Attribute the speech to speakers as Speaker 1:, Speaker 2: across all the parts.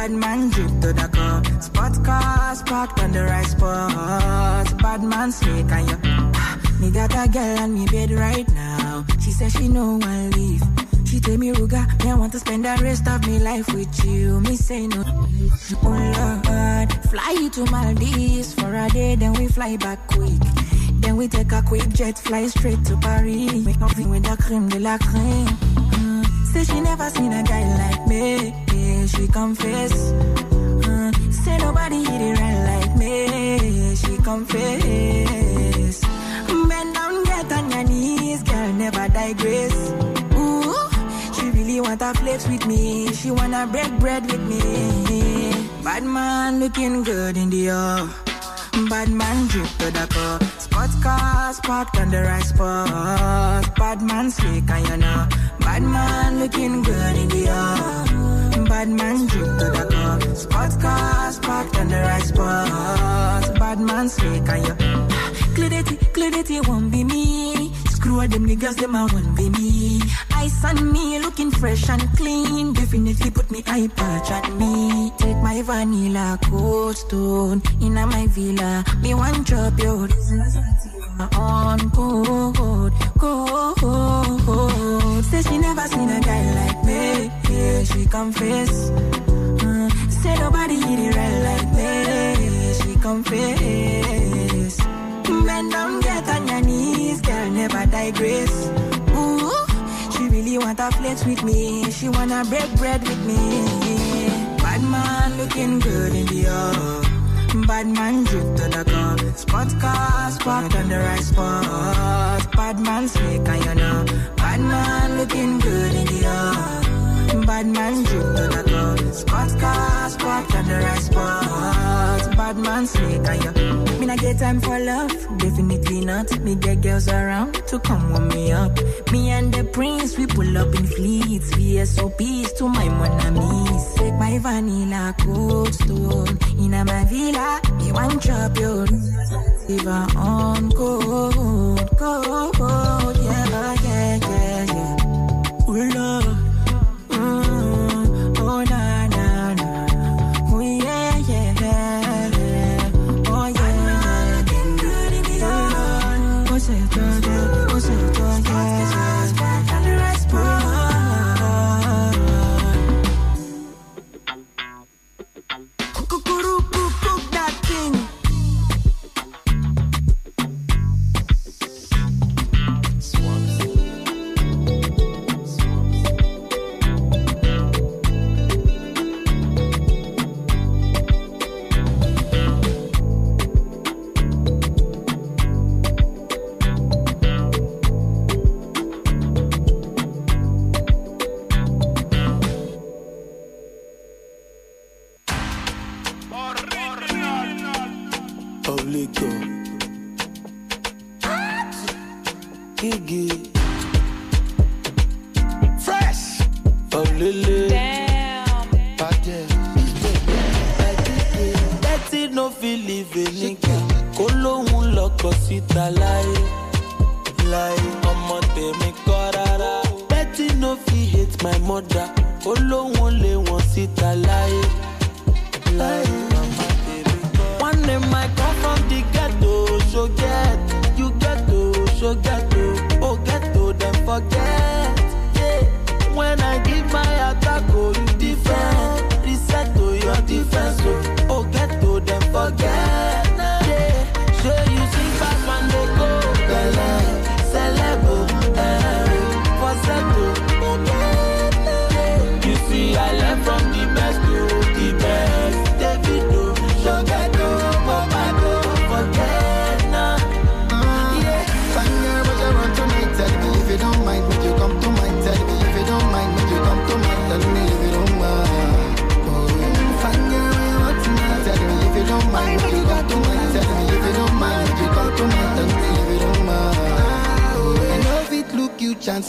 Speaker 1: Bad man drip to the car, Spot cars parked on the right spot. Bad man snake and you. me got a girl on me bed right now. She said she know I leave. She tell me Ruga, me I want to spend the rest of my life with you. Me say no. Oh Lord, fly you to Maldives for a day, then we fly back quick. Then we take a quick jet, fly straight to Paris. Make nothing with the cream, de la cream. Mm. Say she never seen a guy like me she confess. Uh, say nobody hit it right like me, she confess. Bend down, get on your knees, girl, never digress. Ooh, she really want a flex with me, she wanna break bread with me. Bad man looking good in the air, Bad man drip to the car, Sports cars parked on the right spot. Bad man slick and you know. Bad man looking good in the air bad man drink to the car, Spot cars parked on the right spot. Bad man slick and you. Clarity, clarity won't be me. Screw them niggas, them I won't be me. Ice on me, looking fresh and clean. Definitely put me eye patch on me. Take my vanilla cold stone in my villa. Me one drop your on good, good. Say she never seen a guy like me. Yeah, she confess. Mm. Say nobody hit it right like me. She confess. Bend down, get on your knees, girl, never digress. Ooh, she really want a flex with me. She wanna break bread with me. Bad man looking good in the off. Bad man drip to the cup. Spot cars parked on the right spot. Bad man slick, and you know. Bad man looking good in the yard bad man drink to the cup. Squat car, squat on the right spot. Bad man snake and you. Me not get time for love, definitely not. Me get girls around to come warm me up. Me and the prince, we pull up in fleets. VSOPs to my monamis. Take my vanilla cold stone. In a my villa, me one champion, your. on cold, cold, yeah, yeah, yeah, yeah. Ooh, love.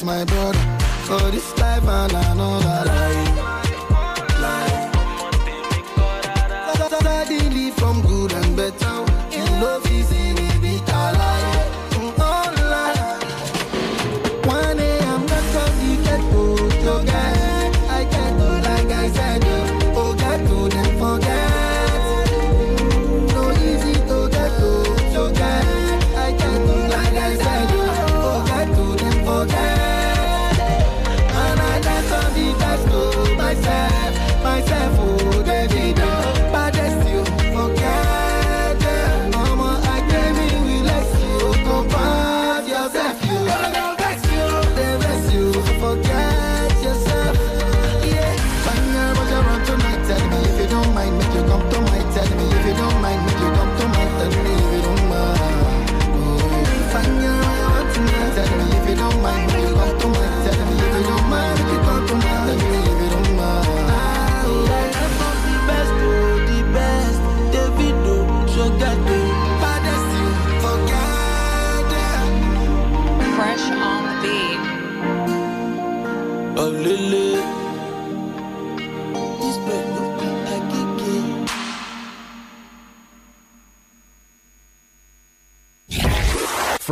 Speaker 2: my brother. For this life and another.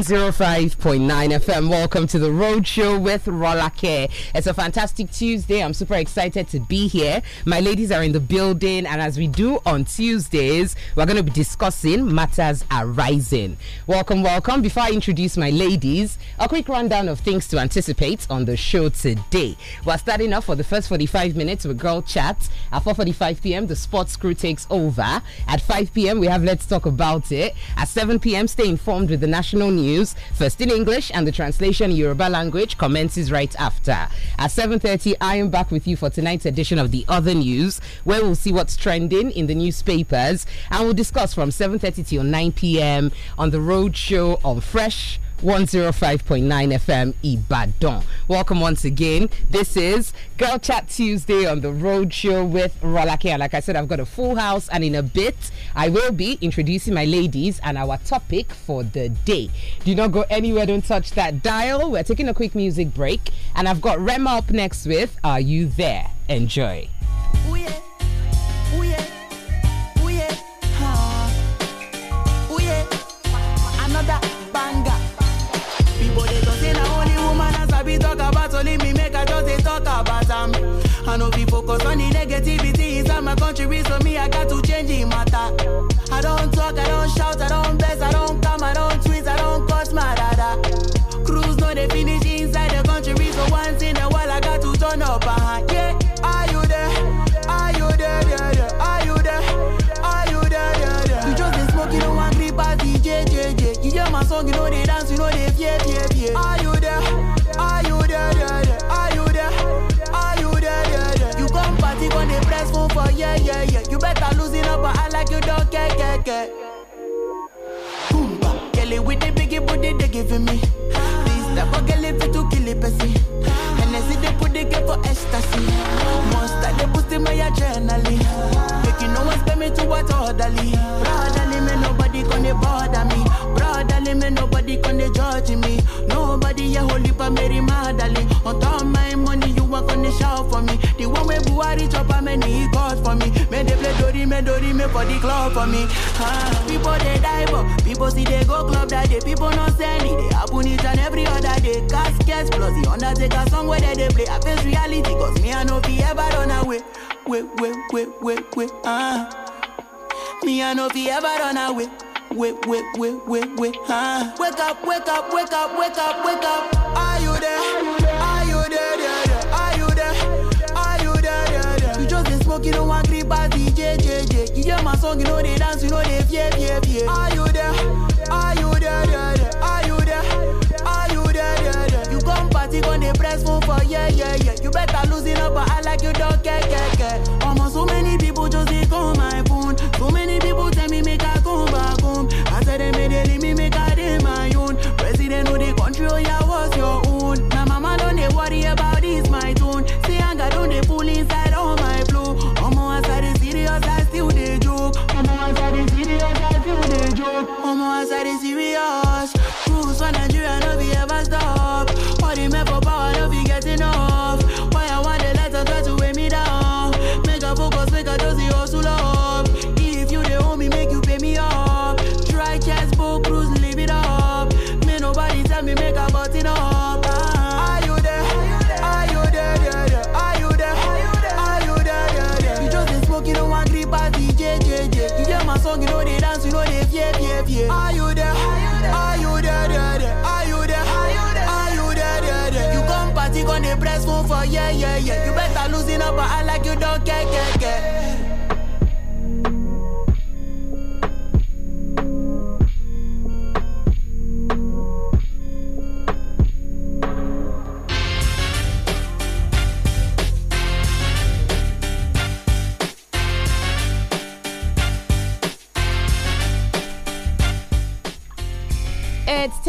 Speaker 3: 105.9 FM. Welcome to the Road Show with Roller Care. It's a fantastic Tuesday. I'm super excited to be here. My ladies are in the building, and as we do on Tuesdays, we're going to be discussing matters arising. Welcome, welcome. Before I introduce my ladies, a quick rundown of things to anticipate on the show today. We're starting off for the first 45 minutes with Girl Chat. At 4:45 p.m., the sports crew takes over. At 5 p.m., we have Let's Talk About It. At 7 p.m., stay informed with the national news news, first in English and the translation Yoruba language commences right after. At 7.30, I am back with you for tonight's edition of The Other News, where we'll see what's trending in the newspapers and we'll discuss from 7.30 till 9 p.m. on the road show on Fresh 105.9 FM Ibadan. Welcome once again. This is Girl Chat Tuesday on the Road Show with Rolake. And like I said, I've got a full house, and in a bit, I will be introducing my ladies and our topic for the day. Do not go anywhere, don't touch that dial. We're taking a quick music break, and I've got Rema up next with Are You There? Enjoy.
Speaker 4: Oh, yeah. my country is for me, I got to change the matter. I don't talk, I don't shout, I don't bless, I don't come, I don't twist, I don't cause my dada. Cruise, no, they finish inside the country real, so once in a while, I got to turn up behind. Yeah, are you there? Are you there? Yeah, yeah. Are you there? Are you there? Yeah, yeah. You just been smoking on one creep party, JJJ. You hear my song, you know they dance, you know they fear, fear, fear. Are yeah, yeah, yeah. You better loosen up but I like you don't care, care, care. Boomba, girl it with the biggie booty they giving me. This type of girl it fit to kill it, pussy. Hennessy they put the girl for ecstasy. Monster they boosting my adrenaline. Making no one spend me to what orderly. Brotherly, man, nobody gonna bother me. Brotherly, man, nobody gonna judge me. Nobody a holy pa Mary Magdalene. On top my money, you are gonna shout for me. The one way Buhari chop, I'm for me. May they play Dori, may Dori, may for the club for me. Ah, people they die, but people see they go club that day. People not send it. They happen each and every other day. Caskets plus the Undertaker song where they, they play. I face reality, cause me I no be ever run away. Wait, wait, wait, wait, wait, ah. Me I no be ever run away. Wait, wait, wait, wait, wait, ah. Wake up, wake up, wake up, wake up, wake up. Are you there? song, you know I grip as DJ, JJ. You hear my song, you know they dance, you know they fear, fear, fear. Are you there? Are you there, there, there? Are you there? Are you there, there, there? You come party, on the press phone for yeah, yeah, yeah. You better loosen up, but I like you don't care, care, care. Almost so many people just they call my phone. So many people tell me make a come back home. I said they made it leave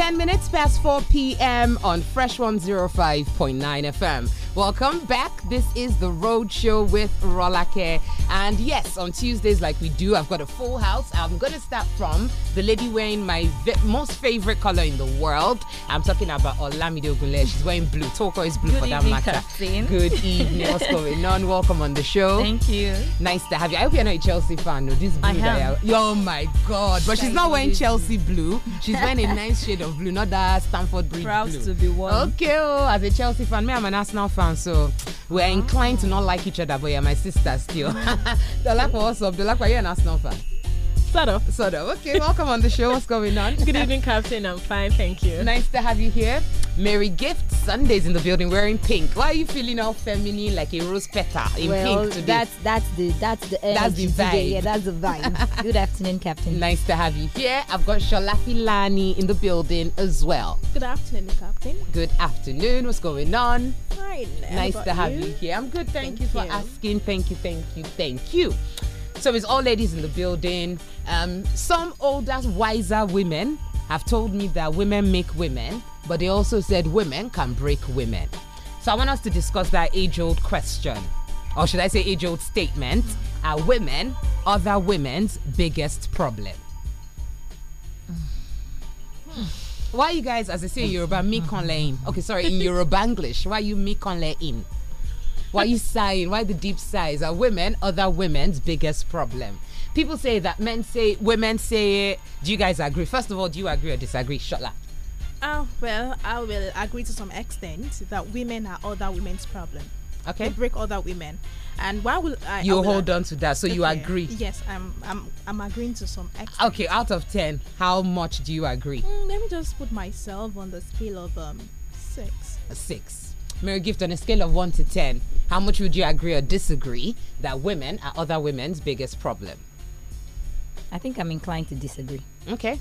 Speaker 3: 10 minutes past 4 p.m. on Fresh 105.9 FM. Welcome back. This is The Road Show with Rolake. And yes, on Tuesdays, like we do, I've got a full house. I'm going to start from the lady wearing my most favorite color in the world. I'm talking about Olamide Ogule. She's wearing blue, turquoise blue Good for evening, that matter. Captain. Good evening. What's going on? Welcome on the show. Thank you. Nice to have you. I hope you're not a Chelsea fan. No, this blue. I am. I, oh my God. But she's not wearing Chelsea blue. She's wearing a nice shade of blue, not that Stanford Bridge Proud blue. to be one. Okay, oh, as a Chelsea fan, me, I'm an Arsenal fan, so We are inclined to not like each other, but you're my sister still. Dolakwa, what's up? Dolakwa, you're an Arsenal fan. Sort of. Sort of. Okay, welcome on the show. What's going on? Good evening, Captain. I'm fine, thank you. Nice to have you here. Mary Gift Sundays in the building wearing pink. Why are you feeling all feminine like a rose petal in well, pink today? That's that's the that's the that's the vibe. Today. Yeah, that's the vibe. Good afternoon, Captain. Nice to have you here. I've got Shola Lani in the building as well.
Speaker 5: Good afternoon, Captain.
Speaker 3: Good afternoon. What's going on?
Speaker 5: Fine. Nice to have you? you? here. I'm good. Thank, thank you for
Speaker 3: you. asking. Thank you, thank you, thank you. So it's all ladies in the building. Um, some older, wiser women have told me that women make women, but they also said women can break women. So I want us to discuss that age old question, or should I say age old statement Are women other women's biggest problem? Why you guys, as I say in Yoruba, mikonlein? Okay, sorry, in Yoruba English, why you in? Why are you sighing? Why the deep sighs? Are women other women's biggest problem? People say that men say women say it. Do you guys agree? First of all, do you agree or disagree? up. Oh,
Speaker 5: ah, well, I will agree to some extent that women are other women's problem. Okay. They break other women. And why will I You I will hold on
Speaker 3: to that. So okay. you agree? Yes,
Speaker 5: I'm I'm I'm agreeing to some extent. Okay,
Speaker 3: out of 10, how much do you agree? Mm,
Speaker 5: let me just put myself on the scale of um 6.
Speaker 3: A 6. Mary Gift, on a scale of 1 to 10, how much would you agree or disagree that women are other women's biggest problem? I think I'm inclined to disagree. Okay.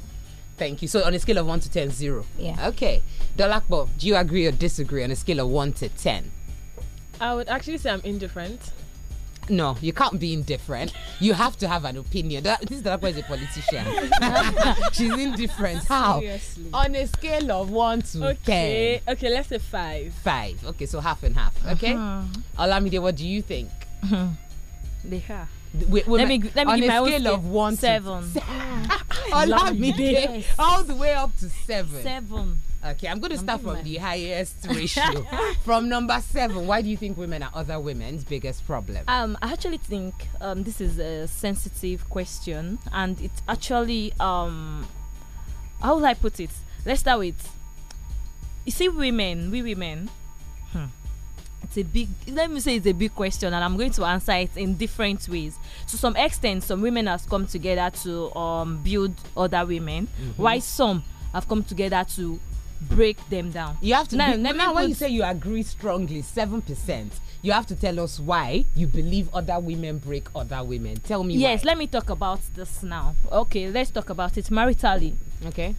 Speaker 3: Thank you. So on a scale of 1 to 10, 0. Yeah. Okay. Dolakbo, do you agree or disagree on a scale of 1 to 10?
Speaker 6: I would actually say I'm indifferent
Speaker 3: no, you can't be indifferent. You have to have an opinion. That, this Dalakwa is a politician. She's indifferent. How? Seriously. On a scale of one to okay. ten. Okay, okay, let's say five. Five. Okay, so half and half. Okay. Uh
Speaker 7: -huh.
Speaker 3: Olamide, what do you think? they Wait, wait, let me let me on give a my scale of one seven. to seven. Ah. Olamide, yes. all the way up to seven. Seven. Okay, I'm going to start from the highest ratio. from number seven, why do you think women are other women's biggest problem?
Speaker 7: Um, I actually think um, this is a sensitive question, and it's actually, um, how will I put it? Let's start with you see, women, we women. Hmm. It's a big, let me say it's a big question, and I'm going to answer it in different ways. To some extent, some women have come together to um, build other women, mm -hmm. while some have come together to break them down.
Speaker 3: You have to now, be, now when you say you agree strongly, seven percent. You have to tell us why you believe other women break other women. Tell me. Yes, why.
Speaker 7: let me talk about this now. Okay, let's talk about it maritally. Okay.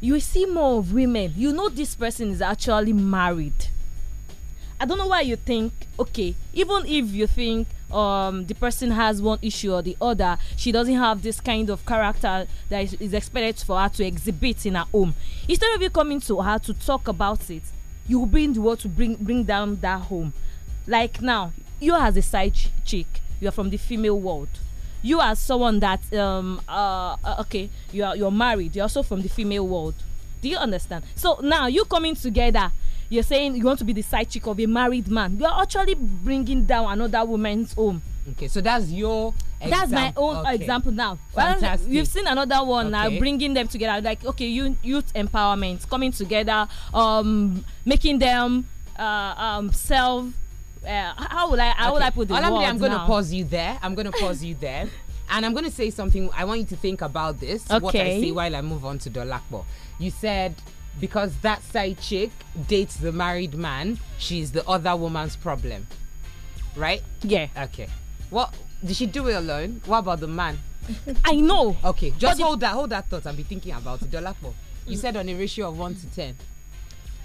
Speaker 3: You see more of women.
Speaker 7: You know this person is actually married. I don't know why you think, okay, even if you think um, the person has one issue or the other, she doesn't have this kind of character that is, is expected for her to exhibit in her home. Instead of you coming to her to talk about it, you will be in the world to bring bring down that home. Like now, you as a side ch chick, you are from the female world. You are someone that um uh, uh okay, you are you're married. You're also from the female world. Do you understand? So now you coming together you're saying you want to be the side chick of a married man you're actually bringing down another woman's home okay so that's your that's my own okay. example now Fantastic. well we've seen another one okay. now bringing them together like okay youth empowerment coming together um making them uh, um self uh, how would i how okay. would i put this Olamide, i'm gonna pause
Speaker 3: you there i'm gonna pause you there and i'm gonna say something i want you to think about this okay. what i see while i move on to dolakbo you said because that side chick dates the married man, she's the other woman's problem. Right? Yeah. Okay. What did she do it alone? What about the man? I know. Okay, just but hold that hold that thought and be thinking about it. Dolapo, you said on a ratio of one to ten.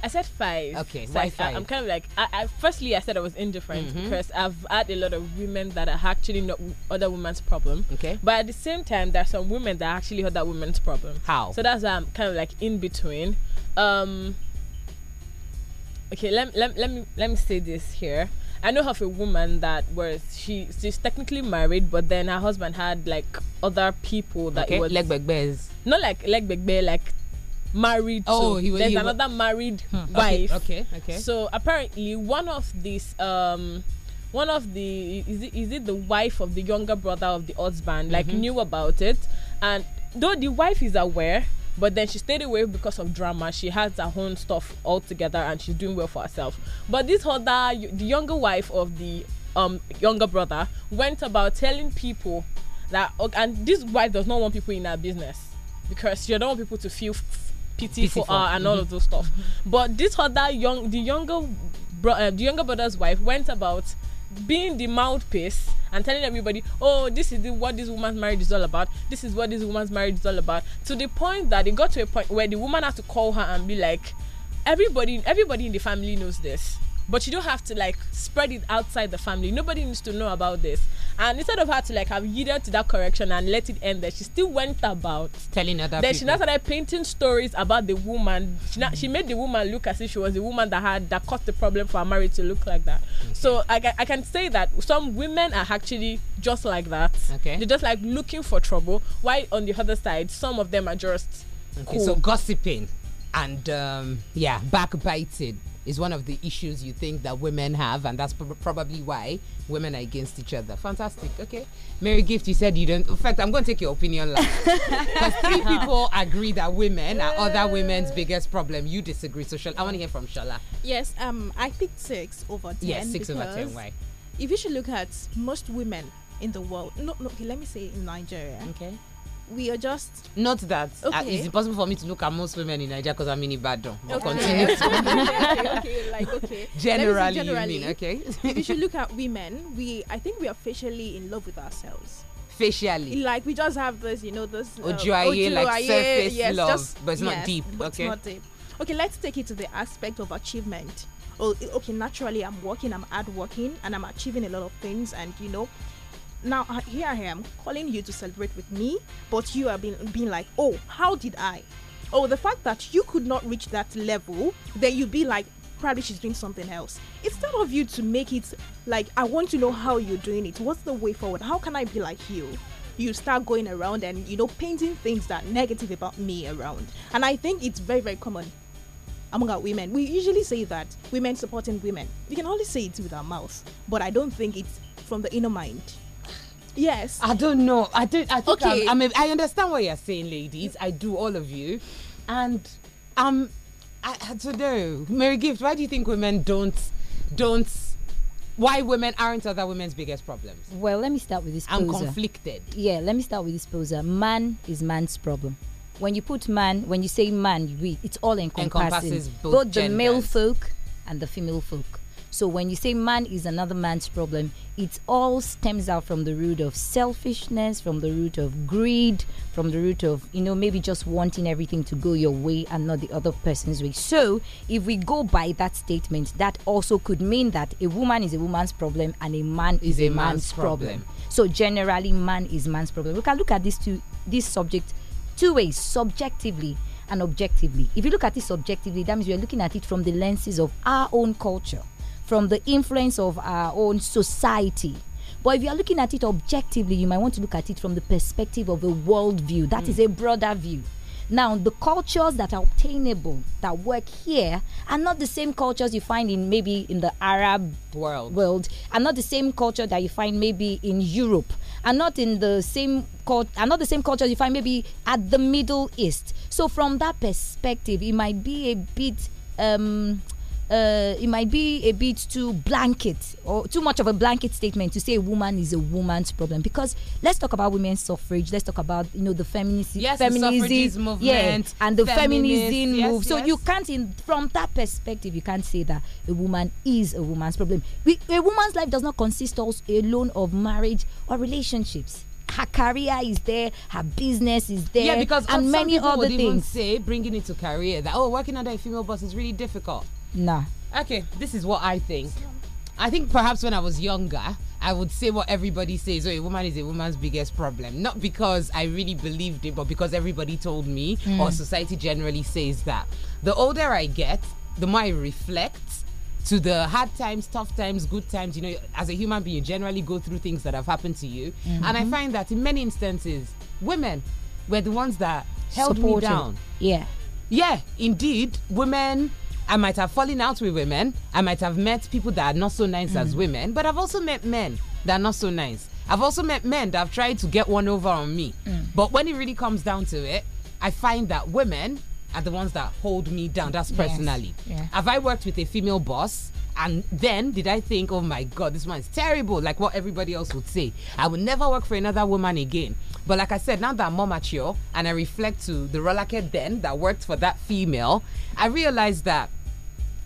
Speaker 6: I said five. Okay, so why I, five? I, am kind of like, I, I, firstly, I said I was indifferent mm -hmm. because I've had a lot of women that are actually not other women's problem. Okay. But at the same time, there are some women that actually are that other women's problem. How? So that's why I'm kind of like in between um okay let, let, let me let me say this here i know of a woman that was she she's technically married but then her husband had like other people that okay. was like bears not like like bear like married oh to. he was there's he another was, married hmm. wife okay, okay okay so apparently one of these um one of the is it, is it the wife of the younger brother of the husband like mm -hmm. knew about it and though the wife is aware But then she stayed away because of drama. She has her own stuff altogether and she's doing well for herself. But this other, the younger wife of the um, younger brother, went about telling people that, and this wife does not want people in her business because she don't want people to feel pity for her and mm -hmm. all of mm-hmm. those stuff. But this other young, the younger, bro, uh, the younger brother's wife went about being the mouthpiece and telling everybody, oh, this is the, what this woman's marriage is all about. This is what this woman's marriage is all about. To the point that it got to a point where the woman had to call her and be like, everybody, everybody in the family knows this. but you don't have to like spread it outside the family. Nobody needs to know about this. And instead of her to like have yielded to that correction and let it end there, she still went about telling other. Then people. she now started painting stories about the woman. She, she made the woman look as if she was the woman that had that caused the problem for her marriage to look like that. Okay. So I, I can say that some women are actually just like that. Okay. They're just like looking for trouble. While on the other side, some of them are just. Okay, cool. so
Speaker 3: gossiping and um, yeah, backbiting is one of the issues you think that women have, and that's probably why women are against each other. Fantastic. Okay, Mary Gift, you said you don't. In fact, I'm going to take your opinion last
Speaker 5: because three
Speaker 3: people agree that women are other women's biggest problem. You disagree, so I want to hear from Shola.
Speaker 5: Yes, um, I picked six over ten. Yes, six over ten. Why? If you should look at most women in the world, no, no, okay, let me say in Nigeria. Okay we are just
Speaker 3: not that uh, okay. uh, it's impossible for me to look at most women in Nigeria because I'm in Ibadan. Okay. continue. okay, okay, like okay. Generally, generally mean, okay. if you should look
Speaker 5: at women, we I think we are facially in love with ourselves.
Speaker 3: Facially,
Speaker 5: like we just have this, you know, this uh, um, ojuaye, ojuaye, like surface yes, love, just, but it's yes, not deep. okay, not deep. Okay, let's take it to the aspect of achievement. Oh, okay, naturally, I'm working, I'm hard working, and I'm achieving a lot of things, and you know, now uh, here I am calling you to celebrate with me, but you are being, being like, oh, how did I? oh, the fact that you could not reach that level, then you'd be like, probably she's doing something else. Instead of you to make it like, I want to know how you're doing it. What's the way forward? How can I be like you? You start going around and you know painting things that negative about me around, and I think it's very very common among our women. We usually say that women supporting women. We can only say it with our mouth, but I don't think it's from the inner mind
Speaker 3: Yes. I don't know. I don't. I think okay. I'm, I mean, I understand what you're saying, ladies. I do, all of you, and um, I, I don't know. Mary Gift, why do you think women don't don't why women aren't other women's biggest problems?
Speaker 8: Well, let me start with this. I'm conflicted. Yeah, let me start with this poser. Man is man's problem. When you put man, when you say man, it's all encompassing. Encompasses both, both the male folk and the female folk. So when you say man is another man's problem, it all stems out from the root of selfishness, from the root of greed, from the root of, you know, maybe just wanting everything to go your way and not the other person's way. So if we go by that statement, that also could mean that a woman is a woman's problem and a man is, is a, man's, man's problem. problem. So generally man is man's problem. We can look at this two this subject two ways, subjectively and objectively. If you look at it subjectively, that means we are looking at it from the lenses of our own culture from the influence of our own society. But if you are looking at it objectively, you might want to look at it from the perspective of a world view. That mm. is hmm. a broader view. Now, the cultures that are obtainable that work here are not the same cultures you find in maybe in the Arab world, world are not the same culture that you find maybe in Europe, are not in the same are not the same culture you find maybe at the Middle East. So, from that perspective, it might be a bit um, uh, it might be a bit too blanket or too much of a blanket statement to say a woman is a woman's problem because let's talk about women's suffrage let's talk about you know the feminist yes, feminism movement yeah, and the feminism yes, move yes. so you can't in, from that perspective you can't say that a woman is a woman's problem we, a woman's life does not consist also alone of marriage or relationships her career is there, her business is there, yeah, because and many other things.
Speaker 3: say bringing it to career that oh, working under a female boss is really difficult. Nah. Okay, this is what I think. I think perhaps when I was younger, I would say what everybody says. Oh, a woman is a woman's biggest problem. Not because I really believed it, but because everybody told me mm. or society generally says that. The older I get, the more I reflect to the hard times, tough times, good times. You know, as a human being, you generally go through things that have happened to you. Mm -hmm. And I mm-hmm. find that in many instances, women were the ones that held Supported. me down. Yeah. Yeah, indeed, women I might have fallen out with women. I might have met people that are not so nice mm. as women, but I've also met men that are not so nice. I've also met men that have tried to get one over on me. Mm. But when it really comes down to it, I find that women are the ones that hold me down. That's personally. Yes. Yeah. Have I worked with a female boss? And then did I think, oh my God, this one's terrible, like what everybody else would say. I would never work for another woman again. But like I said, now that I'm more mature and I reflect to the kid then that worked for that female, I realized that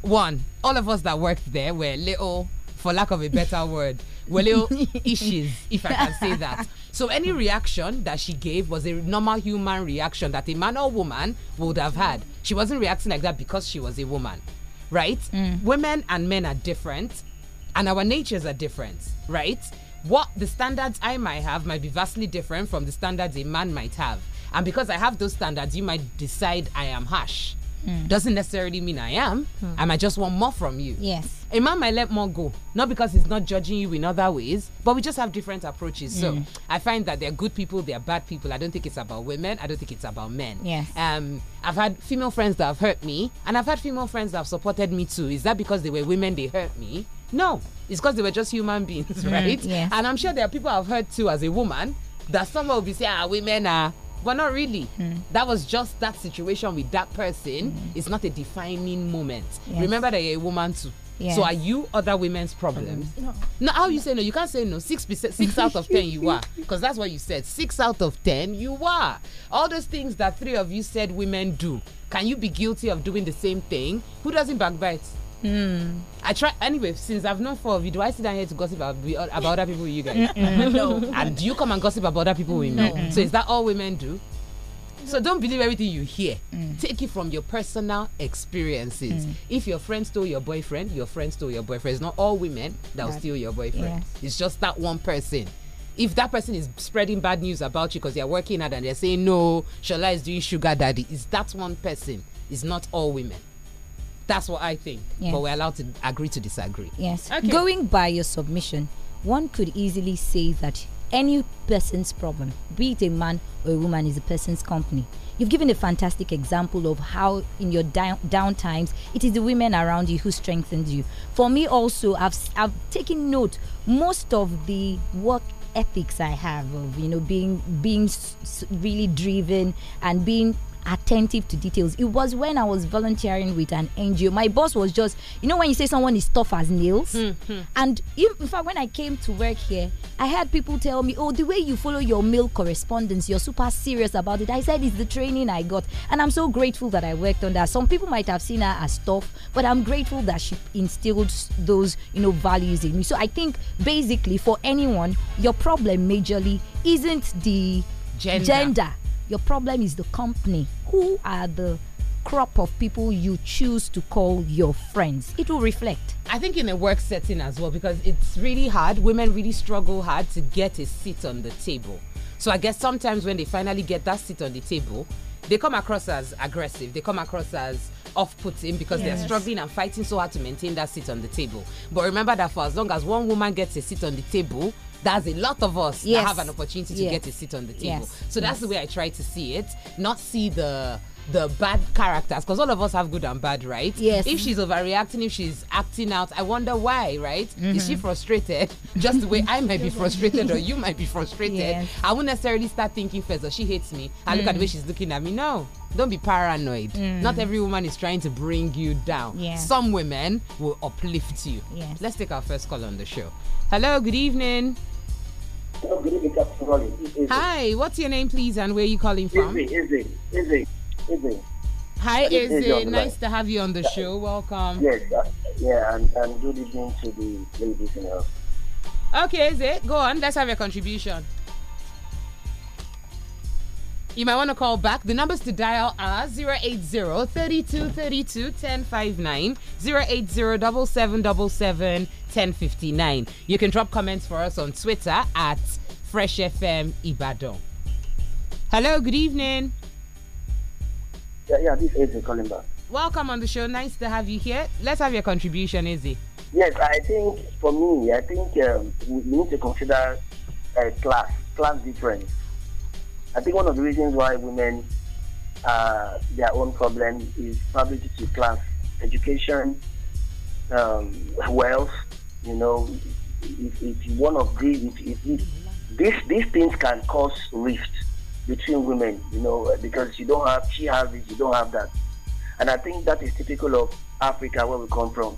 Speaker 3: one, all of us that worked there were little, for lack of a better word, were little issues, if I can say that. So any reaction that she gave was a normal human reaction that a man or woman would have had. She wasn't reacting like that because she was a woman, right? Mm. Women and men are different, and our natures are different, right? What the standards I might have might be vastly different from the standards a man might have. And because I have those standards, you might decide I am harsh mm. doesn't necessarily mean I am. Mm. I might just want more from you. Yes. A man might let more go, not because he's not judging you in other ways, but we just have different approaches. Mm. So hmm. I find that they're good people, they're bad people. I don't think it's about women. I don't think it's about men. Yes. Um, I've had female friends that have hurt me, and I've had female friends that have supported me too. Is that because they were women they hurt me? No, it's because they were just human beings, hmm. right? Yes. And I'm sure there are people I've hurt too as a woman that someone will be saying, ah, women are but not really. Mm. That was just that situation with that person. Mm. It's not a defining moment. Yes. Remember that you're a woman too. Yes. So are you other women's problems? No. no how no. you say no? You can't say no. Six percent, six out of ten you are, because that's what you said. Six out of ten you are. All those things that three of you said women do. Can you be guilty of doing the same thing? Who doesn't backbite? Mm. I try anyway. Since I've known four of you, do I sit down here to gossip about, about other people with you guys? no. And do you come and gossip about other people with me? No. So is that all women do? So don't believe everything you hear. Mm. Take it from your personal experiences. Mm. If your friend stole your boyfriend, your friend stole your boyfriend. It's not all women that will steal your boyfriend. Yes. It's just that one person. If that person is spreading bad news about you because they're working hard and they're saying no, Shola is doing sugar daddy, it's that one person. It's not all women. That's what I think. Yes. But we're allowed to agree to disagree.
Speaker 8: Yes. Okay. Going by your submission, one could easily say that any person's problem, be it a man or a woman, is a person's company. You've given a fantastic example of how, in your down, down times, it is the women around you who strengthened you. For me, also, I've, I've taken note most of the work ethics I have of you know being being really driven and being attentive to details. It was when I was volunteering with an NGO. My boss was just, you know, when you say someone is tough as nails. Mm-hmm. And in fact, when I came to work here, I had people tell me, oh, the way you follow your mail correspondence, you're super serious about it. I said, it's the training I got. And I'm so grateful that I worked on that. Some people might have seen her as tough, but I'm grateful that she instilled those, you know, values in me. So I think basically for anyone, your problem majorly isn't the gender. gender your problem is the company. Who are the crop of people you choose to call your friends. It
Speaker 3: will reflect. I think in a work setting as well, because it's really hard. Women really struggle hard to get a seat on the table. So I guess sometimes when they finally get that seat on the table, they come across as aggressive. They come across as off putting because yes. they're struggling and fighting so hard to maintain that seat on the table. But remember that for as long as one woman gets a seat on the table, that's a lot of us yes. that have an opportunity to yes. get a seat on the table. Yes. So that's the way I try to see it, not see the the bad characters because all of us have good and bad right yes if she's overreacting if she's acting out i wonder why right mm -hmm. is she mm-hmm. frustrated just the way i might be frustrated or you might be frustrated yes. i won't necessarily start thinking first or oh, she hates me i mm. look at the mm. way she's looking at me no don't be paranoid mm. not every woman is trying to bring you down yeah. some women will uplift you yes. let's take our first call on the show hello good evening Hi, what's your name, please, and where are you calling from? Izzy,
Speaker 9: Izzy, Izzy, Izzy.
Speaker 3: Hi, Izzy. nice to have you on the show. Welcome. Yes,
Speaker 9: uh, yeah, and, and good evening to the ladies and
Speaker 3: Okay, Izzy, go on. Let's have your contribution. You might want to call back. The numbers to dial are 080 1059, 080 1059. You can drop comments for us on Twitter at Fresh FM Ibadan. Hello, good evening. Yeah, yeah, this is Izzy calling back. Welcome on the show. Nice to have you here. Let's have your contribution, Izzy.
Speaker 9: Yes, I think for me, I think um, we need to consider a uh, class, class difference I think one of the reasons why women uh, their own problem is probably due to class, education, um, wealth. You know, if, if one of these, if, if, this, these things can cause rift between women. You know, because you don't have, she has this, you don't have that, and I think that is typical of Africa where we come from.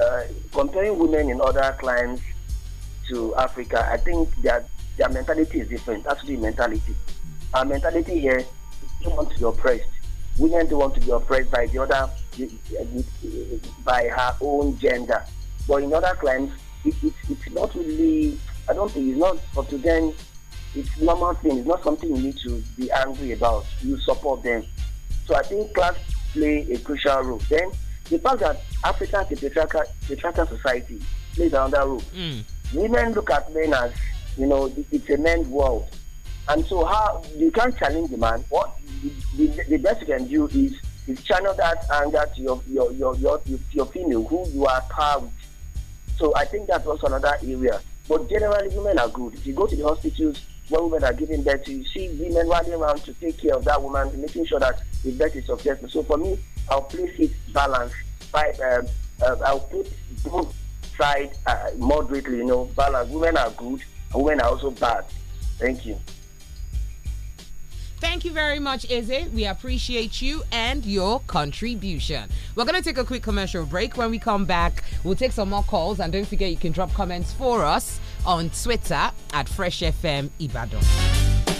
Speaker 9: Uh, comparing women in other climes to Africa, I think their their mentality is different. That's the mentality. Our mentality here, we don't want to be oppressed. Women don't want to be oppressed by the other, by her own gender. But in other clans, it, it, it's not really, I don't think it's not, but to them, it's normal thing. It's not something you need to be angry about. You support them. So I think class play a crucial role. Then the fact that Africa is a patriarchal, patriarchal society plays another role. Mm. Women look at men as, you know, it's a men's world. And so how you can challenge the man. What the, the, the best you can do is, is channel that anger to your your your your, your female who you are par So I think that was another area. But generally, women are good. If you go to the hospitals when women are giving birth, you see women running around to take care of that woman, making sure that the birth is successful. So for me, I'll place it balanced. By, um, uh, I'll put both sides uh, moderately, you know, balance. Women are good, women are also bad. Thank you.
Speaker 3: Thank you very much, Izzy. We appreciate you and your contribution. We're going to take a quick commercial break. When we come back, we'll take some more calls. And don't forget, you can drop comments for us on Twitter at Fresh FM Ibadan.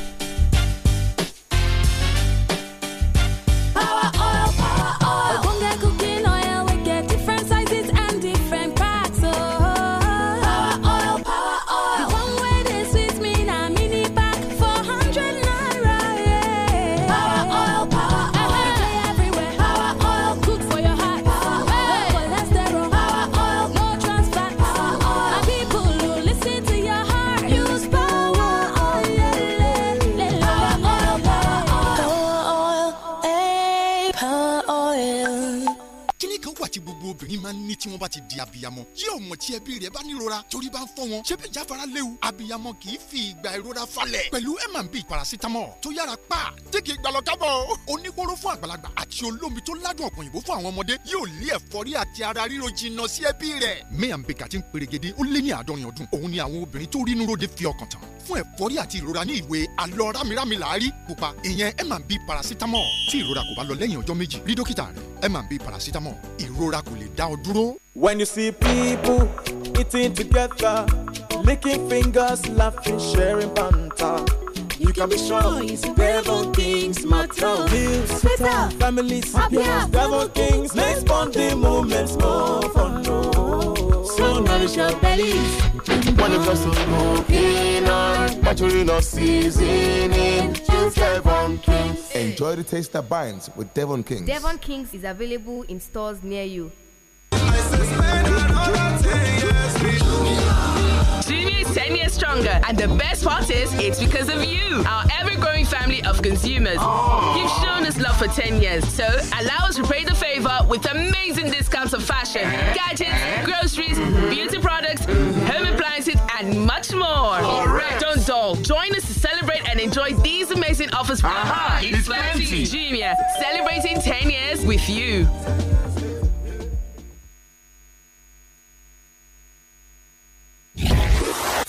Speaker 10: máa ń ní tí wọ́n bá ti di abiyamọ. ṣé o mọ̀ tí ẹbí rẹ bá nírora torí bá ń fọ́ wọn
Speaker 11: ṣé bí jáfara léwu abiyamọ kì í fi ìgbà ìrora falẹ̀. pẹ̀lú M&B paracetamol tó yára
Speaker 12: pa tẹ́kì ìgbàlọ́kábọ̀. oníkóró fún àgbàlagbà àti olómi tó ládùn ọ̀pọ̀ òyìnbó fún àwọn ọmọdé yóò
Speaker 11: lé ẹ̀fọ́rí àti ara ríro jìnnà sí ẹbí rẹ̀. M&B kàti ń perégedé ó lé ní àádọ́rin ọdún òun ni àwọn obìnrin tó rínú ròde fi ọkàn tán fún ẹ̀fọ́rí àti ìrora ní ìwé alọ́ rámirámi làárí pupa ìyẹn M&B paracetamol tí ìrora kò bá lọ lẹ́yìn ọjọ́ méjì rí dókítà rẹ̀ M&B paracetamol
Speaker 10: ìrora kò lè dá ọ dúró. When you see people eating together,
Speaker 13: licking fingers, laughing, sharing banter. You can be sure it's devil kings matter. Bills, better, families, happier. Devil kings makes
Speaker 4: bonding moments more fun. No. Oh. So nourish your bellies. When you comes to smoking on, in a seasoning, choose Devon Kings.
Speaker 14: Enjoy the taste that binds with Devon Kings. Devon
Speaker 5: Kings is available in stores near you
Speaker 15: stronger. And the best part is, it's because of you, our ever growing family of consumers. Aww. You've shown us love for 10 years. So allow us to pay the favor with amazing discounts of fashion, gadgets, groceries, beauty products, home appliances, and much more. Correct. Don't dull. Join us to celebrate and enjoy these amazing offers. Aha, it's plenty. Jumia, celebrating 10 years with you.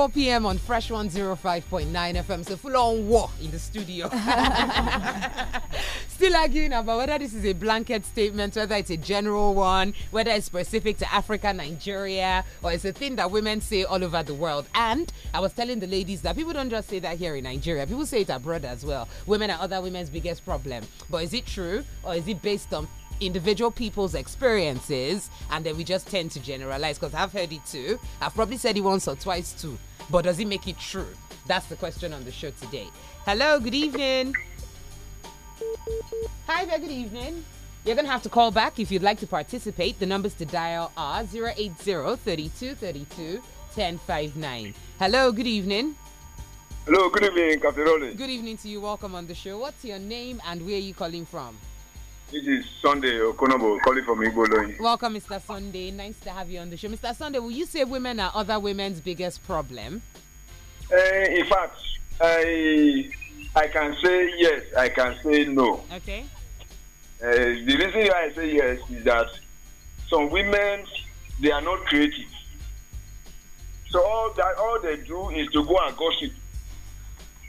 Speaker 3: 4 p.m. on Fresh 105.9 FM. So full on war in the studio. Still arguing about whether this is a blanket statement, whether it's a general one, whether it's specific to Africa, Nigeria, or it's a thing that women say all over the world. And I was telling the ladies that people don't just say that here in Nigeria, people say it abroad as well. Women are other women's biggest problem. But is it true or is it based on individual people's experiences and then we just tend to generalize because I've heard it too. I've probably said it once or twice too. But does it make it true? That's the question on the show today. Hello, good evening. Hi there, good evening. You're going to have to call back if you'd like to participate. The numbers to dial are 080 32 1059. Hello, good evening.
Speaker 14: Hello, good evening, Captain Good
Speaker 3: evening to you. Welcome on the show. What's your name and where are you calling from?
Speaker 14: This is Sunday Okonobo oh, calling from Igbo
Speaker 3: Welcome, Mr. Sunday. Nice to have you on the show. Mr. Sunday, will you say women are other women's biggest problem?
Speaker 14: Uh, in fact, I, I can say yes, I can say no. Okay. Uh, the reason why I say yes is that some women, they are not creative. So all that all they do is to go and gossip.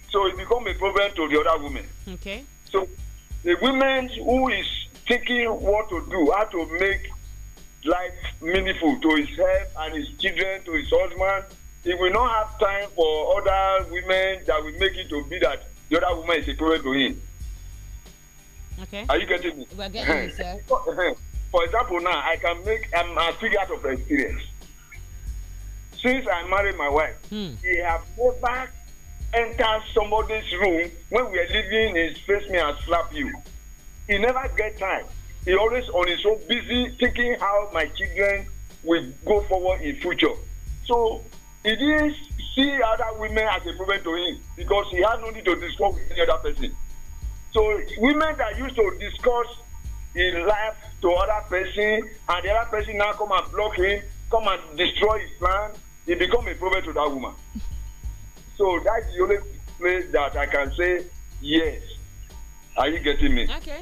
Speaker 14: So it becomes a problem to the other women. Okay. So the women who is thinking what to do, how to make life meaningful to his head and his children, to his husband, he will not have time for other women that will make it to be that the other woman is a to him. Okay. Are you getting me? We're getting you, sir. for example, now I can make a figure out of experience. Since I married my wife, hmm. he have never enter somebody's room when we are leaving his face me and slap you. He never get time. He always on his own busy thinking how my children will go forward in future. So he didn't see other women as a problem to him because he had no need to discuss with any other person. So women that used to discuss in life to other person and the other person now come and block him, come and destroy his plan, he become a problem to that woman. So that's the only place that I can say yes. Are you getting me? Okay.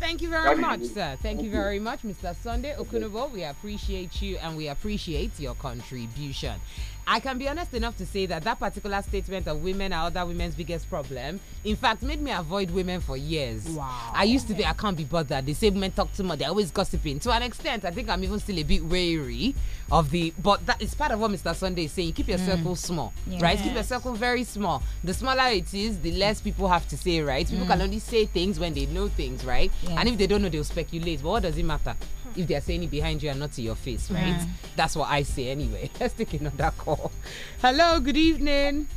Speaker 3: Thank you very much, sir. Thank, Thank you very you. much, Mr. Sunday Okunobo. Okay. We appreciate you and we appreciate your contribution. I can be honest enough to say that that particular statement of women are other women's biggest problem, in fact, made me avoid women for years. Wow. I used to be, I can't be bothered. They say women talk too much, they're always gossiping. To an extent, I think I'm even still a bit wary of the, but that is part of what Mr. Sunday is saying. keep your mm. circle small, yes. right? Keep your circle very small. The smaller it is, the less people have to say, right? People mm. can only say things when they know things, right? Yes. And if they don't know, they'll speculate. But what does it matter? if they're saying it behind you and not to your face, right? Mm. That's what I say anyway. Let's take another call. Hello, good evening.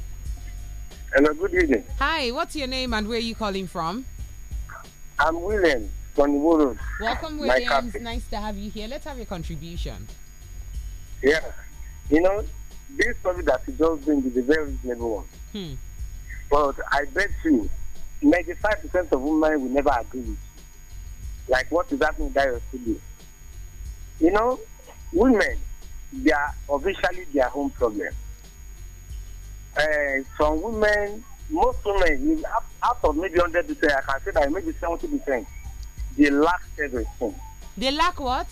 Speaker 3: Hello, good evening. Hi, what's your name and where are you calling from?
Speaker 9: I'm William from Wolves.
Speaker 3: Welcome, It's Nice to have you here. Let's have your contribution.
Speaker 9: Yeah. You know, this topic that you just bring is a very reasonable one. Hmm. But I bet you, 95% of women will never agree with you. Like, what is happening that mean you're still you know, women, they are officially their own problem. Uh, some women, most women, out of maybe 100 percent, I can say that maybe 70 percent, they lack everything.
Speaker 3: They lack what?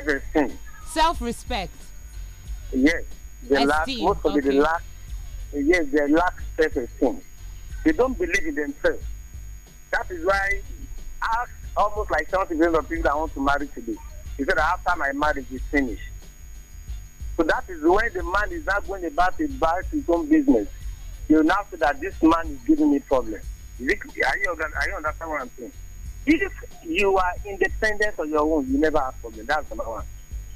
Speaker 3: Everything. Self-respect.
Speaker 9: Yes, they Esteem. lack. Most of okay. they lack. Yes, they lack self-esteem. They don't believe in themselves. That is why, ask almost like 70 percent of people that want to marry today he said, after my marriage is finished. So that is when the man is not going about to buy his own business. You now see that this man is giving me problems. Are you, are you understand what I'm saying? If you are independent on your own, you never have problems. That's number one.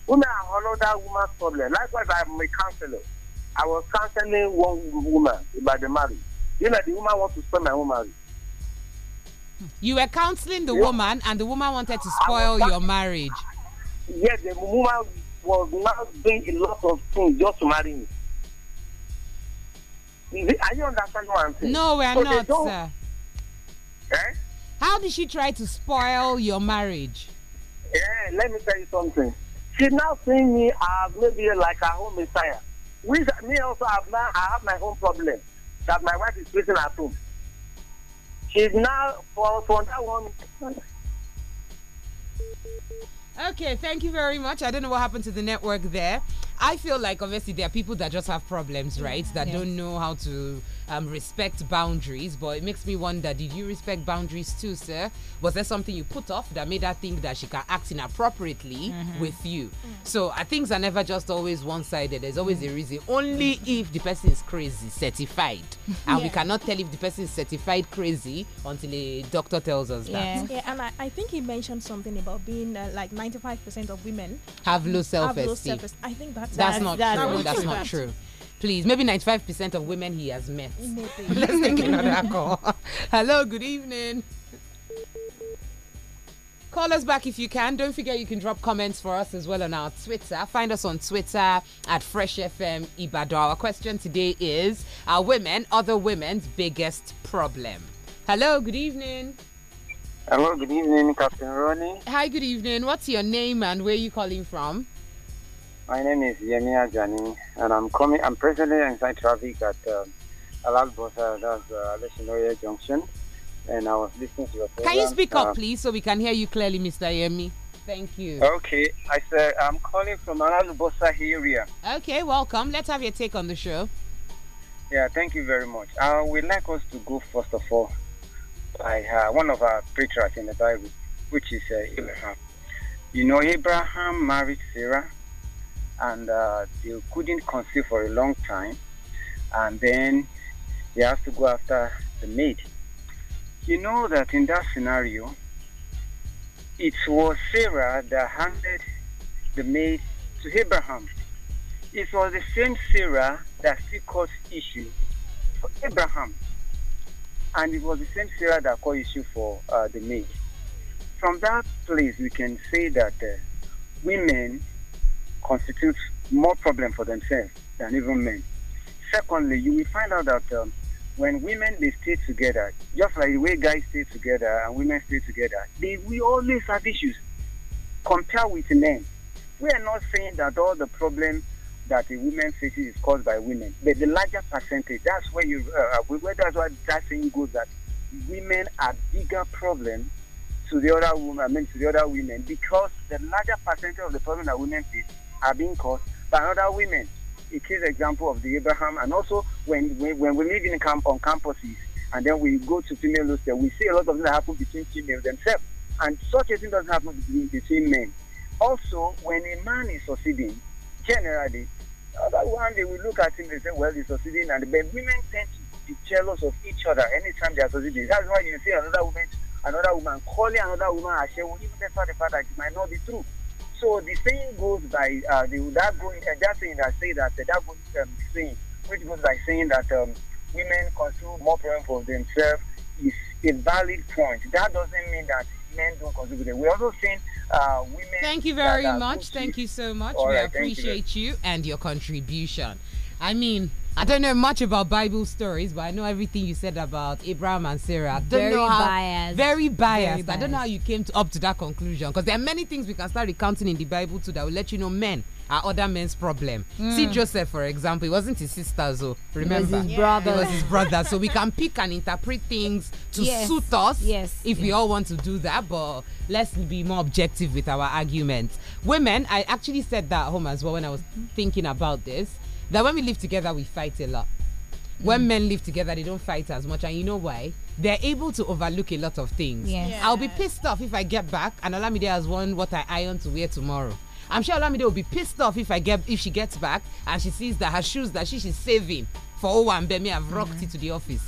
Speaker 9: Women are another woman's problem. Likewise, I'm a counselor. I was counseling one woman about the marriage. You know, the woman wants to spoil my own marriage.
Speaker 3: You were counseling the yeah. woman, and the woman wanted to spoil your marriage. Yes, the woman
Speaker 9: was now doing a lot of
Speaker 3: things just to marry me.
Speaker 9: are you understanding what I'm saying? No, we are so not, sir.
Speaker 3: Eh? How did she try to spoil your marriage? Yeah, let me tell you something. She now seeing me as maybe like a home
Speaker 9: messiah. Which me also have now I have my own problem that my wife is sitting at home. She's now for for that one
Speaker 3: Okay, thank you very much. I don't know what happened to the network there. I feel like obviously there are people that just have problems, right? That yes. don't know how to um, respect boundaries. But it makes me wonder: Did you respect boundaries too, sir? Was there something you put off that made her think that she can act inappropriately mm -hmm. with you? Mm. So uh, things are never just always one-sided. There's always mm. a reason. Only if the person is crazy, certified, and yeah. we cannot tell if the person is certified crazy until a doctor tells us yeah. that.
Speaker 5: Yeah, and I, I think he mentioned something about being uh, like 95% of women have low self-esteem. Self I think that that's, that's not that's true. that's not true.
Speaker 3: Please, maybe 95% of women he has met. Let's take another call. Hello, good evening. Call us back if you can. Don't forget you can drop comments for us as well on our Twitter. Find us on Twitter at Fresh FM Ibado. Our question today is Are women other women's biggest problem? Hello, good evening. Hello, good evening, Captain Ronnie. Hi, good evening. What's your name and where are you calling from? My name is Yemia
Speaker 9: Jani, and I'm coming. I'm presently inside traffic at uh, um, Alalbosa, that's uh, Alessandria Junction, and I was listening to your. Program. Can you speak up, uh,
Speaker 3: please, so we can hear you clearly, Mr. Yemi? Thank you.
Speaker 9: Okay, I said I'm calling from Alalbosa area.
Speaker 3: Okay, welcome. Let's have your take on the show.
Speaker 9: Yeah, thank you very much. I uh, would like us to go first of all by uh, one of our patriarchs in the Bible, which is uh, Abraham. You know, Abraham married Sarah and uh, they couldn't conceive for a long time. And then they have to go after the maid. You know that in that scenario, it was Sarah that handed the maid to Abraham. It was the same Sarah that she caused issue for Abraham. And it was the same Sarah that caused issue for uh, the maid. From that place, we can say that uh, women constitutes more problem for themselves than even men. Secondly, you will find out that um, when women they stay together, just like the way guys stay together and women stay together, they we always have issues. Compare with men. We are not saying that all the problem that a woman faces is caused by women, but the larger percentage. That's where you uh, uh where that's why that saying goes that women are bigger problem to the other woman, I mean to the other women, because the larger percentage of the problem that women face are being caught by other women. It is an example of the Abraham, and also when when, when we live in camp on campuses, and then we go to female hostel, we see a lot of things happen between females themselves, and such a thing doesn't happen between, between men. Also, when a man is succeeding, generally, other uh, one they will look at him and say, well, he's succeeding, and but women tend to be jealous of each other anytime they are succeeding. That's why you see another woman, another woman calling another woman a even despite the fact that it might not be true. So the saying goes by uh, the, that going uh, that saying that say that uh, that goes um, saying which goes by saying that um, women consume more problem for themselves is a valid point. That doesn't mean that men don't contribute. we also
Speaker 13: think uh,
Speaker 3: women. Thank you very much. Thank you so much. All we right, appreciate you, you and your contribution. I mean, I don't know much about Bible stories, but I know everything you said about Abraham and Sarah. Don't very, know how, biased. very biased. Very biased. I don't know how you came to, up to that conclusion because there are many things we can start recounting in the Bible too that will let you know men are other men's problem. Mm. See Joseph, for example, it wasn't his sister, oh, so remember, was his brother. It was his brother. So we can pick and interpret things to yes. suit us. Yes. If yes. we all want to do that, but let's be more objective with our arguments. Women, I actually said that home as well when I was thinking about this that when we live together, we fight a lot. When mm. men live together, they don't fight as much. And you know why? They're able to overlook a lot of things. Yes. I'll be pissed off if I get back and Olamide has worn what I iron to wear tomorrow. I'm sure Olamide will be pissed off if I get if she gets back and she sees that her shoes that she, she's saving for Owa and Bemi have rocked mm. it to the office.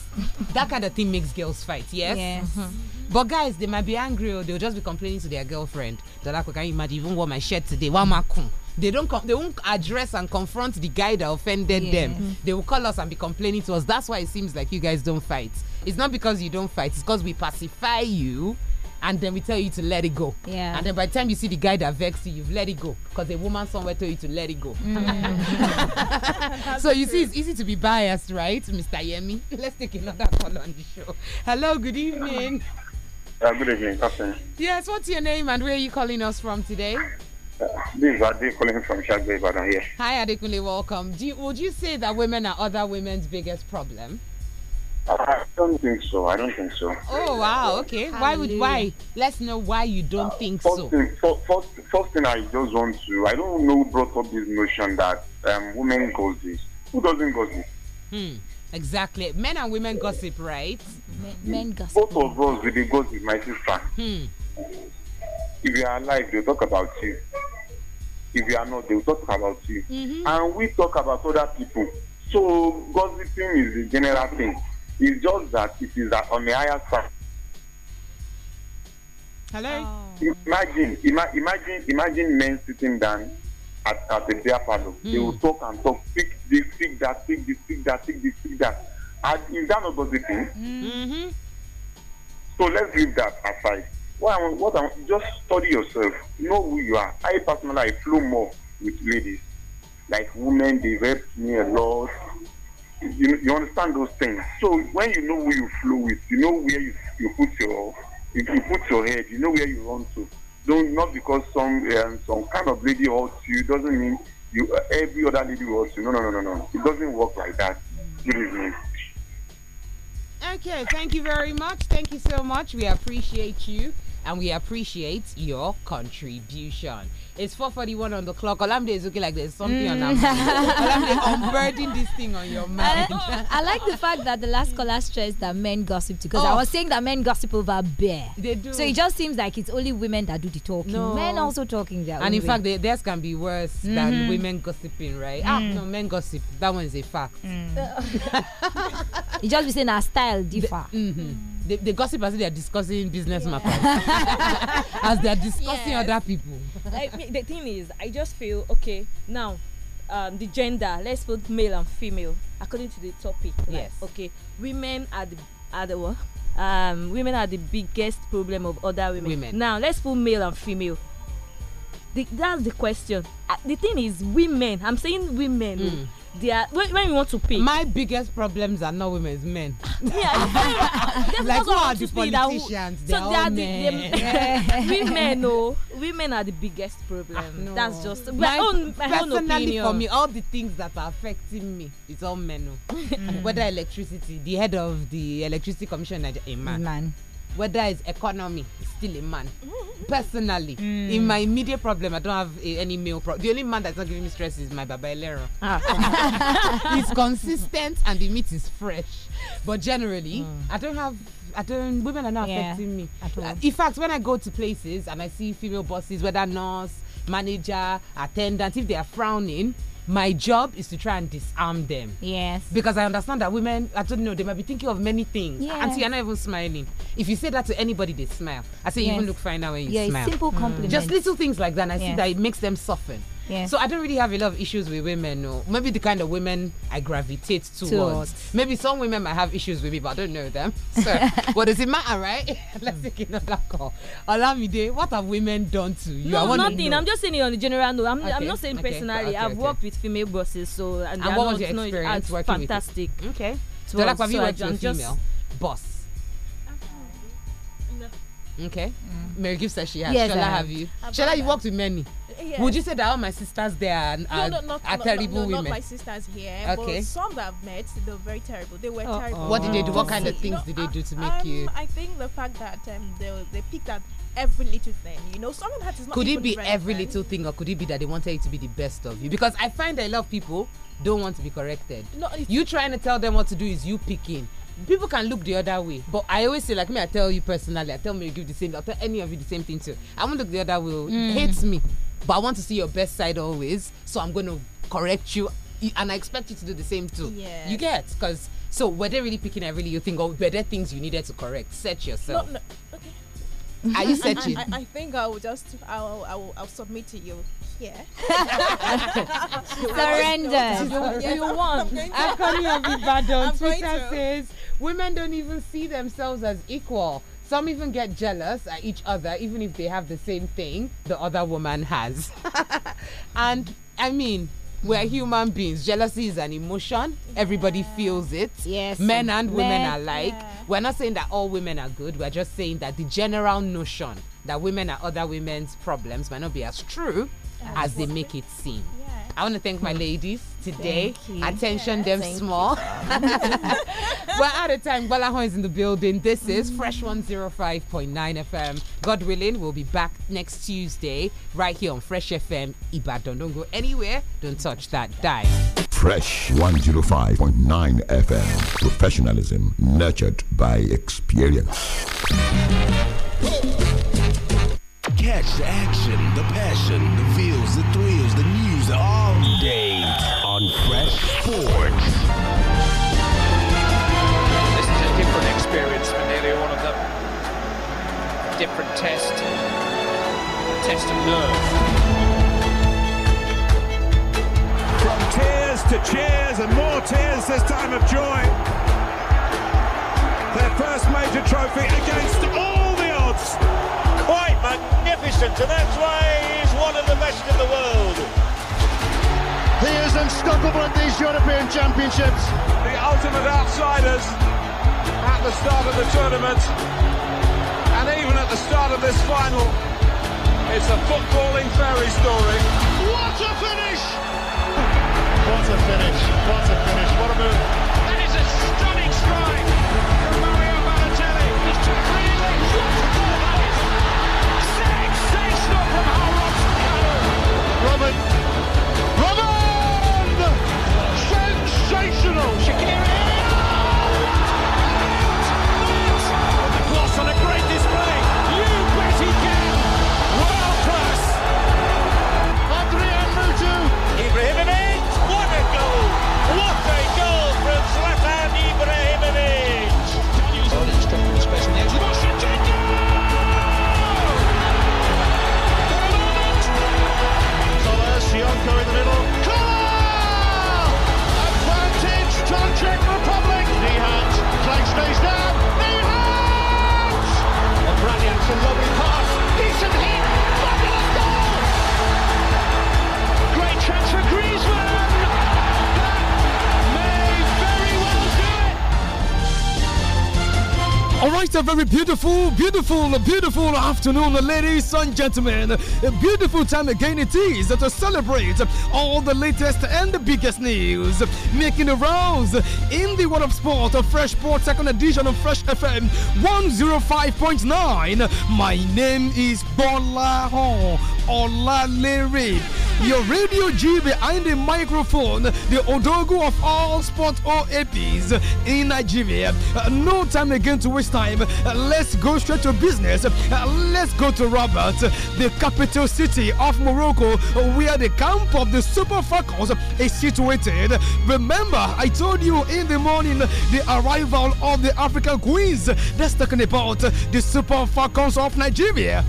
Speaker 3: that kind of thing makes girls fight, yes? Yes.
Speaker 16: Mm-hmm.
Speaker 3: But guys, they might be angry or they'll just be complaining to their girlfriend. they like, can you imagine even wore my shirt today? One makun. They don't come. they won't address and confront the guy that offended yeah. them. Mm -hmm. They will call us and be complaining to us. That's why it seems like you guys don't fight. It's not because you don't fight. It's because we pacify you and then we tell you to let it go. Yeah. And then by the time you see the guy that vexed you, you've let it go because a woman somewhere told you to let it go. Mm. so you true. see, it's easy to be biased, right, Mr. Yemi? Let's take another call on the show. Hello, good evening.
Speaker 17: Yeah, good evening, Captain.
Speaker 3: Yes, what's your name and where are you calling us from today?
Speaker 17: This is Adi calling from Shagbe Ibadan here.
Speaker 3: Hi Adekunle, welcome. You, would you say that women are other women's biggest problem?
Speaker 17: I don't think so. I don't think so.
Speaker 3: Oh wow, okay. Why would why? Let's know why you don't uh, think first so.
Speaker 17: Thing, first, first, thing I just want to I don't know who brought up this notion that um, women gossip. Who doesn't gossip?
Speaker 3: Hmm. Exactly. Men and women gossip, right? Men, men gossip.
Speaker 17: Both of us will gossip, my sister. Hmm. If you are alive, they talk about you if you are not they will talk about you mm-hmm. and we talk about other people so gossiping is the general thing it's just that it is that uh, on the higher side hello oh. imagine ima imagine imagine men sitting down at at the beer parlour mm. they will talk and talk speak this pick that pick this pick that pick this pick that and is that not gossiping
Speaker 18: mm -hmm.
Speaker 17: so let's leave that aside what I, what I, just study yourself. Know who you are. I personally, I flow more with ladies. Like women, they help me a lot. You, you understand those things. So when you know who you flow with, you know where you, you put your you, you put your head. You know where you want to. Don't not because some um, some kind of lady hurts you doesn't mean you uh, every other lady hurts you. No, no, no, no, no. It doesn't work like that.
Speaker 3: Okay, thank you very much. Thank you so much. We appreciate you and we appreciate your contribution. It's 4:41 on the clock. Olamide is looking like there's something mm. on her mind. Mm. unburden this thing on your mind. I, I, like the fact that the last caller stressed that men
Speaker 8: gossip because oh. I was saying that men gossip over beer. They do. So it just seems like it's only women that do the talking.
Speaker 3: No. Men also
Speaker 8: talking their And in fact,
Speaker 3: they, theirs can be worse mm than mm-hmm. women gossiping, right? Ah, mm. Ah, no, men gossip. That one is a fact. Mm.
Speaker 8: you just be saying our style differ.
Speaker 3: The, -hmm. they, they gossip as if they are discussing business yeah. matters as they are discussing yes. other people.
Speaker 7: Like, the thing is, I just feel okay now. Um, the gender, let's put male and female according to the topic. Like, yes. Okay, women are the are the what? Um, women are the biggest problem of other women. women. Now let's put male and female. The, that's the question. Uh, the thing is, women. I'm saying women. Mm
Speaker 3: they are when, when you want to pay. my biggest problems are not women it's men. yeah like who are the politicians they so are they are men. the, the women o oh,
Speaker 7: women are the biggest problem. No. that's just my, my own my own opinion. personally for me all the
Speaker 3: things that are affecting me it's all men o. Oh. Mm. whether electricity the head of the electricity commission in naija a man. man whether it's economy, still a man. Personally, mm. in my immediate problem, I don't have any male problem. The only man that's not giving me stress is my Baba Elero. it's ah. consistent and the meat is fresh. But generally, mm. I don't have I don't. Women are not yeah, affecting me. in fact, when I go to places and I see female bosses, whether nurse, manager, attendant, if they are frowning, my job is to try and disarm them.
Speaker 1: Yes. Because
Speaker 3: I understand that women, I don't know, they might be thinking of many things yes. until you're not even smiling. If you say that to anybody, they smile. I say yes. you even look now when you yeah, smile. Yeah, simple compliment. Mm. Just little things like that. I yes. see that it makes them soften. So I don't really have a lot of issues with women. No. Maybe the kind of women I gravitate towards. towards. Maybe some women might have issues with me, but I don't know them. So what does it matter, right? Let's take another call. Olamide, what have women done to you? No, nothing. I'm
Speaker 7: just saying it on the general No, I'm, okay. I'm not saying okay. personally. Okay. I've worked with female bosses, so and, and what was your experience fantastic. Mm, okay. So,
Speaker 3: like, have so you worked with a female boss? Okay. Mm. Mary Gibbs says she has. Yes, I have you? I? you worked with many. Yes. Would you say that all my sisters there are, are, no, no, not, are terrible no, no, women? Not my
Speaker 5: sisters here, okay. but some that I've met, they're very terrible. They were oh, terrible. What did they do? What kind of things you know, did they
Speaker 3: do to make um, you? I
Speaker 5: think the fact that um, they they picked at every little thing. You know, someone that is not. Could it be every little
Speaker 3: thing, or could it be that they wanted you to be the best of you? Because I find a lot of people don't want to be corrected. No, you trying to tell them what to do is you picking people can look the other way but i always say like me i tell you personally i tell me you give the same i tell any of you the same thing too i won't look the other way oh. mm. hate me but I want to see your best side always. So I'm going to correct you, and I expect you to do the same too. Yeah. You get because so were they really picking every little thing, or were there things you needed to correct? Set yourself. No, no.
Speaker 5: Okay. Are you searching? I, I, I, think I will just I will, I will, I'll submit to you here. Yeah. Surrender. You won. Akoni of Ibadan Twitter says
Speaker 3: women don't even see themselves as equal. Some even get jealous at each other, even if they have the same thing the other woman has. and I mean, we're human beings. Jealousy is an emotion. Yeah. Everybody feels it. Yes. Men and women are alike. Yeah. We're not saying that all women are good. We're just saying that the general notion that women are other women's problems might not be as true as, as they make it seem. I want to thank my ladies today. Attention yes, them small. We're out of time. Balahon is in the building. This is mm. Fresh 105.9 FM. God willing, we'll be back next Tuesday right here on Fresh FM Ibadan. Don't go anywhere. Don't touch that dial.
Speaker 14: Fresh 105.9 FM. Professionalism nurtured by
Speaker 17: experience.
Speaker 4: Catch the action, the passion, the feels, the thrills, the news, the all Monday on
Speaker 15: Fresh
Speaker 4: Sports.
Speaker 15: This is a different experience for nearly all of them. Different test.
Speaker 16: Test of nerve. From tears to cheers and more tears this time of joy. Their
Speaker 4: first major trophy against all
Speaker 16: the odds. Quite magnificent, and that's why he's one of the best in the world. He is unstoppable
Speaker 11: at these European Championships.
Speaker 16: The ultimate outsiders at the start of the tournament and even at the start of this final. It's a footballing fairy story. What a finish! What a finish, what a finish, what a move. That is a stunning strike from Mario Balotelli. Sensational from Robert
Speaker 19: All right, a very beautiful, beautiful, beautiful afternoon, ladies and gentlemen. A beautiful time again it is to celebrate all the latest and the biggest
Speaker 3: news
Speaker 19: making the rounds in the world of sport. A Fresh Sport, second edition of Fresh FM 105.9. My name is Bola Hon Olalere. Your radio G behind the microphone, the Odogo of all sport OAPs in Nigeria. Uh, no time again to waste this time, let's go straight to business. Let's go to Rabat, the capital city of Morocco, where the camp of the Super Falcons is situated. Remember, I told you in the morning the arrival of the African Queens. That's talking about the Super Falcons of Nigeria.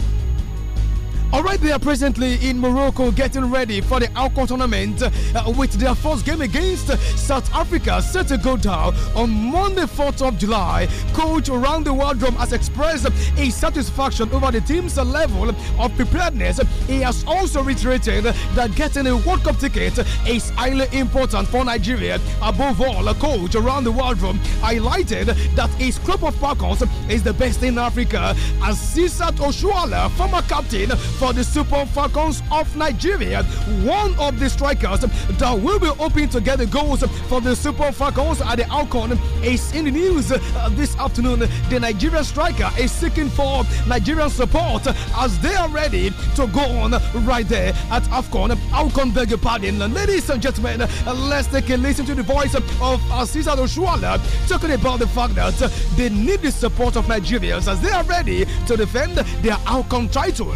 Speaker 19: All right, they are presently in Morocco getting ready for the Alcohol tournament uh, with their first game against South Africa set to go down on Monday, 4th of July. Coach around the world room has expressed his satisfaction over the team's level of preparedness. He has also reiterated that getting a World Cup ticket is highly important for Nigeria. Above all, coach around the world room highlighted that his club of Falcons is the best in Africa. As Sisat Oshuala, former captain for the Super Falcons of Nigeria. One of the strikers that will be hoping to get the goals for the Super Falcons at the Alcon is in the news uh, this afternoon. The Nigerian striker is seeking for Nigerian support as they are ready to go on right there at AFCON. Alcon, beg your pardon. Ladies and gentlemen, let's take a listen to the voice of Asisa Oshuala talking about the fact that they need the support of Nigerians as they are ready to defend their Alcon title.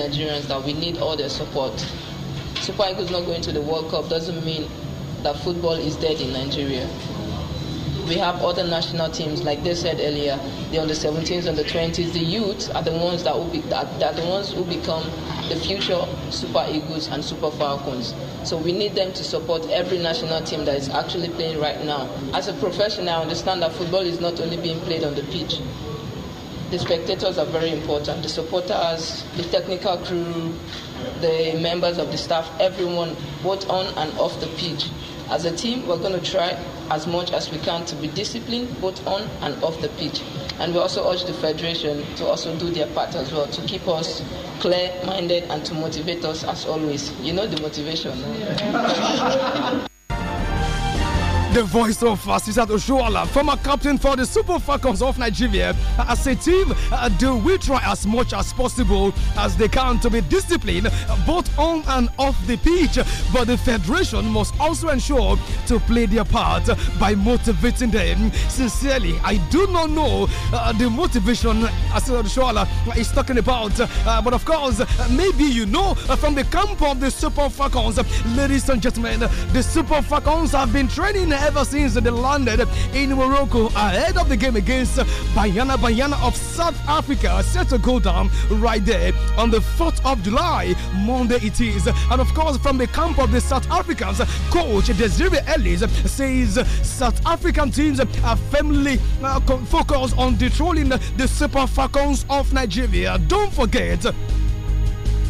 Speaker 3: Nigerians that we need all their support. Super Eagles not going to the World Cup doesn't mean that football is dead in Nigeria. We have
Speaker 7: other national teams, like they said earlier, the under 17s, the 20s. The youth are the ones that will
Speaker 3: be that, that the ones who become the future Super Eagles and Super Falcons. So we need them to support every national team that is actually playing right now. As a professional, I understand that football is not only being played on the pitch the spectators are very important. The supporters, the technical crew, the members of the staff, everyone, both on and off the pitch. As a team, we're going to try as much as we can to be disciplined, both on and off the pitch. And we also urge the federation to also do their part as well to keep us clear-minded and to motivate us as always. You know the motivation.
Speaker 7: Yeah.
Speaker 19: The voice of Assisat Oshuala, former captain for the Super Falcons of Nigeria, as a team, uh, do we try as much as possible as they can to be disciplined, both on and off the pitch? But the federation must also ensure to play their part by motivating them. Sincerely, I do not know uh, the motivation Assisat Oshuala is talking about, uh, but of course, maybe you know uh, from the camp of the Super Falcons, ladies and gentlemen, the Super Falcons have been training ever since they landed in Morocco ahead of the game against Bayana Bayana of South Africa, set to go down right there on the 4th of July. Monday it is. And of course, from the camp of the South Africans, coach Desiree Ellis says South African teams are firmly uh, focused on controlling the Super Falcons of Nigeria. Don't forget.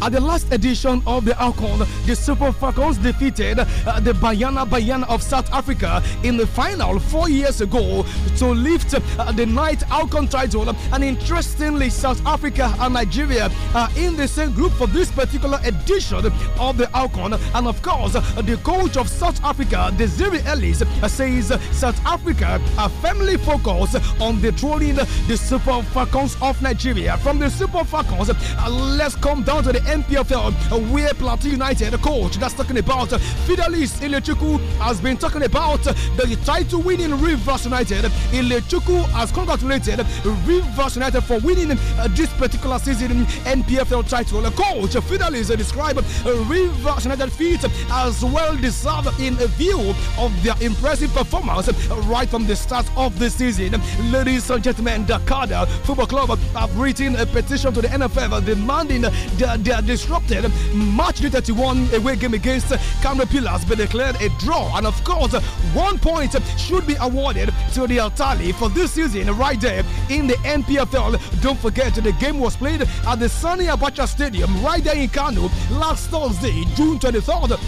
Speaker 19: At the last edition of the Alcon, the Super Falcons defeated uh, the Bayana Bayana of South Africa in the final four years ago to lift uh, the night Alcon title. And interestingly, South Africa and Nigeria are in the same group for this particular edition of the Alcon. And of course, the coach of South Africa, Desiree Ellis, uh, says South Africa are firmly focused on dethrowing the Super Falcons of Nigeria. From the Super Falcons, uh, let's come down to the MPFL, where Plateau United, the coach that's talking about uh, Fidelis Ilechuku, has been talking about uh, the title winning Rivers United. Ilechuku has congratulated Rivers United for winning uh, this particular season NPFL title. The coach Fidelis described Rivers United feat as well deserved in view of their impressive performance right from the start of the season. Ladies and gentlemen, Dakar Football Club have written a petition to the NFF demanding their, their that disrupted. Match 31 away game against Camry Pillars been declared a draw, and of course, one point should be awarded to the Altali for this season right there in the NPFL. Don't forget, the game was played at the Sunny Abacha Stadium right there in Kano last Thursday, June 23rd.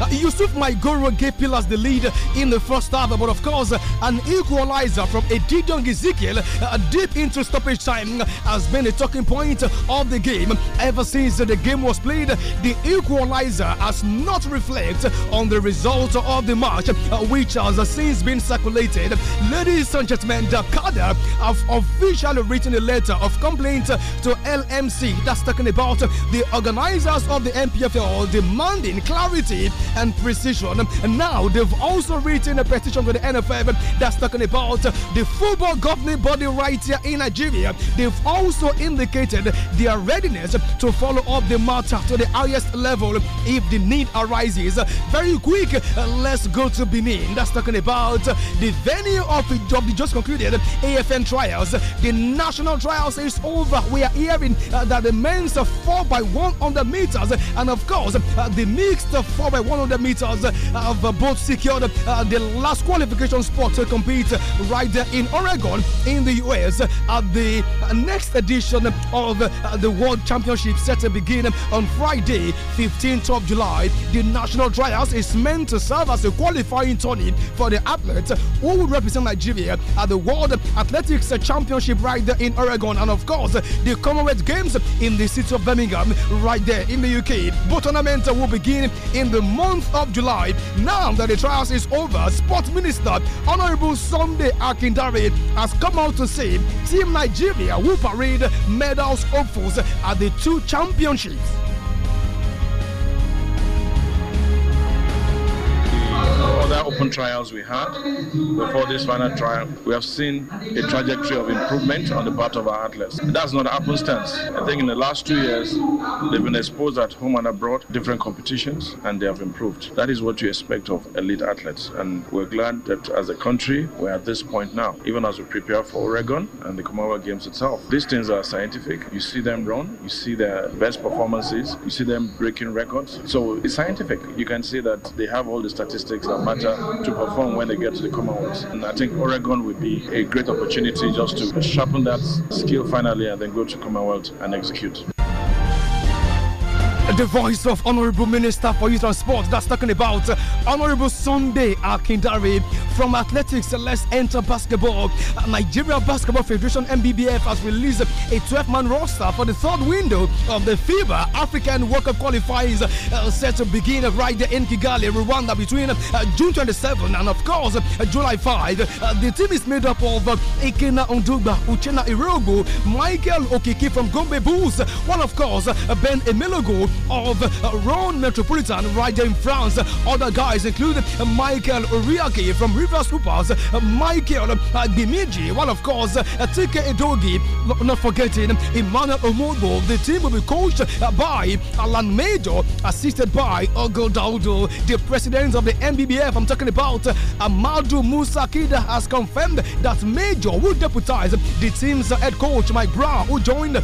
Speaker 19: Uh, Yusuf Maigoro gave Pillars the lead in the first half, but of course, uh, an equalizer from Edidong Ezekiel uh, deep into stoppage time uh, has been a talking point of the game. Ever since the game was played, the equalizer has not reflected on the result of the match, which has since been circulated. Ladies and gentlemen, Dakada have officially written a letter of complaint to LMC. That's talking about the organizers of the MPFL demanding clarity and precision. now they've also written a petition to the NFF that's talking about the football governing body right here in Nigeria. They've also indicated their readiness to follow up the matter to the highest level if the need arises. Very quick, uh, let's go to Benin. That's talking about the venue of the job just concluded AFN trials. The national trials is over. We are hearing uh, that the men's 4 by 100 meters and, of course, uh, the mixed 4 by 100 100 meters have uh, uh, both secured uh, the last qualification spot to compete right there in Oregon in the US at the next edition of the World Championship set to begin on Friday, 15th of July. The national trials is meant to serve as a qualifying tournament for the athletes who will represent Nigeria at the World Athletics Championship right there in Oregon and, of course, the Commonwealth Games in the city of Birmingham right there in the UK. Both tournaments will begin in the month of July. Now that the trials is over, Sports Minister Honorable Sunday Akindare has come out to say Team Nigeria will parade medals hopefuls at the two championships.
Speaker 4: other open trials we had before this final
Speaker 12: trial, we have seen a trajectory of improvement on the part of our athletes. That's not happenstance. I think in the last two years, they've been exposed at home and abroad, different competitions, and they have
Speaker 14: improved. That is what you expect of elite athletes. And we're glad that as a country, we're at this
Speaker 19: point now, even as we prepare for Oregon and the Commonwealth Games itself. These things are scientific. You see them run, you see their best performances, you see them breaking records. So it's scientific. You can see that they have all the statistics that matter to perform when they get to the Commonwealth. And I think Oregon would be a great opportunity just to sharpen that skill finally and then go to Commonwealth and execute the voice of Honorable Minister for Youth and Sports. That's talking about Honorable Sunday Akindari from athletics. Let's enter basketball. Nigeria Basketball Federation MBBF has released a 12 man roster for the third window of the FIBA African World Cup qualifiers uh, set to begin right there in Kigali, Rwanda, between uh, June 27 and, of course, uh, July 5. Uh, the team is made up of uh, Ikena Onduba, Uchena Irogo, Michael Okiki from Gombe Bulls, one, of course, uh, Ben Emelogo, of uh, Rhone Metropolitan right there in France. Other guys include uh, Michael Uriaki from Rivers Hoopers, uh, Michael Gimiji, well, of course, Tika Edogi, not forgetting Emmanuel Omodo. The team will be coached by Alan Major, assisted by Ogildaldo, the president of the MBBF. I'm talking about Amadu Musakida has confirmed that Major will deputize the team's head coach, Mike Brown, who joined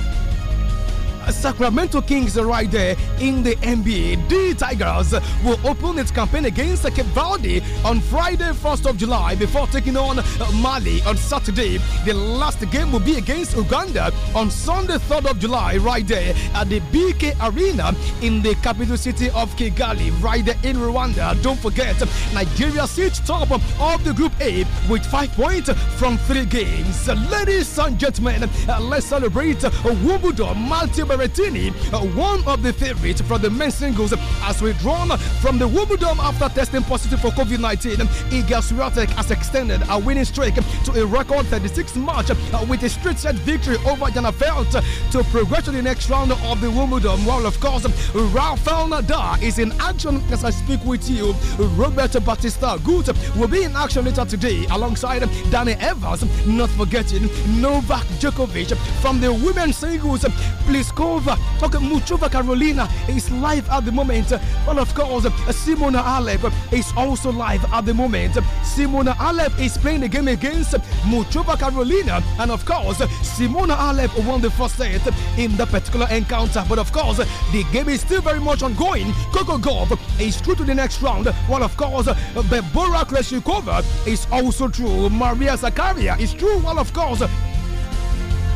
Speaker 19: Sacramento Kings right there in the NBA. The Tigers will open its campaign against Cape Verde on Friday, 1st of July, before taking on Mali on Saturday. The last game will be against Uganda on Sunday, 3rd of July, right there at the BK Arena in the capital city of Kigali, right there in Rwanda. Don't forget, Nigeria sits top of the Group A with five points from three games. Ladies and gentlemen, let's celebrate Wimbledon multiple Berrettini, uh, one of the favorites for the men's singles, has withdrawn from the Wimbledon after testing positive for COVID 19. Iga Swiatek has extended a winning streak to a record 36 match uh, with a straight set victory over Jana Felt to progress to the next round of the Wimbledon. While of course, Rafael Nadal is in action as I speak with you. Roberto Batista Gut will be in action later today alongside Danny Evans. Not forgetting Novak Djokovic from the women's singles. Please call Kova, okay, Muchova Carolina is live at the moment. Well, of course, Simona Alep is also live at the moment. Simona Alep is playing the game against Muchova Carolina, and of course, Simona Alep won the first set in the particular encounter. But of course, the game is still very much ongoing. Coco Gov is through to the next round. Well, of course, Bebora Kreshikova is also true. Maria Zakaria is true. Well, of course,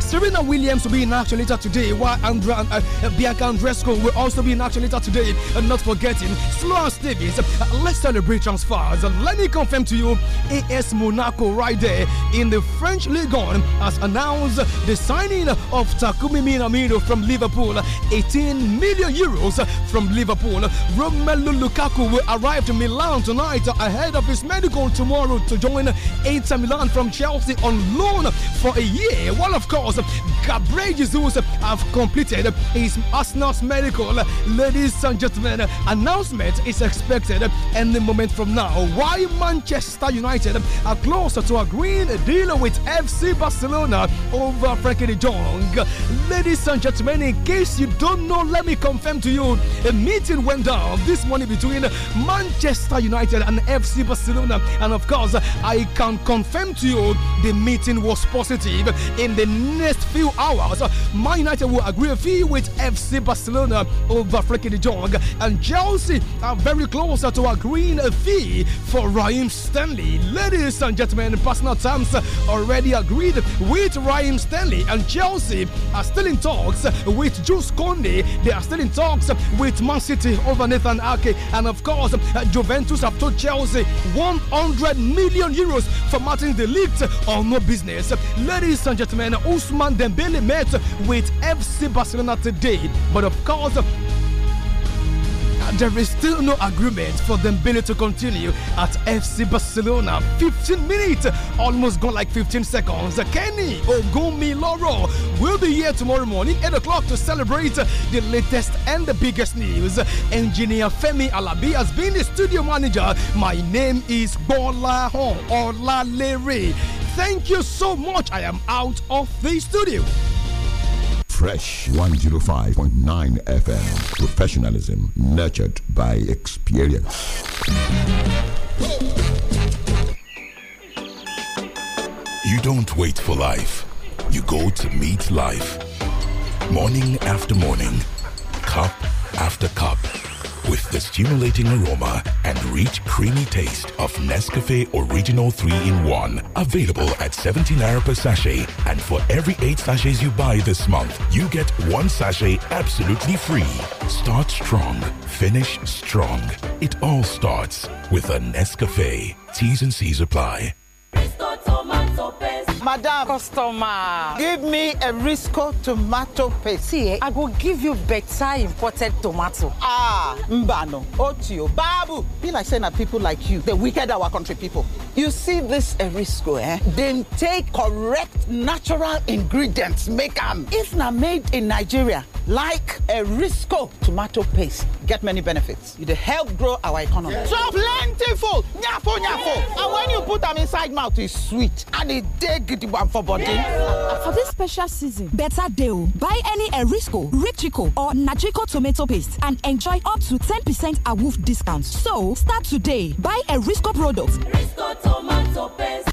Speaker 19: Serena Williams will be in action later today, while Andrea and uh, Bianca Andresco will also be in action later today. And not forgetting Sloan Davis. let's celebrate transfers. let me confirm to you, AS Monaco right there in the French League One has announced the signing of Takumi Minamino from Liverpool, 18 million euros from Liverpool. Romelu Lukaku will arrive to Milan tonight ahead of his medical tomorrow to join Inter Milan from Chelsea on loan for a year. Well, of course, Gabriel Jesus have completed his Arsenal's medical. Ladies and gentlemen, announcement is expected any moment from now. Why Manchester United are closer to agreeing a deal with FC Barcelona over Frankie de Jong. Ladies and gentlemen, in case you don't know, let me confirm to you a meeting went down this morning between Manchester United and FC Barcelona. And of course, I can confirm to you the meeting was positive in the next few hours, Man United will agree a fee with FC Barcelona over Frankie de Jong, and Chelsea are very close to agreeing a fee for Raheem Stanley. Ladies and gentlemen, personal terms already agreed with Raheem Stanley, and Chelsea are still in talks with Jules Conde. They are still in talks with Man City over Nathan Ake, and of course, Juventus have told Chelsea 100 million euros for Martin Delict on no business. Ladies and gentlemen, Usman. Usman Dembele met with FC Barcelona today. But of course, there is still no agreement for Dembele to continue at FC Barcelona. 15 minutes, almost gone like 15 seconds. Kenny Ogumiloro will be here tomorrow morning, 8 o'clock, to celebrate the latest and the biggest news. Engineer Femi Alabi has been the studio manager. My name is Bola Hon Olalere. Thank you so much. I am out of the studio.
Speaker 11: Fresh
Speaker 14: 105.9 FM. Professionalism nurtured by experience.
Speaker 19: You don't wait for life, you go to meet life. Morning after morning, cup after cup with the stimulating aroma and rich creamy taste of Nescafe Original 3-in-1. Available at 17 naira per sachet. And for every 8 sachets you buy this month, you get 1 sachet absolutely free. Start strong, finish strong. It all starts with a Nescafe. T's and C's apply.
Speaker 13: Madam. Customer. Give me a Risco tomato paste. See, eh, I will give you better imported tomato. Ah, Mbano, Otio, Babu. Be like saying that people like you, the wicked our country people. You see this Risco, eh? Then take correct natural ingredients, make them. If not made in Nigeria, like Risco tomato paste, get many benefits. It help grow our economy. Yeah. So plentiful, nyafo, nyafo. Yeah. And when you put them inside mouth, it's sweet and it dig one for body. For
Speaker 3: this special season, better deal. Buy any Erisco, Ripchico, or Nachico tomato paste and enjoy up to 10% awoof discount. So, start today. Buy Erisco products.
Speaker 2: Risco tomato paste.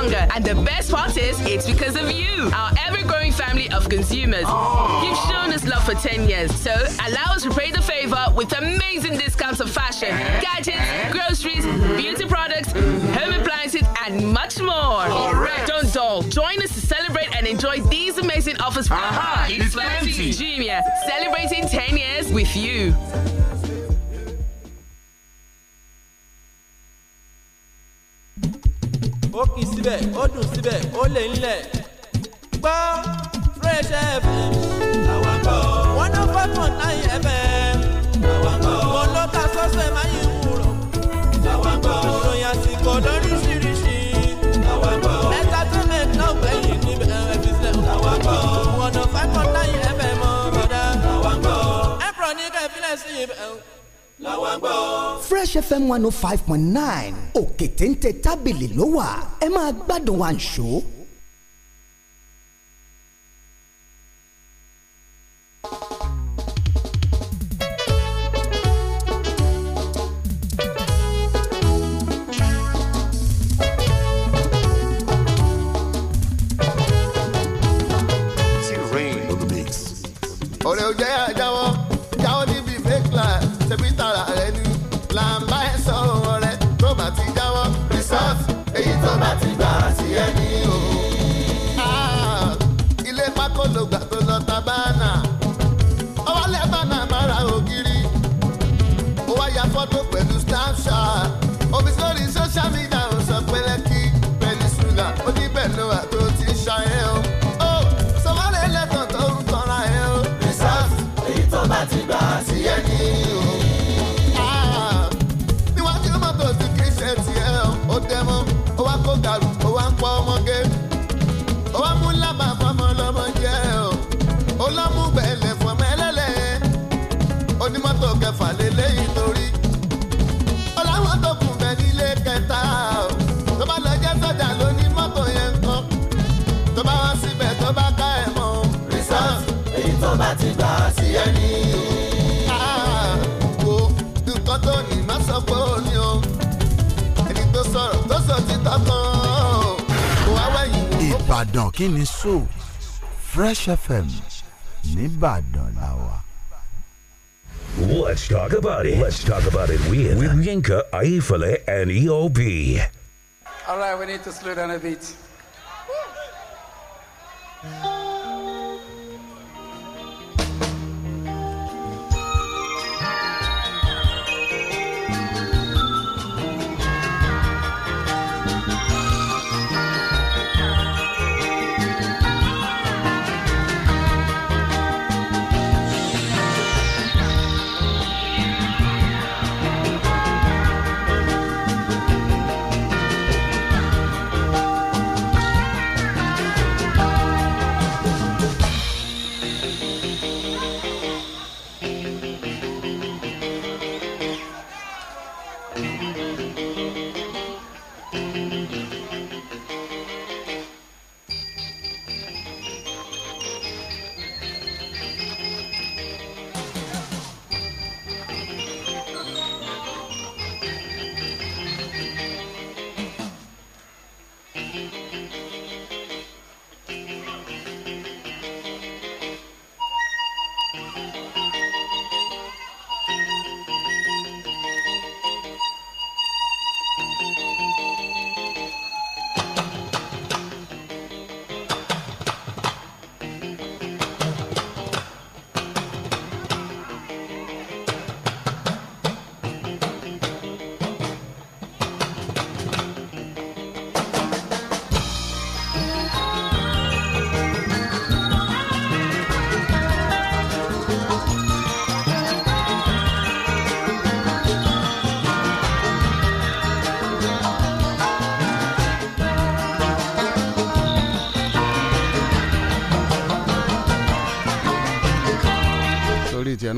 Speaker 15: stronger. And the best part is, it's because of you, our ever growing family of consumers. You've shown us love for 10 years. So allow us to pay the favor with amazing discounts of fashion, gadgets, groceries, beauty products, home appliances, and much more. Correct. Don't dull. Join us to celebrate and enjoy these amazing offers from ah, Aha, it's Junior, celebrating 10 years with you.
Speaker 12: you ó kì í síbẹ̀ ó dùn
Speaker 2: síbẹ̀ ó lè ń lẹ̀. gbọ́ fresh fm àwọn gbọ́ one oh five point nine fm àwọn gbọ́ mo ló ta sọ́sẹ̀ máa yí wúrọ̀ àwọn gbọ́ ìròyìn àsìkò lóríṣiríṣi àwọn gbọ́ ẹ̀ka tó lè ná níbẹ̀ ẹ̀ fi sẹ́ àwọn gbọ́ one oh five point nine fm ọ̀dà àwọn gbọ́ ẹ̀pọ̀ ní kẹ́fílẹ̀ sí ibẹ̀ làwọn gbọ́.
Speaker 13: fresh fm one oh five point nine òkè téńté tábìlì ló wà ẹ máa gbádùn àǹṣó.
Speaker 20: what
Speaker 11: ìbàdàn kí ni so fresh fm nìbàdàn
Speaker 4: la wà. let's talk about it let's talk about it with, with yinka ayifale and eob.
Speaker 12: all right we need to slow down a bit.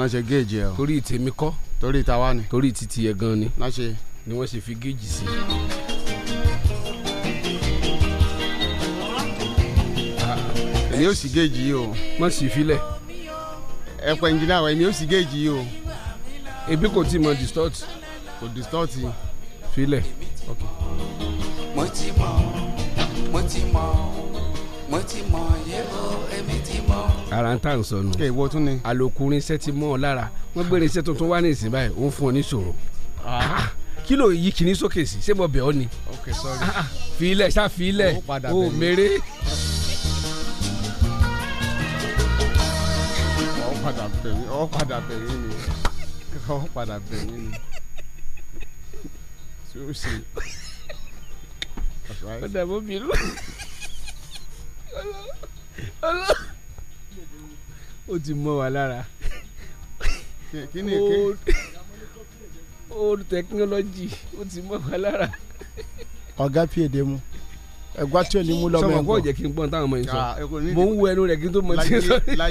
Speaker 12: náà ṣe géèjì ẹ o. torí tèmi kọ́. torí tàwa ni. torí titi ẹ gan ni. náà ṣe. ni wọ́n ṣe fi géèjì sí. èmi ò sì géèjì yìí o. má sì filẹ̀. ẹ pẹ́ ẹnjìnà wa èmi ò sì géèjì yìí o. ebi kò tí mo distort. kò distort. filẹ̀. ara ń tà ń sọnù. kẹ ìwọ tún ni. àlòkùnrin iṣẹ́ ti mọ́ ọ lára wọ́n gbére iṣẹ́ tuntun wá ní ìsìn báyìí ó ń fún ọ ní ṣòro. Ah. Ah, kí ló yí kìíní sókè sí ṣé mo bẹ̀ ọ́ ni. ok sorry. Ah, filẹ̀ ṣá filẹ̀ o mèrè. ọ̀ padà bẹ̀rẹ̀ ọ̀ padà bẹ̀rẹ̀ ni ọ̀ padà bẹ̀rẹ̀ ni seriously. That's right. But that would be. Hello. Hello ó ti mọ́ wa lára. kí ni èké. old technology ó ti mọ́ wa lára. ọ̀gá pí èdè e mu ẹgbà tí ò ní mú lọ́mọ ẹ̀kọ́. sọ̀rọ̀ kò jẹ́ kí n gbọ́n táwọn ọmọ yìí sọ ah, mò ń wo ẹnu rẹ̀ kí n tó mọ tí ń sọ. ẹ mọ̀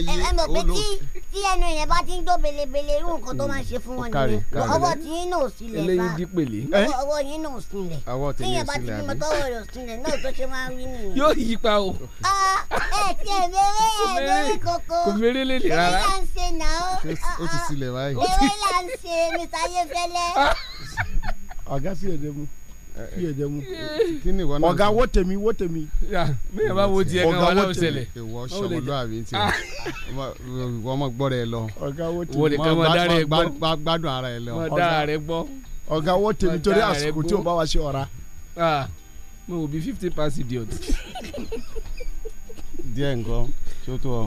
Speaker 12: pé
Speaker 21: tí tí ẹnu yẹn bá ti ń dó belebele irú nǹkan tó máa ṣe fún wọn nìyẹn ọwọ́ tí yín náà sílẹ̀ bá eléyìí dípèlé ọwọ́ yín náà sílẹ̀
Speaker 12: tí yẹn bá ti fi mọ tọwọ́
Speaker 21: rẹ̀ sílẹ̀ náà tó ṣe máa rí nìyẹn. yóò yí pa o. Ah, ẹ ti ẹ mèrè ẹ lórí koko kò mèrè lè lè rárá ẹ
Speaker 12: sí ẹ̀dẹ̀ mu kí ẹ jẹ mu ọ̀gá wo tèmi wo tèmi. mi yàrá wo tiẹ̀ kan wà láwọn ṣẹlẹ̀. ìwọ sọmọlúwàbí ti ah. wọ́n mọ̀ gbọ́ rẹ̀ lọ. ọ̀gá wo tèmi wọ́n nìkan mọ̀ dára ẹ̀ gbọ́ gbádùn ara ẹ̀ lọ. mọ̀ dára rẹ̀
Speaker 20: gbọ́. ọ̀gá wo tèmi torí àsìkò tí o bá wa ṣe ọ̀ra.
Speaker 12: mo ò bí fifty pass idiot. díẹ̀ nǹkan tó tó ọ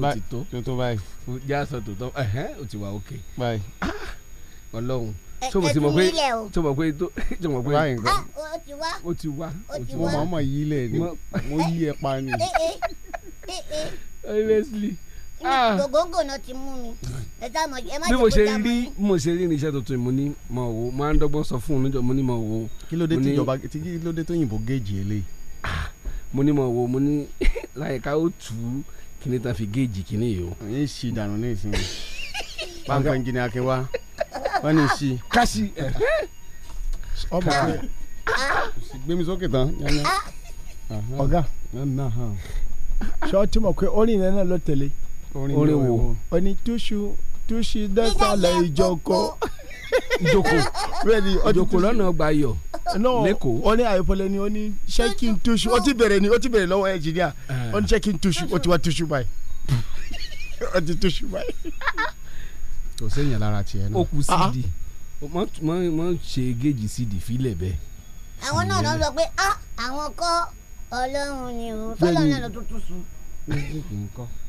Speaker 12: o ti tó tó tó báyìí. jáàsọ tó tọ́ ẹ̀hẹ́n o ti wà ókè. báyìí. Ah, ọlọ́run sọmọ sí mọ pé sọmọ pé sọmọ pé báyìí nǹkan ó ah, ti wá ó ti wá ó ti wá màmá yí lẹ ni mo yí ẹ pa ni eh, eh, eh, honestly
Speaker 21: ah. gògóńgò náà ti mú mi ẹ sá mọ ẹ má jẹ kó já mọ ni. bí
Speaker 12: mo ṣe rí irinṣẹ́ tuntun mo ní mo wò máa ń dọ́gbọ́n sọ fún un níjọ mo ní mo wò. kí ló dé tí ìjọba kí ló dé tó yìnbó géèjì eléyìí. Ah, mo ní mo wò mo ní láyìíká ó tù ú kí ni tá fi géèjì kí ni yìí o. èyí ṣì dànù ní ìsinyìí báńkà ìjìnlẹ akẹwà wọn ní sí. kasi eh. ọmọ rẹ gbẹmí sókè tán. ọ̀gá ṣọ́ọ́ tí mo pe orin yẹn náà ló tẹ̀lé orin wo oní túṣu túṣu dẹ́sàlẹ̀ ìjókòó ìjókòó bẹ́ẹ̀ni ìjókòó lọ́nà ọgbà yọ lẹ́kọ̀ọ́. ó ní àyọ̀pọ̀lẹ̀ ni ó ní ṣẹ́kì ń túṣu ó ti bẹ̀rẹ̀ ni o ti bẹ̀rẹ̀ lọ́wọ́ ẹnjìníà oni eh. ní ṣẹ́kì ń túṣu ó ti wá túṣu báyìí
Speaker 21: ó ti túṣu báyìí
Speaker 12: tó séèyàn lára tiẹ̀ náà. ó kú cd ah, ah. mọ ṣe géèjì cd fílẹ̀ bẹ́ẹ̀.
Speaker 21: àwọn náà náà sọ pé ah, àwọn kọ́ ọlọ́run ni o tọ́lọ́run náà ló tó tún sùn.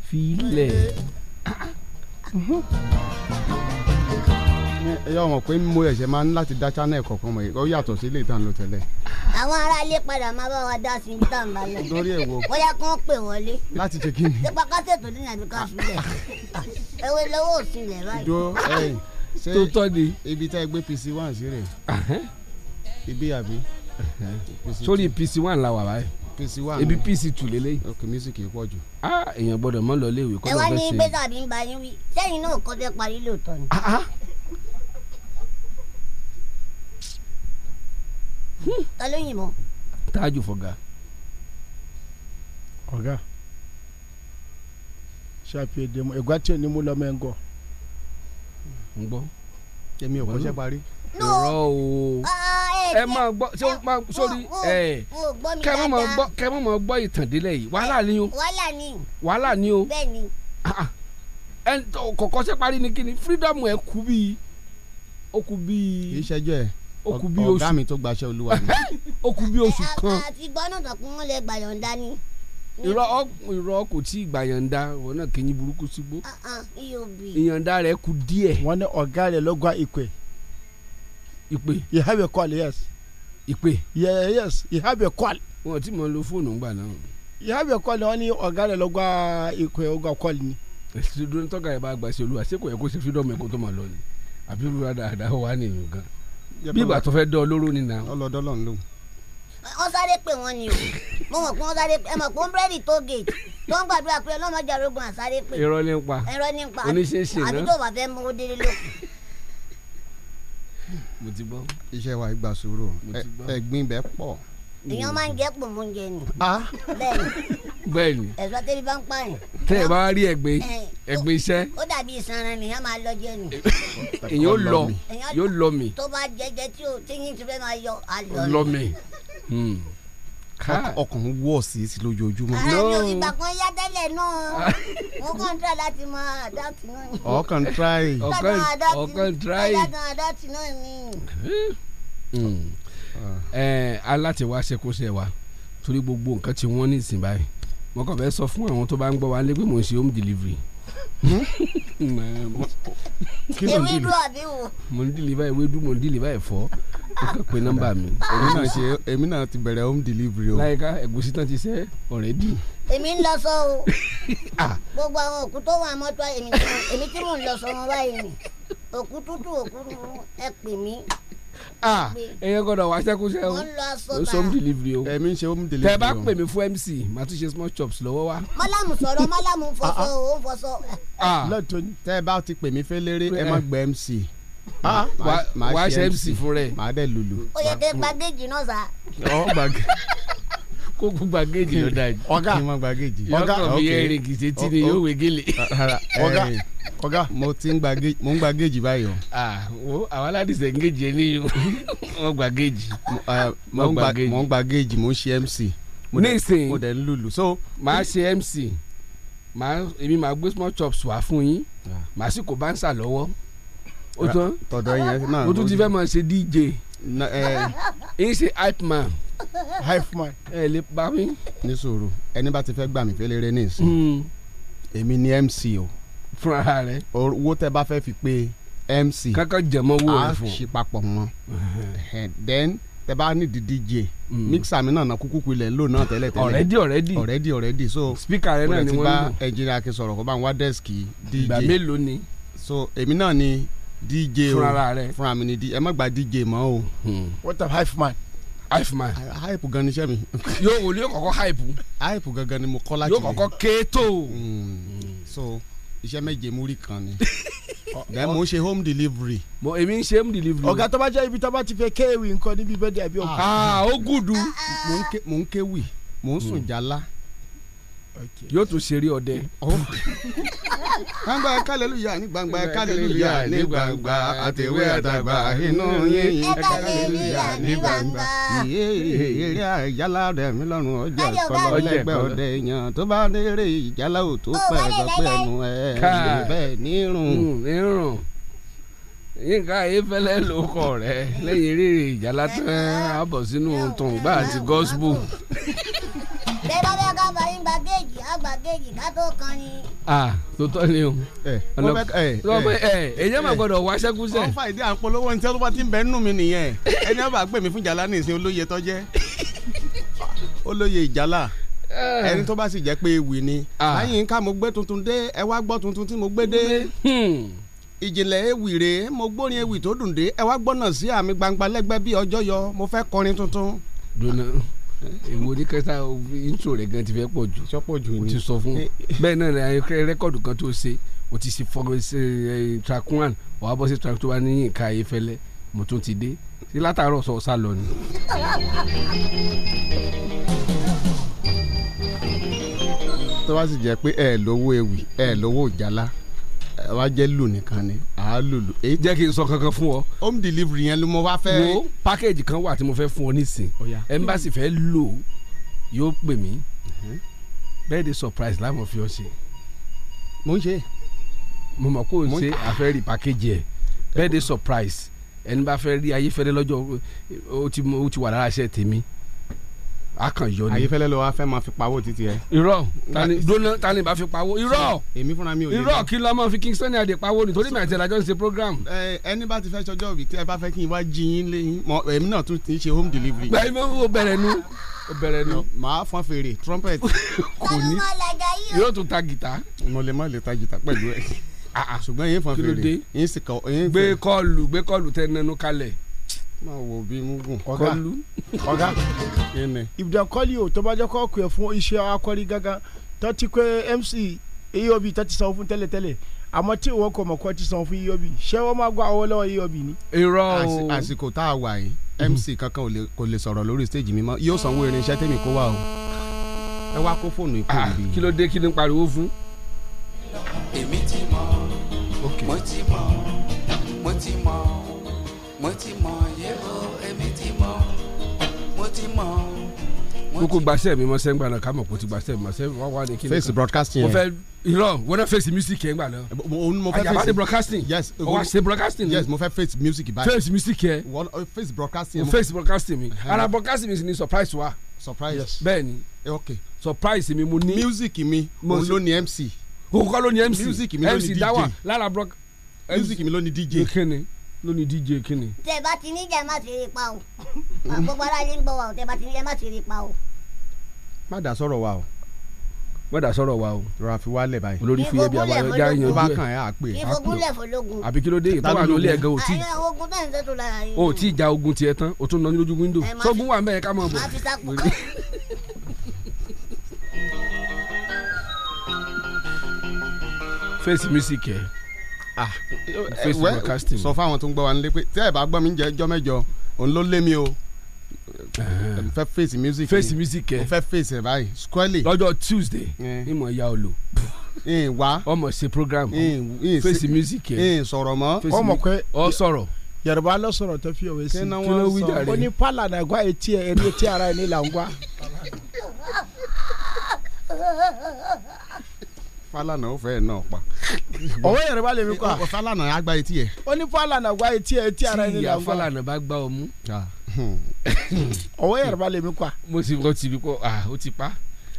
Speaker 12: fílẹ̀. ẹ yọ mọ̀ pé mo ẹ̀ṣẹ̀ máa ń láti dá channel kọ̀ọ̀kan mọ̀ ó yàtọ̀ sí ilé ìtàn ló tẹ̀lé.
Speaker 21: àwọn aráalé padà máa bá wa dá sí ibi tá à ń bá lọ. lórí ẹ̀ wo. bóyá kí wọ́n pè wọlé.
Speaker 12: láti ṣe kí ni. nípa
Speaker 21: ká ṣètò ní àbí ká sílẹ̀. ewé lọ́wọ́ òsín lẹ̀ báyìí. ìjọ
Speaker 12: ẹyìn ṣé ibi tá ẹ gbé pc one sí rè ibi àbí. sórí pc one la wà báyìí pc one ebi pc two lele. ok music yìí pọ̀ jù. ah èèyàn gbọ́dọ̀ mọ́ lọ léèwé kọ́ ló fẹ́ ṣe. ẹ wá ní gbèsè
Speaker 21: àbí ń ba yín wí sẹ́yìn náà kọ́ fẹ́ parí lóòótọ́ ni. Ah, ah. ta ló yìnbọn.
Speaker 12: tájù fọgá. ọ̀gá ṣàfihàn dèmọ ẹ̀gbá tí ò ní mú lọ́mọ ẹ̀ ń gọ̀. ń gbọ́ èmi ò kọ́ṣẹ́ parí. rọ o
Speaker 21: ah, eh, ẹ eh, máa gbọ́ eh, sórí ẹ kẹ́ mọ́ máa
Speaker 12: gbọ́ kẹ́ mọ́ máa gbọ́ ìtàn délẹ̀ yìí wàhálà ni o wàhálà ni o bẹ́ẹ̀ ni ah, ah. ẹ kọ̀kọ́ ṣe parí ni kí ni freedom ẹ kú bíi ó kú bíi. kì í ṣẹjọ́ ẹ ó kù bí oṣù ọ̀gá mi tó gbaṣẹ́ olúwa mi. ó kù bí kan.
Speaker 21: àti gbọ́nà tó wọn lè gbàyànjá ni.
Speaker 12: irọ́ kò tí ì gbàyànjá wọn náà kẹ́yìn burúkú sígbó. ìyànjá rẹ̀ kù díẹ̀. wọ́n ní ọ̀gá rẹ̀ lọ́gbà ìpè. ìpè. you have a call yes. ìpè. yeah yes you have a call. wọn ti mọ lo fóònù ńgbà náà. you have a call ni wọ́n ní ọ̀gá rẹ̀ lọ́gbà ìpè ọgbà call ni. èsì dúró ní tọ́ka ẹ̀ bá gbàṣẹ́ olúwa ṣé kò yẹ kó ṣe fídọ́ọ̀mù ẹ̀kọ́ tó máa lọ ni àbí olúwa dáadáa wà nìyẹn gan-an bí ìgbà tó fẹ́ dán olóró ni nà. ọlọdọlọ ń lò.
Speaker 21: wọ́n sáré pé wọ́n ni o mo mọ̀ pé wọ́n sáré pé ẹ mọ̀ pé wọ́n búrẹ́dì tó gèèjì tó ń gbàdúrà pé ọlọ́mọdé arógun àsáré pé. irọ́
Speaker 12: ní pa irọ́ ní pa oníṣẹ́ṣe náà àbí tó
Speaker 21: bá fẹ́ mọ ó délé lókun.
Speaker 12: mo ti gbọ́. iṣẹ́ wa ìgbà sòrò ẹ̀gbin bẹ́ẹ̀ pọ̀ èèyàn máa ń jẹ́ pòmóúnjẹ ni. bẹ́ẹ̀ni
Speaker 21: ẹ̀sọ́ tẹ́bi bá ń pààyàn. tẹ́ ẹ bá rí
Speaker 12: ẹgbẹ́ ẹgbẹ́ iṣẹ́.
Speaker 21: ó dàbí ìsanra nìyẹn máa lọ jẹ nù. èèyàn lọ yóò lọ mi. tó bá jẹjẹ tí o tí yín ti fẹ́ máa yọ àlọ́ mi. lọ mi
Speaker 12: ọkùnrin wọ̀ sí sí lójoojúmọ́. ara mi ò ìgbà
Speaker 21: kan yá tẹ́lẹ̀ náà mo kàn ń láti máa adáàtì náà ni. ọkàn try ọkàn try ọkàn adáàtì náà
Speaker 12: aláti wá ṣe kó ṣe wa torí gbogbo nǹkan tí wọ́n ní ìsìn báyìí mo kàn fẹ́ sọ fún àwọn tó bá ń gbọ́ wa lé pé mò ń ṣe home delivery. kí ló ń dìlì mò ń dìlì báyìí wédú mò ń dìlì báyìí fọ́ o kàn pé nọ́mbà mi. èmi náà ṣe èmi náà ti bẹ̀rẹ̀ home delivery o. láyìíká ẹ̀gúsí tán ti ṣe already.
Speaker 21: èmi ń lọ sọ o ah. gbogbo àwọn òkú tó wà mọ́tò èmi tí mò ń lọ sọ wọn báyìí òkú tútù òkú ẹ pè mí
Speaker 12: Ah, ẹyẹ gbọ́dọ̀ wá ṣẹkúṣẹ o o ṣe home delivery o ẹmi ń ṣe home delivery o tẹ bá pè mí fún mc màá tún ṣe small chops lọ́wọ́ wa.
Speaker 21: mọ́lámù sọ̀rọ̀ mọ́lámù fọṣọ o fọṣọ.
Speaker 12: Ah. Ah. lọ́tọ̀ tẹ́ ẹ bá ti pè mí fẹ́ léré ẹ má gbẹ mc wàá ṣe mc fún rẹ. màá dẹ̀ lulu. ó
Speaker 21: yẹ kẹ́ gbàgéjì náà sá.
Speaker 12: ọ gbàgéjì. kó kú gbàgéjì ló dájú ọ̀gá ọ̀gá ọkọ mi yẹ erigi sétí ni yóò wégele. ọ̀gá eh, ọ̀gá mo ti ń gbàgéjì mo ń gbàgéjì báyìí o. wo àwọn aládìsẹ̀ ń gèjì ẹni o mo gbàgéjì. mo ń gbàgéjì mo ń ṣe mc. nísìnyí mo dẹ̀ ń lùlù so. màá ṣe mc màá èmi màá gbé small chops wá fún yín màá sì kó bánsà lọ́wọ́ o tán tọ̀dọ̀ yẹn náà o tún ti fẹ́ máa ṣe dj. ń eh. ṣe hype man hifman ẹ lè bá mi. ní sòrò ẹni bá ti fẹ́ gbà mí fẹ́lẹ́rẹ́ ní ìsìn hmm. èmi ni mc o. fúnra rẹ. owó tẹ bá fẹ́ fi pé mc. kankan jẹmọ owó rẹ fún. a ṣe papọ̀ mọ́ then tẹ bá ní di dj hmm. mixer mi náà na kúkú pilẹ̀ lò náà tẹ́lẹ̀ tẹ́lẹ̀ already already already already so speaker rẹ náà ni wọ́n lò bá engineer akin sọ̀rọ̀ kó bá ń wá dẹ́sìkì dj ìgbà mélòó ni. so èmi náà ni dj o fúnra rẹ fúnra mi ni dj ẹ má gba dj mọ́ o. Hmm. what a hive man hype man. hype gan ni iṣẹ́ mi. yóò wò ni yóò kọ́kọ́ hype. hype gangan ni mo kọ́ láti. yóò kọ́kọ́ kéétò. Hmm, so iṣẹ́ méje múrí kan ni bẹ́ẹ̀ mo ṣe home delivery. mo èmi ń ṣe home delivery. ọ̀gá tó bá jẹ́ ibi tó bá ti fẹ́ kéwì nǹkan níbi bẹ́ẹ̀ dẹ̀ bí ọ̀gá. ó gùdù. mo ń kéwì mo ń sùn hmm. jálá yóò tún ṣeré ọdẹ. Oh. gbangba kálẹ̀lúyà ní gbangba kálẹ̀lúyà ní gbangba àtẹ̀wé àtàgbà inú yín. kálẹ̀lúyà ní gbangba. eré àjálá rẹ̀ mí lọ́rùn ọjọ́ ìkọlọ́ lẹ́gbẹ̀ẹ́ ọdẹ èèyàn tó bá déré ìjálá ò tó pẹ̀lú pẹ̀lú ẹ̀ bẹ́ẹ̀ nírun. Hmm, nírun yínká ayéfẹ́lẹ́ ló kọ̀ rẹ̀ lẹ́yìn rírì ìjàlá tán àbọ̀ sínú tòǹgbà àti gọ́sìbù.
Speaker 21: bẹ́ẹ̀ bá bẹ́ẹ̀ ká bá yín gba géèjì á gba géèjì ká tó kan ni.
Speaker 12: ah tó tọ́ ni o. ẹ ẹ ẹ̀yẹ́ máa gbọ́dọ̀ wá sẹ́kù sẹ́. ọ̀fà ìdí àpolówó ní sẹ́lú bá ti ń bẹ́ẹ̀ nù mí nìyẹn ẹni àbá gbé mi fún ìjàlá ní ìsìn olóye tọ́jẹ́ olóye ìjàlá ah. ẹni tó bá sì jẹ́ pé ewì ni láyìn ah. ká mo gbé tuntun dé ẹ wá gbọ́ tuntun tí mo gbé dé. Hmm ìjìnlẹ̀ ewì rèé mo gbórin ewì tó dùn dé ẹ wá gbọ́nà sí àmì gbangba lẹ́gbẹ́ bí ọjọ́ yọ mo fẹ́ kọrin tuntun. dùnà èwo ní kẹta intro rẹ gan ti fẹ́ pọ̀ jù o ti sọ fún eh, eh. bẹ́ẹ̀ náà rẹkọọdù kan tó ṣe o ti ṣe fọwọ́ ṣe track one wàá bọ́ sí track two wa ní Yínká Ayéfẹ́lẹ́ mo tún ti dé sí látàárọ̀ sọ sá lọ ni. tó sì jẹ́ pé ẹ lówó ewì ẹ lówó ìjálá wa jẹ́ lò nìkan ni a lò lò. jẹ́ kí n sọ kankan fún ọ. home delivery yẹn ló mo wá fẹ́. wo package kan wà tí mo fẹ́ fún ọ nísìn embassy fẹ́ lò yóò pè mí mhm. birthday surprise láwọn fi ọ ṣe. mo ń ṣe. mo mọ̀ kó o ṣe àfẹ́ package yẹ birthday surprise ẹni bá fẹ́ rí ayé fẹ́rẹ́ lọ́jọ́ o ti wà lára iṣẹ́ tèmi akànyọ ni. àyífẹ́lẹ́ lọ wa fẹ́ máa fi pawó títí ẹ. irọ́ tani dúró tani bá fi pawó irọ́ èmi fúnra mi ò lè. irọ́ kí lọ́mọ fi Kingston adé pawó nítorí mi àti ìlàjọ́ ń ṣe program. ẹni bá ti fẹ́ sọjọ́ òbí tí ẹ bá fẹ́ kí n wá jí yín léyìn mọ èmi náà tún ti ń ṣe home delivery. gba ibi ó bẹ̀rẹ̀ nu ó bẹ̀rẹ̀ nu. màá fọn fèrè trumpet kò ní yóò tún ta gìtá. mo lè má lè ta gìtá pẹ̀lú ẹ ah, ah, ṣùgbọ́n yín fọn fèrè yín sì kọ́ gbé kọ́ọ̀lù gbé kọ́ọ̀lù tẹ́ nẹnu kalẹ̀ máa wo bí mugun kọlu ọ̀gá ibùdó kọ́lì o tó bá jẹ́ kọ́ kúyẹ̀ fún iṣẹ́ akọ́rí gángan tó ti pé mc eyobi tó ti sanwó fún tẹ́lẹ̀tẹ́lẹ̀ àmọ́ tí ìwọ kò mọ̀ kó ti sanwó fún eyobi ṣé wọ́n máa gba owó lọ́wọ́ eyobi ni. irọ́ o àsìkò tá a wà yìí mc mhm. kankan kò lè sọ̀rọ̀ lórí stage mi mọ́ yóò sanwó irinṣẹ́ tèmi kó wà o ẹ wá kó fóònù ikú ah, ibi. mo ti mọ mo ti mọ mo ti
Speaker 4: mọ. kúkú
Speaker 14: gbaṣẹ́
Speaker 12: mi mọ́ sẹ́ngbà náà kámọ̀ kó ti gbaṣẹ́ mi mọ́ sẹ́ngbà wọ́n wà ní kí ni. face broadcasting yẹn. mo fẹ́ irọ́ wọ́n náà face music yẹn gbà náà. mo fẹ́ face àyàbá ṣe broadcasting. yes o wa ṣe broadcasting. yes mo fẹ́ face music báyìí. face music yẹn. Oh, face broadcasting yẹn. face broadcasting mi ara broadcasting mi sì ni surprise wa. surprise yes bẹ́ẹ̀ni. Eh, ok surprise mi mo ní. music mi mo ló ni mc. òun kọ́ ló ni mc music mi ló ni dj mc dáwà lára broad. music mi ló ni dj. kíni ló ni dj kíni.
Speaker 21: tẹ bá ti ní jẹ má ti rí pa o àgbọ̀gbọ́ra lè ń gbọ́ wa o tẹ bá ti ní jẹ má ti rí pa o
Speaker 12: má dà sọ̀rọ̀ wa o má dà sọ̀rọ̀ wa o. rọra fi wálẹ̀ báyìí. olórí fi ẹbí àbáyọ já yan ojú ẹ. ìfogúnlẹ̀
Speaker 21: fọlọ́gùn. àbí
Speaker 12: kí ló dé ìtọ́ àná olé ẹ̀gán òtí. àwọn
Speaker 21: ogun
Speaker 12: ogun tiẹ̀ tán o tún nọ ní lójú windo sọ́gun wà mẹ́ẹ̀ká mọ̀ bọ̀. face music ẹ. ah
Speaker 18: face broadcasting. sọ
Speaker 12: fáwọn tó ń gbọ́ wa nílé pé tí ẹ bá gbọ́ mi ń jẹ́ ẹjọ́ òun ló lé mi o. Ah. mo fẹ́ face music face music ẹ mo fẹ́ face ẹ báyìí squarely lọ́jọ́ tuesday eh. ìmọ̀ ìyá olò ìyìn eh, wá ọmọ ṣe program eh, face music ẹ ìyìn sọ̀rọ̀ mọ́ ọmọ pé ọ sọ̀rọ̀ yorùbá lọ sọ̀rọ̀ tó fi òwe sí kí ló wí jàre ó ní pálá nàgbà etí ẹ ẹni etí ara ẹni là ń wá. fálànà ó fẹ́ náà pa. ọwọ́ yorùbá lè mi kọ́ a. fálànà á gba etí ẹ. ó ní fálànà gba etí ẹ etí ara ẹni là ń tí ìyá fálànà bá gbá ọ mú. Ah ọwọ́ yẹrẹ bá lè mi kọ́ a. mo ti bọ́ tìbí kọ́ a ó ti pa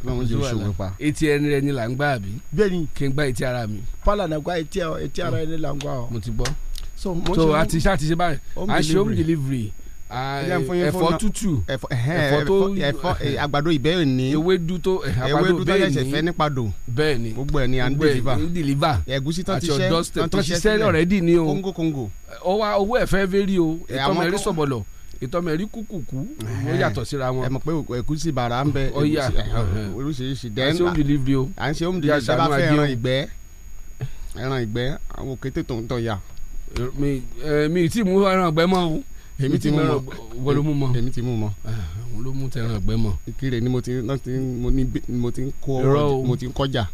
Speaker 12: báwọn jẹ oṣù pípa. etí ẹni rẹ ni là ń gbá àbí. bẹ́ẹ̀ni kí n gbá etí ara mi. pálá nàgbà etí etí ara ẹni là ń gbá ọ. mo ti gbọ́. so mo ṣe so àti ṣe àti ṣe báyìí a ṣe home delivery ẹ̀fọ́ tútù ẹ̀fọ́ tó ẹ̀fọ́ àgbàdo ìbẹ́ẹ̀ ní. ewédú tó àgbàdo bẹ́ẹ̀ ní ewédú tó fẹ́ nípa dò. bẹ́ẹ̀ni gbogbo ẹ̀ ni à ń deliver. ń deliver ẹ̀gúsí tán ti ṣẹ́ tán ti ṣẹ́ already ni o. kóńgó kóńgó. ọwọ́ owó ẹ̀fẹ́ fẹ́ rí o ètò ọmọ ẹ̀rí sọ̀bọ̀lọ̀ ìtọ́mọ ẹ̀rí kúkúkú ó yàtọ̀ síra wọn. ẹ mọ̀ pé ẹ̀gúsí bàrà ń bẹ oríṣiríṣi dẹ́n à ń ṣe home delivery sábà fẹ́ ẹran ìgbẹ́ ẹran ìgbẹ́ àwọn òkété tó ń tọ̀ ya. mi ì tí mú ẹran ìgbẹ́ mọ́ o èmi ti mú mọ wọ́n ló mú mọ èmi ti mú mọ. wọ́n ah, ló mú tẹran ìgbẹ́ mọ. ìkirè ni mo ti mo mo ti kọjà.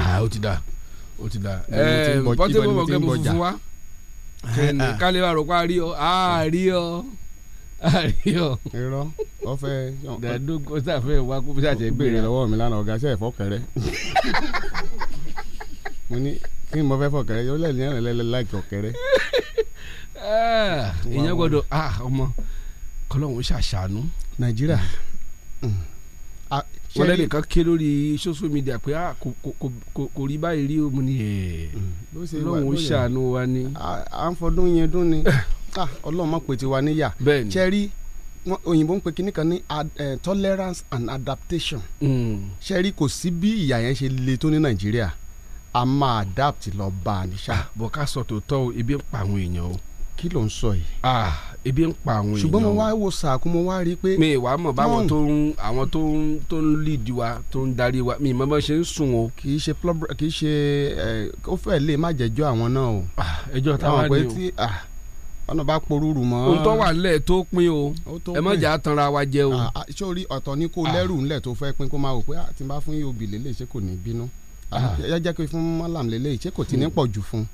Speaker 12: Ah, ó ti da ó ti da bọ́tẹ́ bọ́ bọ́ kẹ́ mo funfun wa kálí wa pa rí ọ àríyọ. irọ́ ọfẹ. dàdú kó sàfẹ́ wa kó sàṣẹ gbé rẹ. lọ́wọ́ mi lánàá ọ̀gá sẹ́ẹ̀ fọkẹrẹ. mo ní kí ni mo fẹ́ fọkẹrẹ yóò lẹ́yìn lẹ́yìn lẹ́yìn láìkì ọ̀kẹrẹ. Ah, ìyẹn gbọ́dọ̀ ah, ọmọ kọlọ́hún ṣàṣàánú. nàìjíríà mm. wọ́n lẹ́nu kan ké lórí social media pé ah, kò rí báyìí rí omi ni ẹ̀ lọ́hún ṣàánú wa ni. à ń fọdún yẹn dún ni. Ah, ọlọ́run mọ̀ pé tiwa níyà ṣẹ́rí òyìnbó ń pe kinní kan ní eh, tolerance and adaptation hmm. ṣẹ́rí kò sí bí ìyà yẹn ṣe le tó ní nàìjíríà a máa adapt lọ bá a níṣà. Ah, bọ̀ ká sọ tòótọ́ o ebi ń pa àwọn èèyàn o. kí ló ń sọ yìí. ah ebi ń pa àwọn èèyàn o. ṣùgbọ́n mo wá wo sàkó mo wá rí i pé. mi ìwà mọ̀ báwọn hmm. tó ń àwọn tó ń tó ń lead wa tó ń darí wa mi ìmọ̀ bá ṣe ń sùn o. kì í ṣe kì í ṣe eh, ó fẹ́ lè má jẹ́jọ́ àwọn náà o. Ah, ẹjọ́ táwọn á dé o ọ̀nà bá porúurú mọ́. ohun tó wà nílẹ̀ tó pín o ẹ má jà tanra wa jẹ o. sórí ọ̀tọ̀ ni kò lẹ́rù ńlẹ̀ tó fẹ́ pín kó máa wò pé tí n bá fún yóò bì lélẹ̀ ṣé kò ní bínú ẹ jẹ́ pé fún mọ́làm lélẹ̀ ṣé kò ti ní hmm. pọ̀ jù fún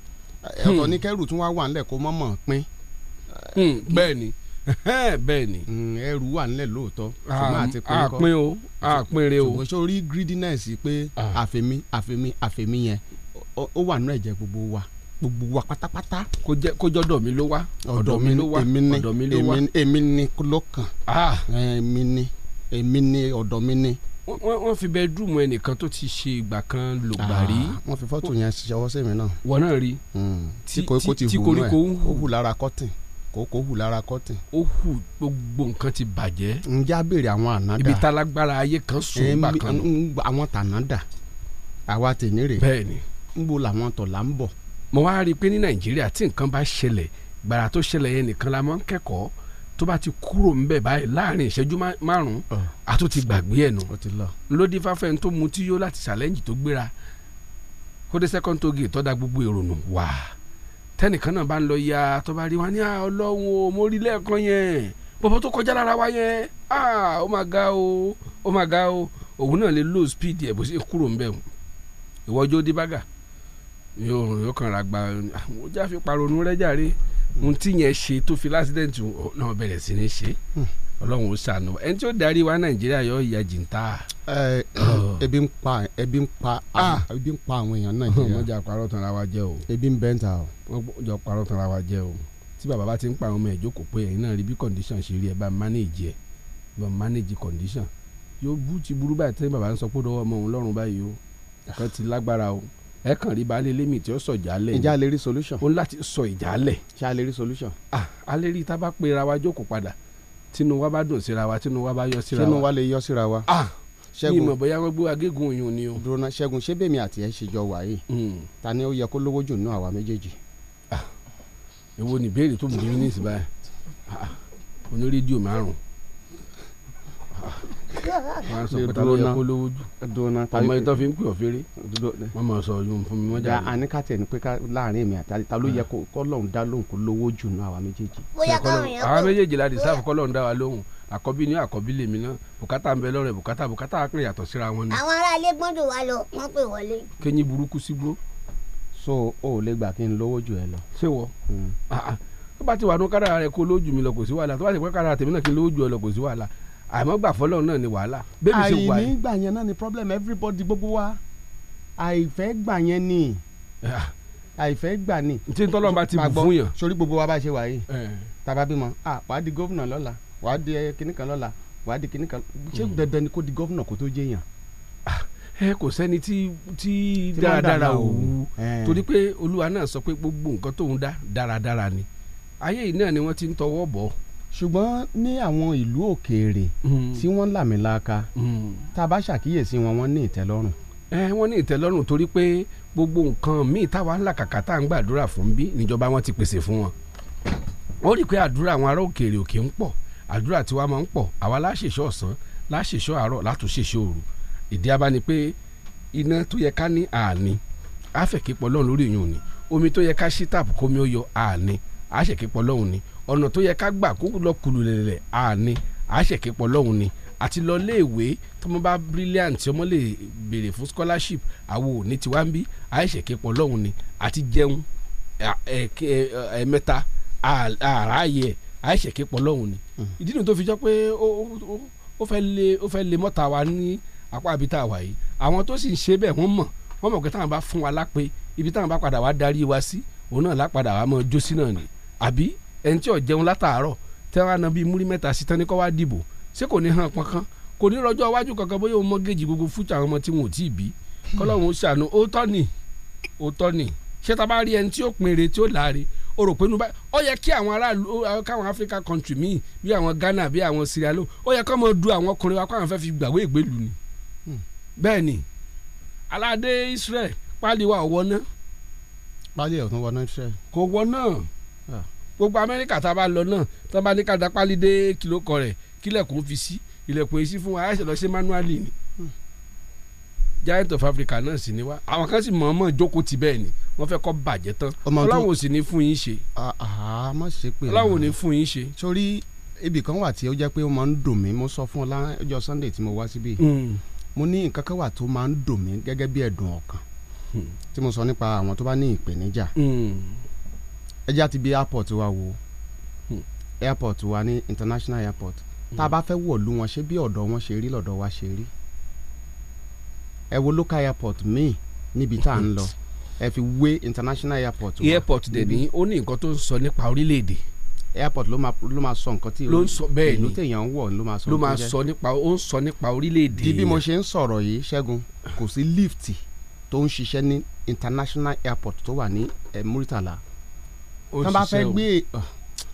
Speaker 12: ọ̀tọ̀ ni hmm. kẹ́rù tún wá wà ńlẹ̀ kó mọ̀mọ̀ pín. Hmm, bẹ́ẹ̀ ni bẹ́ẹ̀ ni. ẹrù wà nílẹ̀ lóòótọ́ ṣùgbọ́n àti pín kọ́ àpín o àpín re o. ṣùgbọ́n sórí greediness pé àfẹ́mí àfẹ́mí gbogbo wa pátápátá kó jẹ́ ọ̀dọ̀ mi ló wá ọ̀dọ̀ mi ló wá ọ̀dọ̀ mi ló wá èmi ni ló kàn ah! èmi ni èmi ni ọ̀dọ̀ mi ni. wọ́n fi bẹ́ẹ̀dúmù ẹnìkan tó ti ṣe ìgbà kan lò rí. Ah, wọ́n fi fọ́tò yẹn ṣọwọ́ sí mi náà. wọ́n náà rí. Hmm. tí koríko ti hù náà ó hù lára kọ́tìn kókó hù lára kọ́tìn. ó hù gbogbo nǹkan ti bàjẹ́. ǹjẹ́ a béèrè àwọn ànádà. ibi tálágbára ayé kan sùn gbà kan. àwọn tànádà àwa tènírè. bẹ́ẹ̀ni. ń bo làwọn tọ̀là ń bọ̀ mo wá rí i pé ní nàìjíríà tí nǹkan bá ṣẹlẹ̀ gbàrà tó ṣẹlẹ̀ yẹn nìkan la máa ń kẹ́kọ̀ọ́ tó bá ti kúrò ńbẹ báyìí láàrin ìṣẹ́jú márùn-ún àtó ti gbàgbé ẹ̀ nù lódì fáfẹ́ tó mutí yó láti ṣàlẹ́ǹjì tó gbéra kódé second toge tọ́da gbogbo èrò nù wá tẹnìkan náà bá ń lọ ya tó bá rí wa ní ọlọ́run o mo rí lẹ́ẹ̀kan yẹn bọ́bọ́ tó kọjá lára wa yẹn ó mà ga o ó mà ga o òun náà lè low speed ẹ̀ bó ṣe kúrò ńbẹ̀ ìwọ́jọ́ dé bága yóò yóò kàn ra gba mo já fi paronú rẹ jàre ohun tí yẹn ṣe tó fi lásìdẹ̀ntì náà bẹ̀rẹ̀ sí ní ṣe hmm. ọlọ́run ó ṣàánú ẹni tí ó darí wa nàìjíríà yóò ya jìntà. ebi ń pa ebi ń pa ah. ebi ń pa àwọn èèyàn nàìjíríà. wọ́n jà parọ́ tán ra wa jẹ́ o. ebi ń bẹ́ńtà o. wọ́n jọ parọ́ tán ra wa jẹ́ o. tí bàbá bá ti ń pa àwọn ọmọ ẹ̀ jókòó pé ẹ̀yin náà rí bí condition ṣe rí ẹ bá manage ẹ bá manage condition yóò bú ti burú báyìí tẹ́lẹ̀ bàbá ń sọ pé ó dọwọ́ ọmọ òun lọ́rùn báyìí o ah. kan ti lágbára o ẹ kàn rí baálé lémi tí ó sọ jálẹ̀ ìjà lè rí solution ó láti sọ ìjálẹ̀ ṣá lè rí solution ah a lè rí tá bá pe ra wa jókòó padà tínú wa bá dùn síra wa tínú wa bá yọ síra wa tínú wa lè yọ síra wa ah ṣẹ́gun ìmọ̀ bóyá wọ́n gbé agégun òyìn ni o. dúró náà ṣẹ́gun ṣé bèmi àti ẹ̀ ṣe jọ wàyí hmm. ta ni ó yẹ kó lówó jù nínú àwa méjèèjì. èwo ni ìbéèrè tó mú mi ní ìsìn báyìí oní rédíò márùn-ún wọn sọ pé dúró náà dúró náà ọmọ yìí tó fi ń pè ọ́ fèrè wọn mọ̀ sọ yún fún mi wọ́n jáde. àní ká tẹ̀ ní pé láàrin èmi àti ta ló yẹ kọ́ lọ́hùn dá lóhùn kó lówó jù náà àwa méjèèjì. àwa méjèèjì la dìsáfù kọ́ lọ́hùn dá wa lóhùn àkọ́bí ní àkọ́bí lèmi náà bùkátà ń bẹ lọ́rẹ̀ bùkátà bùkátà á pè yàtọ̀ síra wọn ni.
Speaker 21: àwọn aráalé gbọ́dọ̀ wá lọ wọ́n pè wọlé.
Speaker 12: kẹ́yìn burúkú sí gbó. so o ò lè gbà kí n lówó jù ẹ lọ. ṣé wọ hmm. ah, ah. tó bá ti wà ní kádàrà rẹ kó lójú mi lọ kò sí wàhálà tó bá ti pẹ́ kádàrà tèmi náà kí n lówó jù ẹ lọ kò sí wàhálà àmọ́ gbà fọlọ́run náà ni wàhálà bébí ṣe wà yìí. àìní gbà yẹn náà ni problem everybody gbogbo wa àìfẹ́ gbà yẹn ni ah. àìfẹ́ gbà ni. tí tọ́lọ́run bá ti bù fún yàn. sórí gbogbo wa bá ṣe wà yìí eh. tàbá bímọ ah, wàá di gómìnà lọ́la wàá di eh, kìnnìkan lọ́la wàá di kìnnìkan ṣé hmm. dandan ni kó di gómìnà kó tó jẹ́ yàn ah, ẹ kò sẹ́ni tí tí dáradára òwú eh. torí pé olúwa náà sọ pé gbogbo nǹkan tóun dá dáradára ni ayé yìí náà ni wọ́n ti ń tọwọ́ bọ̀ ọ́ ṣùgbọ́n ní àwọn ìlú òkèèrè hmm. tí wọ́n làmìlaka hmm. tá a bá ṣàkíyèsí wọn wọ́n ní ìtẹ́lọ́rùn. ẹ wọ́n ní ìtẹ́lọ́rùn torí pé gbogbo nǹkan míì táwa ń làkàkà tá à ń gbàdúrà fún bí níjọba wọn ti pèsè fún wọn. wọ́n rí i pé àdúrà àwọn ará òkèèrè òkè ń pọ̀ àdúrà tiwa máa ń pọ̀ àwa láṣẹ̀ṣọ́ ọ̀sán láṣẹ̀ṣọ́ àárọ̀ látúnṣẹ̀ṣọ́ òru ìdí abá ni pé iná tó yẹ ká ní àní àfẹ̀kípọ̀ lọ́run lórí ìyún ni omi tó yẹ ká ṣí tàbùkù omi ó yọ àní àṣẹ̀kípọ̀ lọ́run ni ọ̀nà tó yẹ ká gbà kó lọ kùlù lẹ̀lẹ̀ àní àṣeképọ̀ lọ́hùn ni àti lọ léèwé tọmọ bá brilliant ọmọ lè béèrè fún scholarship àwo ní tiwa ń bí àṣeképọ̀ lọ́hùn ni àti jẹun ẹ̀ẹ̀mẹ́ta àráyè àṣeképọ̀ lọ́hùn ni mm-hmm. ìdí nìyẹn tó fi jọ pé ó fẹ́ lé mọ́ta wa ní apá abita wa yìí àwọn tó sì ń ṣe bẹ́ẹ̀ wọ́n mọ̀ wọ́n mọ̀ pé táwọn bá fún wa lápé ibi táwọn bá padà wá darí wa sí òun náà lápadà wá mọ́ jósí náà ni àbí ẹni tí ò jẹun látàárọ̀ tẹ́ wá ná bíi múrí mẹ́ta sí tán ní kó wá dìbò ṣé kò ní hàn pọ́nkán kò ní rọjọ́ iwájú kankan bóyá o mọ́gẹ́jì gbogbo fújà àwọn ọmọ tí wọn ò tí ì bí kọ́lọ́hún ó ṣàánú ó tọ́ nì ó tọ́ nì ṣé ta bá rí ẹni tí ó pinre tí ó láre o rò pé nu báyìí ó yẹ kí àwọn aráàlú káwọn Africa country míì bí àwọn Ghana bí àwọn Sierra Leone ó yẹ kó mọ du àwọn ọkùnrin wa káwọn fẹ́ fi gbàwé ìgbélu ni hmm. bẹ́ẹ̀ ni aládé Israel pálí wa ò wọ náà. pálí ẹ̀ ò tún wọ náà Israel. kò wọ náà ah gbogbo amẹ́ríkà tá a bá lọ náà tá a bá ní ká da pálí dé kìló kan rẹ̀ kílẹ̀kùn fi sí ilẹ̀kùn èsì fún wa àìsàn lọ ṣe manually ni hmm. giant of africa náà sì ni wá àwọn kan sì mọ̀ọ́mọ̀ jókòó ti bẹ́ẹ̀ ni wọ́n fẹ́ kọ́ bàjẹ́ tán ọlọ́run ò sì ní fún yín ṣe ọlọ́run ò ní fún yín ṣe. sórí ibì kan wà tí ó jẹ́ pé ó máa ń dùn mí mo sọ fún ọ lọ́jọ́ sunday tí mo wá síbí hmm. mo ní nǹkan kan wà tó máa ń dùn mí gẹ́gẹ́ bí ẹ̀dùn ọkàn hmm. tí mo sọ nípa àwọn tó bá ní ìpèníjà ẹ já ti bí airport wa wo hmm. airport wa ní international airport hmm. tá a bá fẹ́ wọ̀lú wọn ṣé bí ọ̀dọ̀ wọn ṣe rí lọ́dọ̀ wa ṣe rí ẹ wo local airport míì níbi tá à ń lọ ẹ fi wé international airport wa. airport dẹ̀ ní ó ní nǹkan tó ń sọ nípa orílẹ̀-èdè airport ló máa ló máa sọ nǹkan tí ló ń sọ bẹ́ẹ̀ ni ìlú téèyàn ń wọ̀ ló máa sọ ló máa sọ nípa ó ń sọ nípa orílẹ̀-èdè bí mo ṣe ń sọ̀rọ̀ yìí ṣẹ́gun kò sí lift tó ń ṣiṣẹ́ ní international airport tó wà ní eh, tán bá fẹ́ gbé e,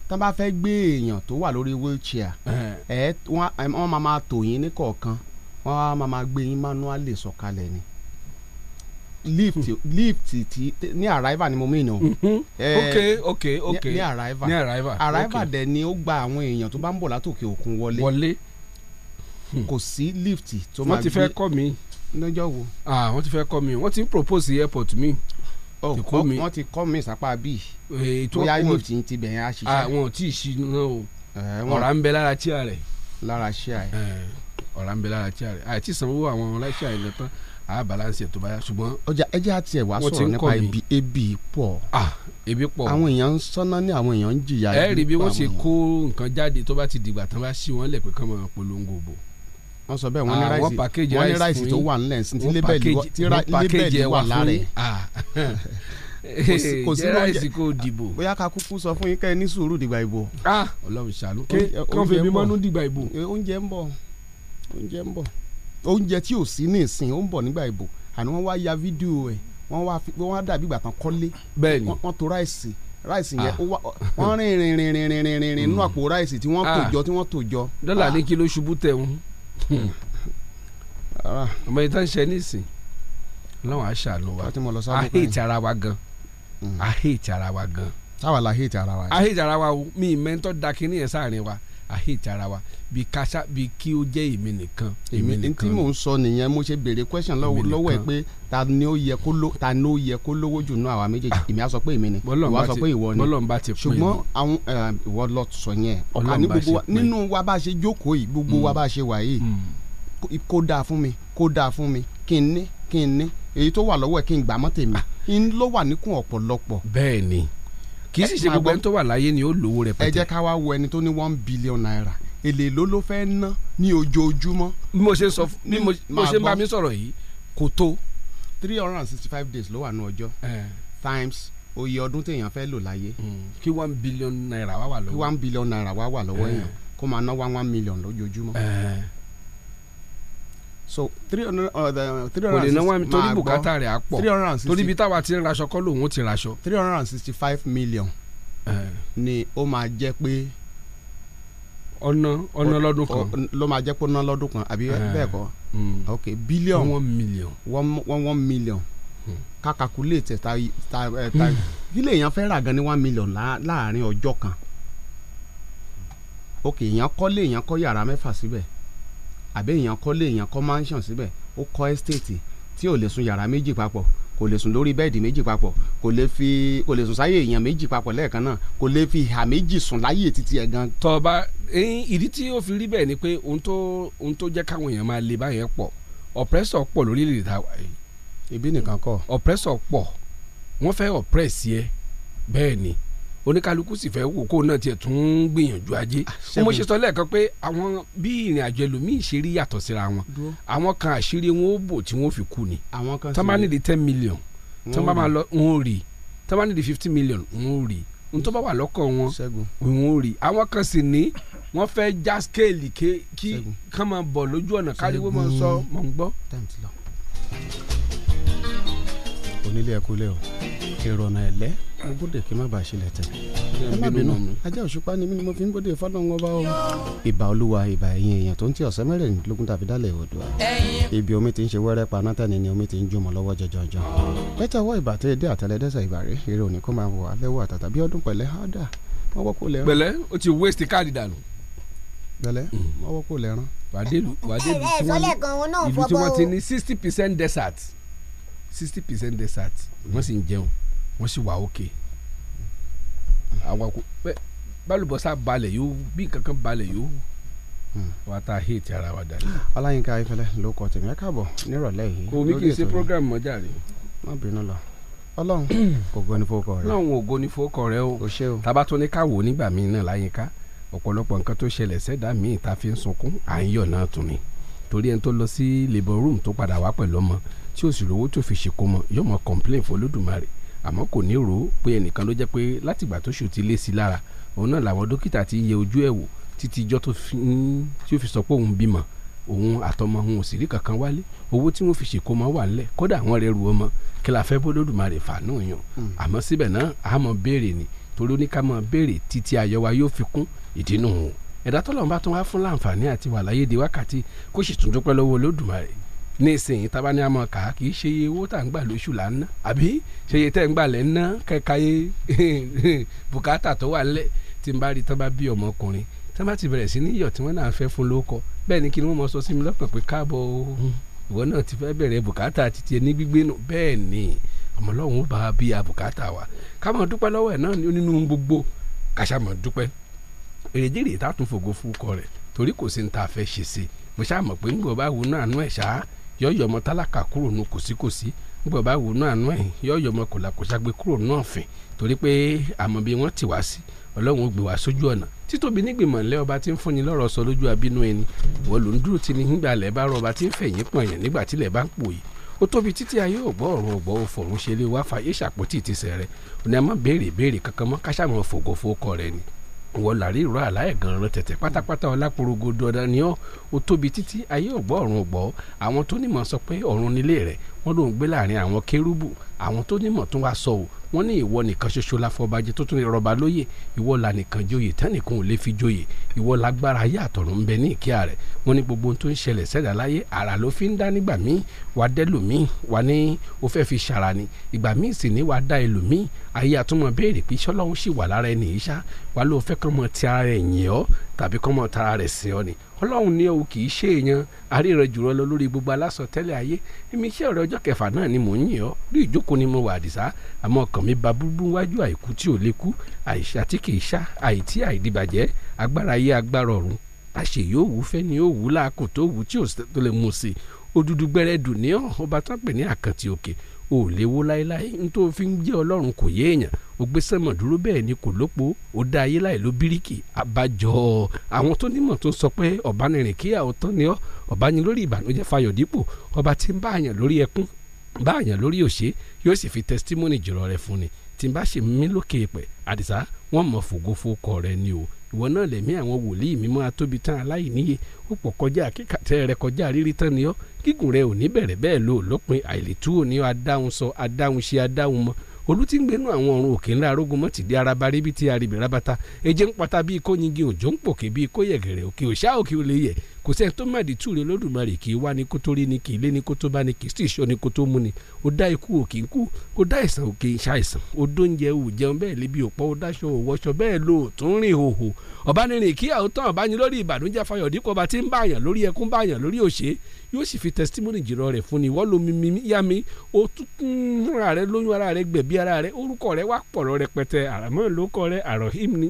Speaker 12: tán bá fẹ́ gbé èèyàn tó wà lórí wheelchair ẹ wọ́n máa máa tò yín ní kọ̀ọ̀kan wọ́n á máa máa gbé yín manually sọ̀kalẹ̀ ni lift lift ti ní arrival ni mo mean o. Mm-hmm. ok ok ok ní arrival ní arrival arrival dẹ̀ ni ó gba àwọn èèyàn tó bá ń bọ̀ látòkè òkun wọlé wọlé kò sí lift tó máa gbé wọ́n ti fẹ́ kọ́ mi lọ́jọ́ wo. ah wọ́n ti fẹ́ kọ́ mi wọ́n ti propose airport mi èkó oh, mi wọ́n ti kọ́ mi sápá bíi eh, bóyá lift ti bẹ̀ yẹn á ṣiṣẹ́. àwọn ah, ò tí ì ṣí iná o eh, ọ̀rá ń bẹ lára tíà rẹ̀. lára tíà rẹ̀. Eh, ọ̀rá ń bẹ lára tíà rẹ̀ àti sanwó àwọn láṣà ilẹ̀ tán a balance tó bá ṣùgbọ́n. ọjà ẹjẹ àti ẹwà sọ̀rọ̀ nípa ebi ebi pọ̀. ah ebi pọ̀. àwọn èèyàn ń sọ́nà ní àwọn èèyàn ń jìyà. ẹ rí bí wọ́n ṣe kó nǹkan jáde tó bá ti dìgbà tán bá ṣí wọn lẹ̀ pé kán máa polongo bò wọ́n sọ bẹ́ẹ̀ wọ́n ní ah, ráìsì wọ́n ní ráìsì tó wà nílẹ̀ sí ti lébẹ̀lì wà lára ẹ̀ ah. kò sí lóúnjẹ kò dìbò bóyá ká kúkú sọ fún yín kẹ́ ẹ ní sùúrù dìgbà ìbò. Ah. Ọlọ́run ṣàánú kọfí mi mọ́nú dìgbà ìbò. Eh, oúnjẹ ń bọ̀ oúnjẹ ń bọ̀ oúnjẹ tí ò sí ní ìsìn ó ń bọ̀ nígbà ìbò àní wọ́n wá ya fídíò ẹ̀ wọ́n wá wọ́n wá dàbí ìgbà tán kọ́lé bẹ́ẹ̀ni wọ́n tò ráìsì ráìsì yẹn wọ́n rìn rìn rìn rìn rìn rìn nínú mm. àpò ráìsì tí wọ́n tò jọ tí wọ́n tò jọ. dọ́là ní kí ló ṣubú tẹ̀ wọ́n. Hmm. Ah, ọmọ yìí tó ń ṣe nísìn lọ́wọ́ aṣàánú wa ahé ìtara wa gan hmm. ahé ìtara wa gan. táwa la ahé ìtara wa. ahé ìtara wa mi ìmẹ́ntọ́ da kínní yẹn sáàrin wa àhètì ara wa bí kásá bí kí ó jẹ́ èmi nìkan èmi nìkan. ntí mò ń sọ nìyẹn mo ṣe béèrè question lọ́wọ́ ẹ pé ta ni ó yẹ kó ló ta ni ó yẹ kó lówó jù náà àwa méjèèjì ah. èmi á sọ pé èmi ni ìwọ á sọ pé ìwọ ni ṣùgbọ́n àwọn ìwọ lọ sọ yẹn ọ̀la ní gbogbo wa nínú wa bá ṣe jókòó yìí gbogbo wa mm. bá ṣe wà yìí mm. kó dáa fún mi kó dáa fún mi kí n ní kí n ní èyí tó wà lọ́wọ́ ẹ̀ kí n gbà mọ́ tèmi ah. n ló wà níkùn ọ̀pọ̀lọpọ̀. bẹ́ẹ̀ ni kì í sì ṣe gbogbo ẹni tó wà láyé ni ó lówó rẹpẹtẹ. ẹ jẹ́ ká wá wo ẹni tó ní one billion naira èlé ló ló fẹ́ ná ní ojoojúmọ́. bí mo ṣe sọ bí mo ṣe ń bá mi sọ̀rọ̀ yìí kò tó. three hundred and sixty five days ló wà ní ọjọ́ times oye ọdún téèyàn fẹ́ lò láyé. Hmm. kí one billion naira wá wà lọ́wọ́. kí one billion naira wá wà lọ́wọ́ èèyàn kó máa ná one one million lójoojúmọ́ so three hundred uh, three hundred and sixty kò lè náwó àmì torí bùkátà rẹ̀ three hundred and sixty torí ibi táwa ti raṣọ kọ́ lòun ti raṣọ. three hundred and sixty five million ni ó máa jẹ́ pé ọ̀nà ọ̀nà lọ́dún kan ló máa jẹ́ pé ọ̀nà lọ́dún kan àbí bẹ́ẹ̀ kọ́
Speaker 2: hmm. ok billion one
Speaker 12: million one one, one million hmm. ká calculate ta ta ta ilé hmm. èèyàn fẹ́ rà gan ní one million láàárín ọjọ́ kan ok èèyàn kọ́lé èèyàn kọ́ yàrá mẹ́fà síbẹ̀. Si àbí èèyàn kọ́lé èèyàn kọ́ mansion síbẹ̀ ó kọ́ estate tí ò lè sun yàrá méjì papọ̀ kò lè sùn lórí bẹ́ẹ̀dì méjì papọ̀ kò lè fi kò lè sùn sáyé èèyàn méjì papọ̀ lẹ́ẹ̀kan náà kò lè fi ìhà méjì sùn láyé títí ẹ̀ gan. tọ́ba ìdí tí ó fi rí bẹ́ẹ̀ ni pé ohun tó ohun tó jẹ́ káwọn èèyàn máa le báyẹn pọ̀ ọ̀pẹ́sọ̀ pọ̀ lórílẹ̀‐èdè táwa yìí. ibi nìkan kọ́. ọ̀pẹ́sọ̀ pọ̀ wọ́n fẹ́ ọ̀pẹ́sì ẹ bẹ́ẹ̀ ni oníkálukú sì fẹ́ wò kó náà tiẹ̀ tún gbìyànjú ajé ah, mo ṣe sọ lẹ́ẹ̀kan pé àwọn bí ìrìn àjò ẹlòmíì ṣe rí yàtọ̀ síra wọn àwọn kan àṣírí wọn ó bò tí wọn ó fi kú ni tán bá nídìí ten million tán bá máa lọ wọn ò rí tán bá nídìí fifty million wọn ò rí n tó bá wà lọ́kọ̀ wọn wọn ò rí àwọn kan sì ní wọ́n fẹ́ já skéèlì kí kán máa bọ̀ lójú ọ̀nà káríwó máa sọ mọ̀ mm. ń gbọ́. onílé ẹkú lẹ́ o èrò ọ̀nà ẹ̀lẹ́ mo bóde kí n má bàa ṣẹlẹ̀ tẹ̀ ẹ má bínú ajá òṣùpá ni mí ni mo fi ń bóde fọlọ́run ọba o. ìbà olúwa ìbà ẹ̀yìn èèyàn tó ń tí ọ̀sẹ̀ mẹ́rìndínlógún tàbí dálẹ̀ odò ibi omi ti ń ṣe wẹ́rẹ́ pa anátẹ́ni ni omi ti ń jómọ lọ́wọ́ jọjọjọ. pẹ́tà wọ ìbà tẹ́ dé àtẹlẹdẹ́sẹ̀ ìbàrẹ́ eré òní kó máa wọ alẹ́wọ̀ àtàtà bí ọdún pẹ̀lẹ́ waste káàdì dànù. pẹ̀lẹ́ hmm. sixty percent desert sixty percent desert wọ́n sì ń jẹun wọ́n sì wà òkè àwọn kò bẹ́ẹ̀ bálùbọ́sà balẹ̀ yóò bí kankan balẹ̀ yóò hmm. wa ta hate ara wa dani. ọláyínká ayífẹlẹ ló kọ tèmi ẹ káàbọ̀ nírọ̀lẹ́ yìí. kò wí kí n ṣe program mọjà rẹ. má bínú lọ Ọlọ́run ògo ni fowókọ rẹ. Ọlọ́run ògo ni fowókọ rẹ o. o ṣe o. taba tó ní ká wò nígbà míì náà láyínká ọ̀pọ̀lọpọ̀ nǹkan tó ṣẹlẹ̀ sẹ́dá míì ta fi ń sunkún à ń yọ̀ náà tún ni torí ẹni tó lọ sí labour room tó padà wá pẹ̀lú ọmọ tí òsì lówó tó fi complain fún Olódùmarè àmọ́ kò ní rò ó pé ẹnìkan ló jẹ́ pé látìgbà tó ṣù ti lé sí lára òun náà làwọn dókítà ti yẹ ojú ẹ̀ wò títí ijọ́ tó fi sọ pé òun bímọ òun àtọmọ òun ò sì rí kankan wálé owó tí wọn fi ṣèkó ọmọ wà nílẹ̀ kódà àwọn rẹ ru ọmọ kí la fẹ́ bọ́lódùmarè fàánù yàn hmm. àmọ́ síbẹ̀ náà a béèrè ni torí ó ní béèrè títí ayọ̀ yóò fi kún ìdínú òun ẹ̀dá tọ́lọ́run bá tún wá fún láǹfààní àti wà di wákàtí kó sì tún dúpẹ́ lọ́wọ́ olódùmarè nísìnyí tábà ní àmọ́ ká kì í ṣe iye owó tá à ń gbà lóṣù là ń ná àbí ṣe iye tẹ́ ń gbà lẹ́ ń ná kẹ́ka yé bùkátà tó wà lẹ̀ tí n bá rí tábà bí ọmọkùnrin tábà ti bẹ̀rẹ̀ sí níyọ̀ tí wọ́n náà fẹ́ fún lóko bẹ́ẹ̀ ni kí ni wọ́n mọ sọ sí mi lọ́kàn pé káàbọ̀ ìwọ náà ti fẹ́ bẹ̀rẹ̀ bùkátà títí ẹni gbígbé nù bẹ́ẹ̀ ni ọmọ ó bá a bí a bùkátà wa ká máa dúpẹ́ lọ́wọ́ ẹ̀ náà nínú gbogbo kàṣà máa dúpẹ́ èrèjì rèé tá a tún fògo fún kọ rẹ̀ torí kò sí ní ta fẹ́ ṣe sí mo ṣáà mọ̀ pé ń gbọ́ bá wo náà nú ẹ̀ ṣáá yọ̀ọ̀yọ̀ ọmọ tálákà kúrò nù kòsíkòsí nígbà bá wò náà nú ẹ̀ yọ̀ọ̀yọ̀ ọmọ kò làkòṣàgbé kúrò nù ọ̀fìn torí pé àmọ́ bí wọ́n ti wá sí ọlọ́run ó gbé wá sójú ọ̀nà títóbi nígbìmọ̀ ńlẹ́ ọba tí ń fúnni lọ́rọ̀ sọ lójú abínú ẹni wọ́n ló ń dúró ti ní nígbà lẹ́ bá rọba tí ń fẹ̀yìn pọ̀nyàn nígbà tílẹ̀ bá ń pòyì ó tóbi títí ayé ògbọ́ ọ̀rọ̀ ògbọ́ òfòrúnṣe lé wáfà yéṣàpótì ti sẹ̀rẹ̀ òní a má béèrè béèrè kankan mọ́ káṣàmọ́ fògòfò kọ ni wọ làrí ìró àláẹ̀gàn ran tẹ̀tẹ̀ pátápátá ọláporogodo ọ̀dà ni ọ́ ó tóbi títí ayé ọ̀gbọ́ ọ̀run ọ̀gbọ́ àwọn tó nímọ̀ sọ pé ọ̀run nílé rẹ̀ wọ́n ló ń gbé láàrin àwọn kérúbù àwọn tó nímọ̀ tún wá sọ ò wọ́n ní ìwọ nìkan ṣoṣo láfọbàjẹ́ tó tún lè rọba lóyè ìwọ là nìkan joyè tẹ́nìkan ò lè fi joyè ìwọ lágbára ayé àtọ̀run ń bẹ ní ìkíà rẹ̀ wọ́n ní gbogbo ohun tó ń ṣẹlẹ̀ sẹ́dá láyé àrà ló fi ń dá nígbà míì wà á dẹ́lòmíì wà ní o fẹ́ fi ṣàrà ni ìgbà míì sì ní wà á dá ẹlòmíì ayé àtúmọ̀ béèrè pé ṣọlọ́run sì wà lára ẹni yìí ṣá wà ló fẹ́ kọ́mọ ti ara rẹ̀ ọ́ tàbí kọ́mọ tara rẹ̀ sìn ọ́ ni ọlọ́run ni o kì í ṣe èèyàn àríran jùlọ lọ lórí gbogbo alásọtẹ́lẹ̀ ayé èmi iṣẹ́ ọ̀rẹ́ ọjọ́ kẹfà náà ni mò ń yìn ọ́ rí ìjókòó ni mo wà àdìsá àmọ́ ọkàn mi ba búrúbú wájú àìkú tí ò lè kú àìṣà tí kì í ṣá àìtí àìdìbàjẹ́ agbára ayé agbára ọ̀run àṣè yóò wù fẹ́ ni ó wù láàkùn tó wù tí ò lè mú sí i òdùdù gbẹrẹdù ní ọ ọba tó pè ní àkàntì òkè ò léwó láéláé n tó fi ń jẹ́ ọlọ́run kò yé èèyàn ò gbé sẹ́mọ̀ dúró bẹ́ẹ̀ ni kò lópo ó dá ayé láì ló bíríkì àbájọ àwọn tó nímọ̀ tó sọ pé ọ̀bánirin kíyà ọ̀tán ni ọ́ ọ̀bánin lórí ìbànújẹ́ fayọ̀ dípò ọba tí ń bá àyàn lórí ẹkún bá àyàn lórí òṣè yóò sì fi testimony jùlọ rẹ fún ni tí n bá ṣe mí lókè pẹ̀ àdìsá wọ́n mọ̀ fògo fókọ rẹ ni o ìwọ náà lẹ̀mí àwọn wòlíì mímọ́ atóbi tán aláìníye ó pọ̀ kọjá kíkàtẹ́ rẹ kọjá rírí tán ni ọ́ gígùn rẹ ò ní bẹ̀rẹ̀ bẹ́ẹ̀ lò lópin àìlètú òní adáhùn sọ adáhùn ṣe adáhùn mọ́ olú ti ń gbénú àwọn ọ̀run òkè ńlá arógun mọ́ tìdí araba ríbi tí arìbì rabata ẹ̀jẹ̀ ń pata bíi kóyingi òjò ń pòkè bíi kóyẹ̀gẹ̀rẹ̀ òkè òṣà òkè olè yẹ kò sẹ́ni tó má di túre lódùmarè kì í wá ní kó rí ni kì í lé ní kó bá ní kì í sì ṣọ́ ní kó mú ni ó dá ikú ò kì í kú ó dá ìsàn ò kì í ṣàìsàn ó dóúnjẹ ò jẹun bẹ́ẹ̀ lébi òpó ó dáṣọ ò wọṣọ bẹ́ẹ̀ ló ò tún rìn hòhò ọ̀bánirin kí àwòtán ọ̀báni lórí ìbànújẹ́ fayọ̀ dípò ọba tí ń báyàn lórí ẹkún báyàn lórí òṣè yóò sì fi testimony jìrọ rẹ̀ fún ni wọ́n lo mímí yá ó tún ara rẹ̀ lóyún ara rẹ̀ gbẹ̀bí ara rẹ̀ orúkọ rẹ̀ wá pọ̀rọ̀ rẹpẹtẹ àràmọ́ ìlókọ rẹ̀ àròhìm ni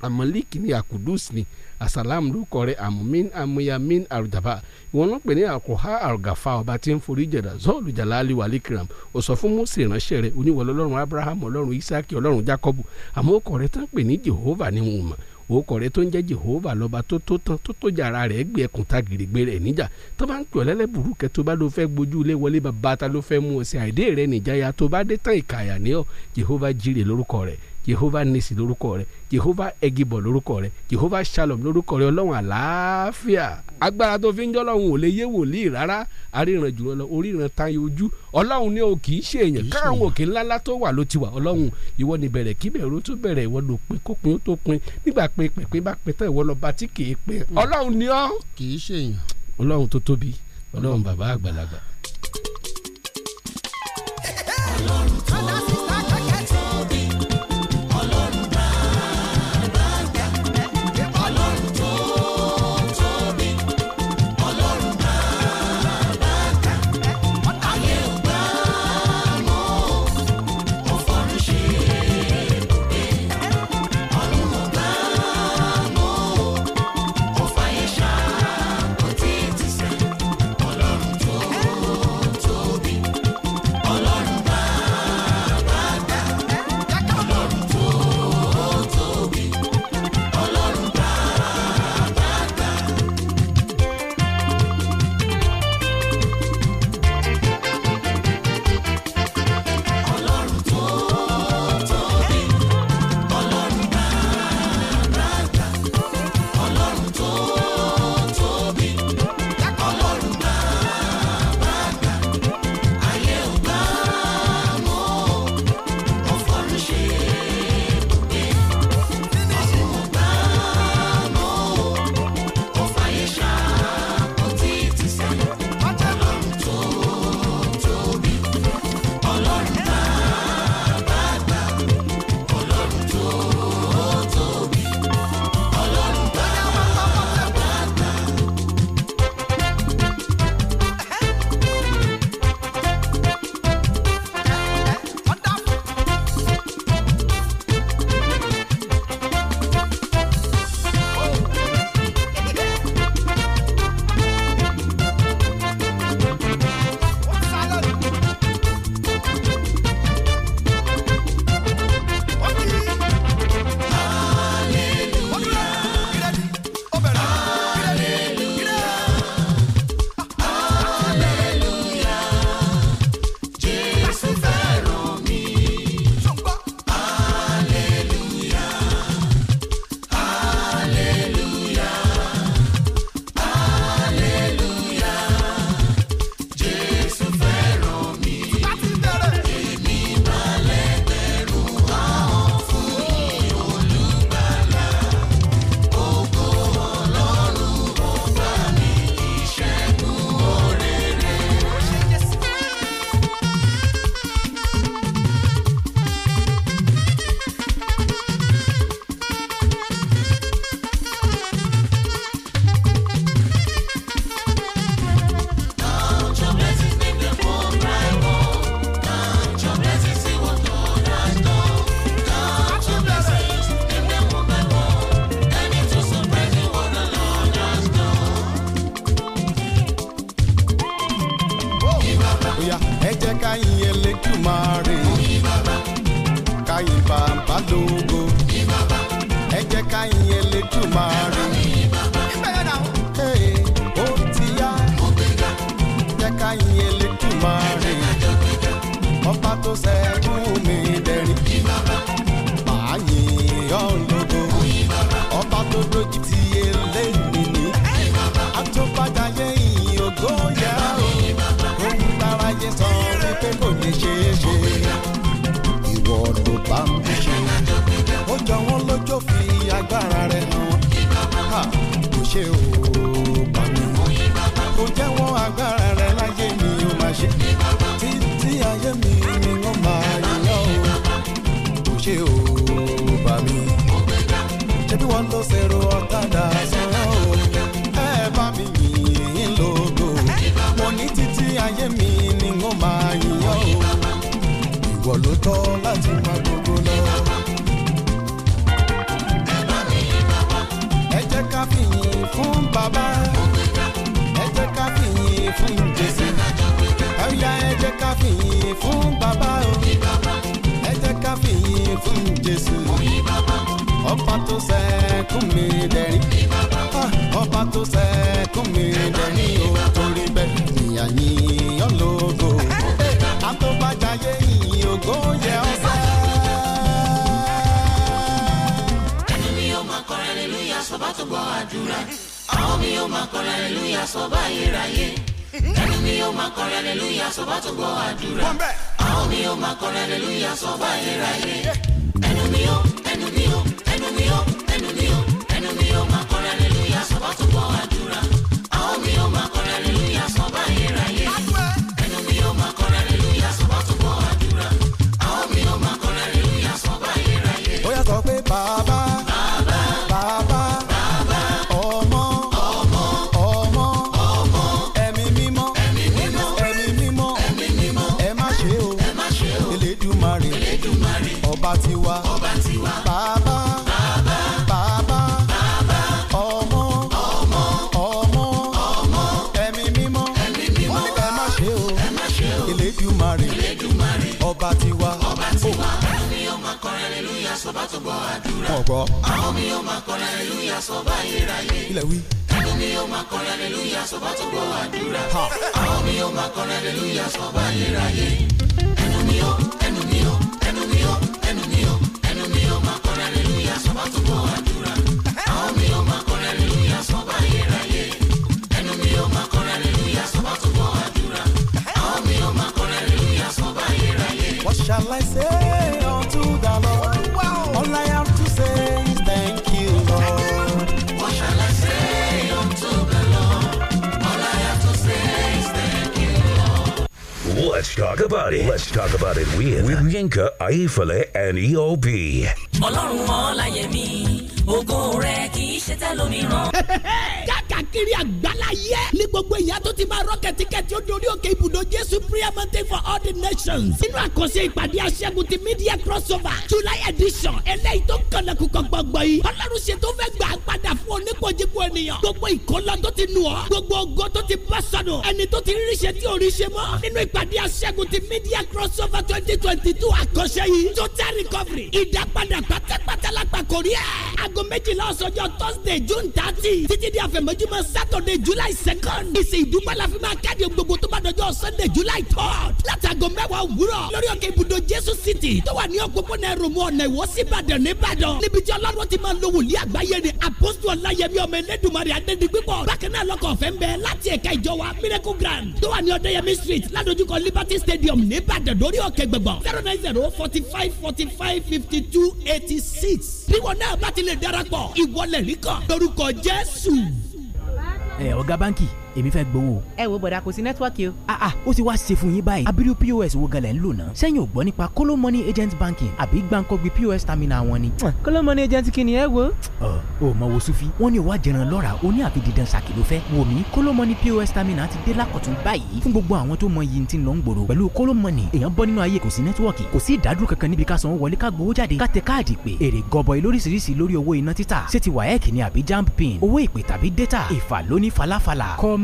Speaker 12: àmọ́líkì ni àkùdùs ni asalam lórúkọ rẹ̀ amumin amuyamin arujaba ìwọ́n náà pè ní àkọ́há àrùgàfà ọba tí ń forí jẹ̀dá zọ́ọ̀lù jalali wàlí kiram ó sọ fún mose ìránṣẹ́ rẹ̀ oníwọlé ọlọ́run abraham ọlọ́run isaki ọlọ́run jacob àmọ́ ó kọ̀ rẹ̀ tán pè ní jehovah ni wọn mọ̀ òkò rẹ tó ń jẹ́ jehova lọ́ba tó tó tán tó tó jàrá rẹ̀ gbé ẹkùn ta gèrègbè rẹ̀ níjà tó bá ń pè ọ́ lẹ́lẹ́bùrú kẹ́ tó bá ló fẹ́ gbójú ilé wọlé bàbá ta ló fẹ́ mú ọ sí àìdè rẹ̀ nìjáya tó bá dé tán ìkàyà ní ọ jehova jíire lórúkọ rẹ̀ jehovah nisi lórúkọ rẹ jehovah egibo lórúkọ rẹ jehovah shalom lórúkọ rẹ ọlọ́run àlàáfíà agbára tó fi ń jọlọ́run ò lè yé wòlíì rárá aríran jùlọ lọ oríran tayọ ojú ọlọ́run ni o kì í ṣe èèyàn káwọn òkè ńláńlá tó wà ló ti wà ọlọ́run ìwọ ni bẹ̀rẹ̀ kí bẹ̀rẹ̀ o tó bẹ̀rẹ̀ ìwọ ló pin kó pin ó tó pin nígbà pin pẹ̀pẹ́ bá pin tán ìwọ lọ bá tí kì pin hmm. ọlọ́run ni ọ́ kì ṣe èèyàn ọlọ́run tó tóbi ọlọ́run bàbá
Speaker 19: àgbàlagbà.
Speaker 16: ọlọ́run
Speaker 4: Let's talk about it. Let's talk about it with, with Yinka Ayefele and EOB.
Speaker 22: káàkiri àgbáláyé ní gbogbo ìyá tó ti máa rọ kẹ̀tíkẹ̀tí ó dorí òkè ibùdó Jésù prayer mountain for all the nations nínú àkànṣe ìpàdé aṣẹ́gun ti media crossover July edition eléyìí tó kànlẹ̀kùn kọ̀gbọ̀gbọ̀ yìí Ọlọ́run ṣe tó fẹ́ gbà padà fún oníkojúkọ ènìyàn gbogbo ìkọlọ tó ti nù ọ́ gbogbo ògo tó ti bá sọnù ẹni tó ti ríṣe tí ò ríṣe mọ́ nínú ìpàdé aṣẹ́gun ti media crossover twenty twenty two àkànṣe yìí total recovery ìdápadà pátápátá lápá kò rí ẹ̀ aago méjìlá ọ̀sọ́jọ́ Thursday June thirty títí di àfẹ̀mọ́jú lójúmọ́ sátọ̀dẹ̀ july second ìsìn ìdúpẹ́ la fi máa kéde gbogbo tó bá dọjọ́ sunday july third látàgọ́ mẹ́wàá òwúrọ̀ lórí òkè ibùdó jésù city tó wà ní òpópónà ẹrùmọ ọ̀nà ìwọ́síbàdàn nìbàdàn níbi tí ọlọ́run ti máa lo wòlíì àgbáyé ni àpòsù ọ̀làyẹmí ọmọ ẹlẹ́dùnmarè adẹ́dìgbípọ̀ bákan náà lọ́kọ̀ ọ̀fẹ́ ń bẹ láti ẹ̀ka ìjọ wa miracle grand tó wà ní ọ̀dẹ́yẹmí street ládojúkọ liberty stadium nìbàdàn lórí òkè gbẹ̀gbọ̀n zero nine zero forty five forty five fifty two eighty six bí wọn náà bá ti lè darapọ̀ ìwọlẹ̀ ríkọ̀ lórúkọ
Speaker 10: jésù. ẹ é, o báǹkì èmi fẹ́ gbowó. ẹ wo bọ̀dà kò sí nẹ́tíwọ́ọ̀kì o. a ah, a ah, ó ti wá ṣe fún yín báyìí abiru pos wo gẹlẹ̀ ń lò náà sẹ́yìn ò gbọ́ nípa kóló mọ́ni agent banking àbí gbàǹkọ́gbì pos terminal wọn ni. kóló mọ́ni agent kí ni ẹ wo. ọ ò mọ wo sufi wọn ní ìwà jẹran lọ́ra ó ní àfi didan ṣàkì ló fẹ́ wò mí kóló mọ́ni pos terminal ti dé lákọ̀tún báyìí fún gbogbo àwọn tó mọ iye tí ń lọ ń gbòòrò pẹ̀lú kóló mọ́ni èèyàn bọ́ nínú ayé kò sí nẹ́tíwọ́ọ̀kì kò sí ìdádúró kankan níbi ká sanwó wọlé ká gbowó jáde ká ni àbí jamb pin owó ìpè tàbí data ìfà falafala com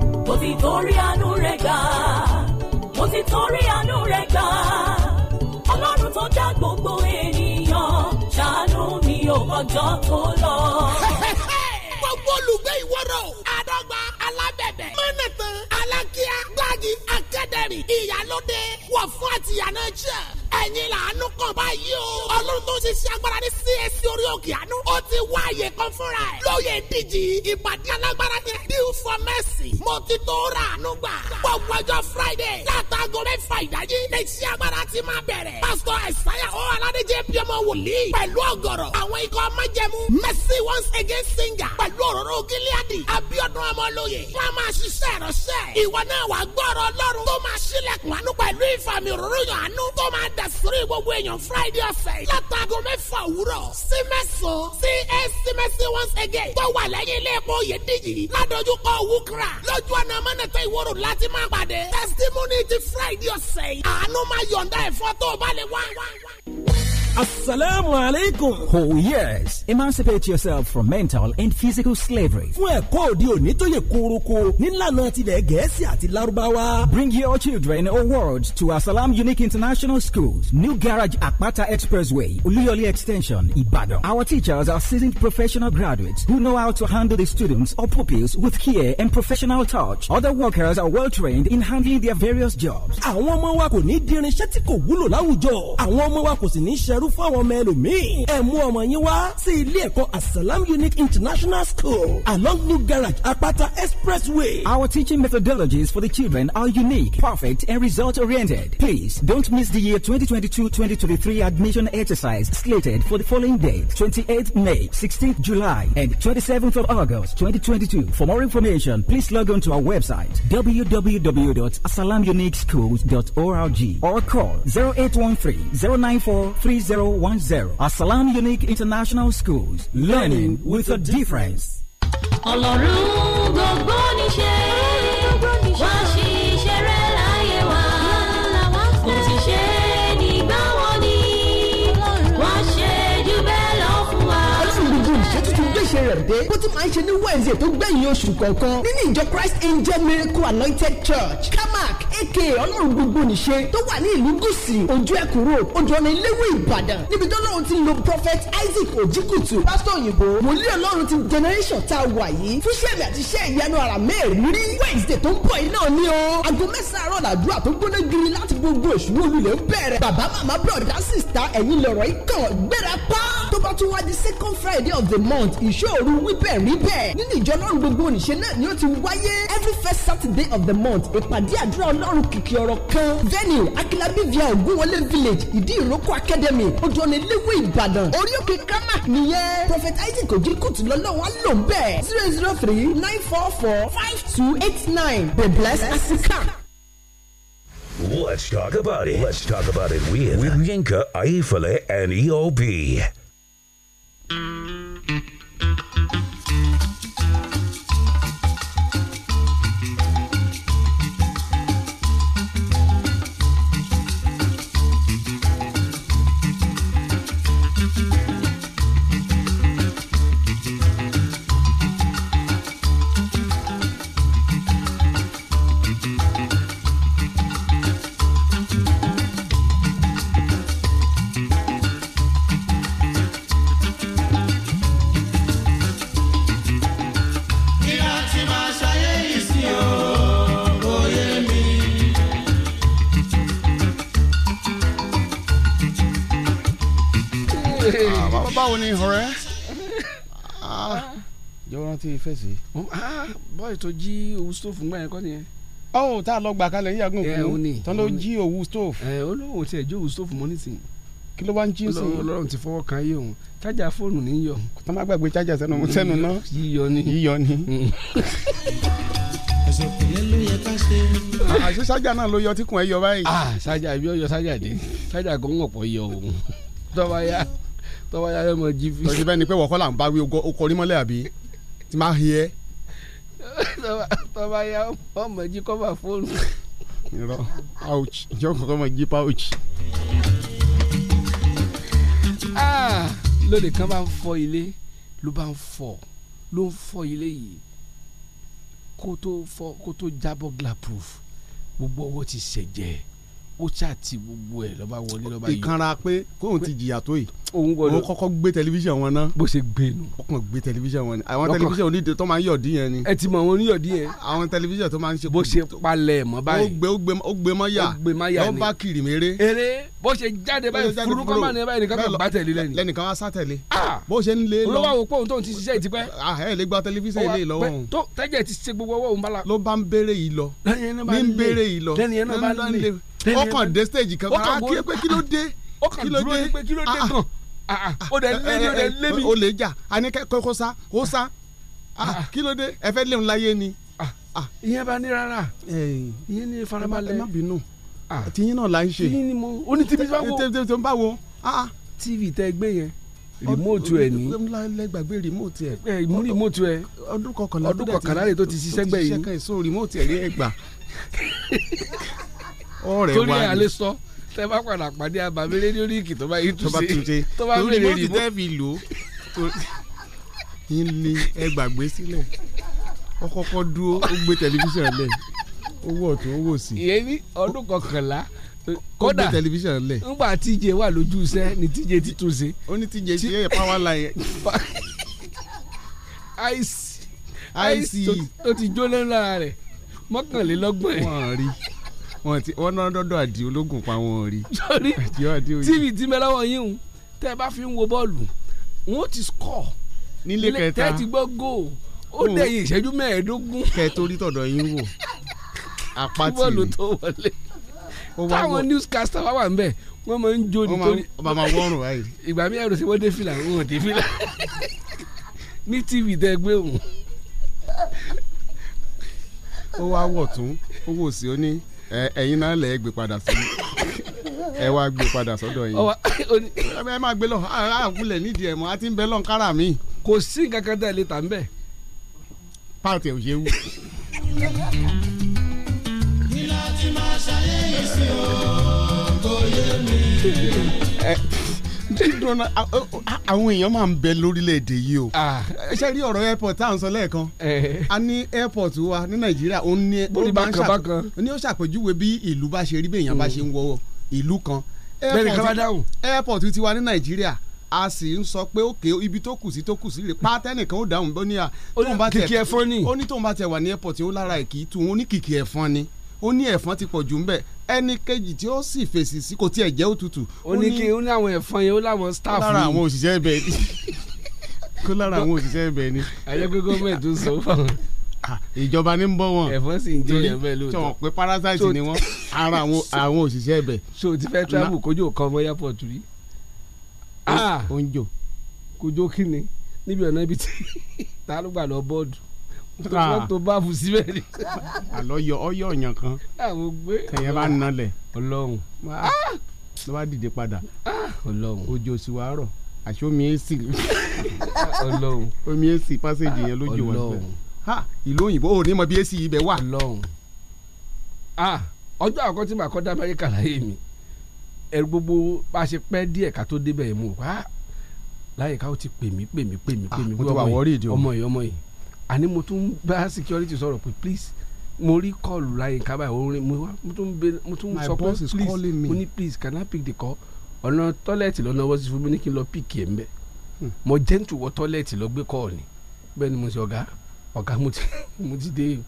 Speaker 16: mo ti torí àánú rẹ̀ gbà mo ti torí àánú rẹ̀ gbà ọlọ́run tó dá gbogbo ènìyàn ṣàánú mi ò ọjọ́ tó lọ. gbogbo olùgbé ìwọ́rọ̀ àdọ́gba
Speaker 22: alábẹ̀bẹ̀ mọ́nà tán alákíá gbági akẹ́dẹ̀rì ìyálóde wọ̀ fún àtìyànà ẹ̀yin làánú kàn báyìí o. ọlọ́run tó ń ṣiṣẹ́ agbára ní CAC orí òkè àánú. ó ti wá àyè kan fúnra ẹ̀. lóye díjì ìpàdé alágbára ní deal for mercy. mo ti tó ra àánú gbà. gbogbo ọjọ́ friday látago mẹ́fà ìdájí lè ṣe agbára ti máa bẹ̀rẹ̀. pásítọ̀ àìsáyà ó aládéjé bí ọmọ wòlíì. pẹ̀lú ọ̀gọ̀rọ̀ àwọn ikọ̀ májẹ̀mú. mercy once again singer. pẹ̀lú òróró gíláàdì. abiodun ọmọlóye. wọ́n máa ṣiṣẹ́ ìránṣẹ́. ìwọ náà wàá gbọ́rọ̀ ọlọ́run. tó máa ṣílẹ̀kùn àánú pẹ̀lú ìfàmì òróró yàn àánú. tó máa d dàsírí gbogbo èèyàn friday ọ̀sẹ̀ látàgò mẹ́fà òwúrọ̀ sí mẹ́sàn-án sí ẹ́ sí mẹ́sì once again tó wà lẹ́yìn ilé epo yèdíyì ládojúkọ wúkra lójú ọ̀nà mọ́nẹ̀tẹ̀ ìwòrò láti máa pàdé testimony ti friday ọ̀sẹ̀ yìí àánú máa yọ̀ǹda ẹ̀fọ́ tó o bá lè wá.
Speaker 13: Assalamu alaikum. Oh yes, emancipate yourself from mental and physical slavery. Fún ẹ̀kọ́ òde òní tó yẹ nílànà tilẹ̀ Gẹ̀ẹ́sì àti Lárúbáwá. Bring your children or world to Asalam Unique International Schools, New Garage Akpata Expressway, Oluyoli Extension, Ibadan. Our teachers are seasoned professional graduates who know how to handle the students or pupils with care and professional touch. Other workers are well trained in handling their various jobs. Àwọn ọmọ wa kò ní tí kò wúlò láwùjọ. Àwọn ọmọ wa kò sì ní ṣerú fáwọn ọmọ ẹlòmíì ẹ mú ọmọ yín wá sí ilé ẹ̀kọ́ asalam unique international school along new garage apata expressway. our teaching methodologies for the children are unique perfect and result oriented please don't miss the year 2022-2023 admission exercise slated for the following date 28th may 16th july and 27th of august 2022 for more information please log on to our website www.asalamuniqueschools.org or call 0813 094 3010. Asalam Unique International Schools. Learning with a difference.
Speaker 16: ọlọ́run gbogbo níṣẹ́ wá ṣiṣẹ́ rẹ̀ láyé wa kò sì ṣe nígbà wọ́n ni wọ́n ṣe jù bẹ́ẹ̀ lọ fún wa.
Speaker 22: ni won se sì gbogbo ìṣẹ́ dé bó ti máa ń ṣe ní wednesday tó gbẹ̀yìn oṣù kọ̀ọ̀kan nínú ìjọ christ angel miracle anointed church kamak aka ọlọ́run gbogbo nìṣe tó wà ní ìlú gúúsì ojú ẹkùn road ojú ọ̀nà iléwé ìbàdàn níbi tó lọ́run ti lo prophet isaac ojikutu pastor òyìnbó wòlíì ọlọ́run ti generation tá a wà yìí fún sẹ́mi àti iṣẹ́ ìyanu ara mẹ́rìírí wednesday tó ń bọ̀ yìí ni o aago mẹ́sàn-án àárọ̀ làdúrà tó gbóná giri láti gbogbo òṣùwọ̀n olùlẹ̀ ń bẹ̀rẹ̀ bàbá màmá brọ̀dá sista ẹ̀yin lọ̀rọ̀ ikọ̀ gbéra pa tó bá tún wá di second friday of the month ìṣòro wíbẹ̀ rí bẹ́ẹ̀ nínú ìjọ ọlọ́run gbogbo òníṣe náà ni ó ti wáyé every first saturday of the month ìpàdé àdúrà ọlọ́ ọlọ́run kìkì ọ̀rọ̀ kan venue akilabi via ogunwọlé village ìdí ìrókò academy ìbàdàn orí òkè nìyẹn prophet isaac lọ́lọ́wọ́ ló ń bẹ̀ zero zero three nine four four
Speaker 5: five two eight nine
Speaker 4: Let's talk about it. Let's talk about it with, with Yinka, Aifale, and EOB.
Speaker 11: ní
Speaker 12: ọ̀rẹ́ ah. jọ rántí fèsì. Ah, bọ́ọ̀lù tó jí owó stóòfù ńgbà yẹn kọ́ nìyẹn. ọ̀ tá a lọ gbà kalẹ̀ yíyá gùn kún tán ló jí owó stóòfù. ẹ olóhùn tiẹ̀ jí owó stóòfù mọ́ nísìnyí kí ló wá ń jíǹsì. ọlọ́run ti fọwọ́ kan yé chájà fóònù ní yọ. tó gbàgbé chájà sẹ́nu sẹ́nu náà. yíyọ ni. yíyọ ni. Mm. àṣé sájà náà ló yọ tí kùn ẹ yọ báyìí. sájà ah, ibi ó yọ sájà dé sájà kò ń yọ òun tó yá tọ́wọ́ yára mọ̀ jí fi. tọ́jú bẹ́ẹ̀ ni pé wọ́kọ́ là ń bá wí okọ̀ onímọ̀lẹ́ àbí tí máa hi ẹ́. tọ́wọ́ yára ọmọ jí kọ́fà fóònù. irọ́ ouch jọ́ kọ́kọ́ mọ̀ jí pouch. Ah, lóde kan bá ń fọ ilé ló bá ń fọ ló ń fọ ilé yìí kó tó fọ kó tó jábọ́ glaproof gbogbo ọwọ́ ti ṣẹ̀jẹ̀ Ocha ti gbogbo ẹ̀ lọ́ba wọlé lọ́ba yìí. ìkanra pé kóun ti jìyà tó yìí òun gbọdọ òun kọ́kọ́ gbé tẹlifíṣàn wọn ná. bó ṣe gbé nu. ó kàn gbé tẹlifíṣàn wọn ni àwọn tẹlifíṣàn onídìí tó máa ń yọ̀dí yẹn ni. ẹ ti mọ àwọn oníyọ̀dí yẹn. àwọn tẹlifíṣàn tó máa ń ṣe. bó ṣe palẹ̀ mọ́ báyìí. ó gbé ó gbé ó gbé mọ́ yà. ó gbé mọ́ yà ni. ló bá kiri mèrè. eré bó ṣe jáde báyìí furu kọ́má ni báyìí nìkan kan bá tẹ̀lé lẹ́nu. lẹ́nìkan wá sátẹ̀lé. bó ṣe ń lé lọ. olówó ti ṣiṣẹ́ yìí ti pẹ́. ẹ lè gba tẹlifíṣàn ilé lọ́wọ́ òun. tó tẹ́jẹ̀ ti ṣe gbogbo ọwọ́ òun bá la. ló bá ń béèrè yìí lọ. lẹ́yìn ẹ̀ náà bá ń lé ọkàn dé stage kan kan kí pé kí ló dé kí ló dé kí ló dé ah, ah. gan o ah, dẹ lé mi o dẹ lé mi. o lè jà ani kókó sá kó sá kí ló dé ẹ fẹ́ léun láyé ni. ìyẹn bá ní rárá eh. ìyẹn ní farabalẹ̀ ẹ má bínú tìyín náà là ń ṣe tìyín ni mo ó ní tìbí bá wo tìbí bá wo tv tẹ gbé yẹn rìmóòtù ẹ eh, ní. lẹ́gbàgbé rìmóòtù ẹ. ẹ mú rìmóòtù ẹ. ọdún kọkànlá ọdún kọkànlá rẹ tó ti ṣiṣẹ́ gbẹ̀yìn. ṣiṣẹ́ kan èso rìmóòtù ẹ rí ẹgbàá. ọ̀rẹ́ wa ni torí àlẹ sọ tẹ bá padà pàdé àbàmì rédíòríkì tó bá yí tu ṣe tó bá bèrè rìmọ́ torí mo ti tẹ́ fi lò ó ní ẹ gbàgbé sílẹ̀ ó kọ́kọ́ dúró ó gbé tẹlifíṣàn lẹ̀ ó wọ̀ tó ó wò sí. ìyẹn ní ọdún kọkànlá kódà gbé tẹlifíṣàn lẹ̀. ńgbà tíje wà lójú iṣẹ́ ni tíje ti tún ṣe. ó ní tíje ti yẹ power line. ice ice tó ti jó lẹ́nu lára rẹ̀ mọ́kànlélọ́gbọ̀n. wọ́n rí i wọn ti wọn náà dọdọ àdì ológun pa wọn rí. sọrí tv tí mẹlẹ́wọ̀n yín o tẹ́ ẹ bá fi ń wo bọ́ọ̀lù wọn ti score. nílé kẹta tẹ́ ẹ ti gbọ́ góò ó dẹ̀yìn ìṣẹ́jú mẹ́ẹ̀ẹ́dógún. kẹ torí tọ̀dọ̀ yín wò apá tì í tó wọlé táwọn newscaster wà wà ń bẹ̀ wọ́n máa ń jó nítorí ọba máa wọ́rùn báyìí. ìgbà mi ẹ̀rọ sí wọ́n dé fìlà wọn ò dé fìlà ní tv tẹ gbé òun. ó wá wọ̀ tún ó wò sí ó ní Eyin náà lẹ gbé padà sí ẹ wá gbé padà sọ́dọ̀ yín ẹ má gbé lọ àkúlẹ̀ nídìí ẹ̀ mọ́ àti bẹ kára mi. kò sí tà ń bẹ̀. dídùn àwọn èèyàn máa ń bẹ lórílẹ̀‐èdè yìí o ṣe rí ọ̀rọ̀ airport tá à ń sọ lẹ́ẹ̀kan a ní airport wa ní nàìjíríà ó ní ó ṣàpèjúwe bí ìlú bá ṣe rí bí èèyàn bá mm. ṣe ń wọ ìlú kan airport ti wa ní nàìjíríà a sì ń sọ pé òkè ibi tó kù sí tó kù sí rè pátá ẹnìkan ó dáhùn bó ní à. kìkì ẹ̀fọn ni. ó ní tóun bá tẹ wà ní airport ó lára ẹ̀ kì tu ó ní kìkì ẹ̀fọn ni ó ní ẹ̀fọn ti pọ̀ jù ń bẹ̀ ẹni kejì tí ó sì fèsì sí kò tiẹ̀ jẹ́ òtútù. ó ní kí ó ní àwọn ẹ̀fọn yẹn ó láwọn staff yìí. lára àwọn òṣìṣẹ́ ibẹ̀ ni kó lára àwọn òṣìṣẹ́ ibẹ̀ ni. àyẹ́ pé gọ́ọ̀mẹ̀ntì tó sọ fún àwọn. ìjọba ní ń bọ́ wọn. ẹ̀fọn sì ń jẹ́ ìyẹn bẹ́ẹ̀ lóòótọ́. sọ pé parasite ni wọ́n ara àwọn òṣìṣẹ́ ibẹ̀. so ti fẹ́ travel kójú kan mọ́ airport rí. oúnjẹ ah! kójú kí ni níbi ọ̀nà ibi tí ta ló gbà lọ bọ́ọ̀dù tó báàbù síbẹ̀ ni. àlọ́ yọ ọyọ ọ̀yàn kan tẹ̀yẹ bá nalẹ̀ ọlọ́run ah! ló bá dìde padà ojú oṣù wa rọ̀ àṣé omi èsì ọlọ́run omi èsì pásẹ̀jì yẹn lójú wa síbẹ̀ ìlú òyìnbó ò ní mọ bí èsì ibẹ̀ wà. ọlọ́run ah! ọjọ́ àkọ́kọ́ tí màá kọ́ dá amẹ́ríkà láyé mi ẹ̀rù gbogbo bá a ṣe pẹ́ díẹ̀ ká tó débẹ̀ mú o ah! láyé ká ó ti pè mí pè mí pè mí pè ọmọ yìí ọmọ yìí àní mo tún bá security sọ̀rọ̀ pé please mo rí kọ́ọ̀lù láyé ká báyìí orin mo tún bẹ mo tún sọ pé please mo ní please can I pick the call ọ̀nà tọ́lẹ̀tì lọ́nà wọ́n sì fún mi ní kí n lọ pick ẹ̀ ń bẹ̀ hmm. mo gentle wọ tọ́lẹ̀tì lọ gbé kọ́ọ̀ ni bẹ́ẹ̀ ni mo sọ ọ̀gá ọ̀gá mo ti dé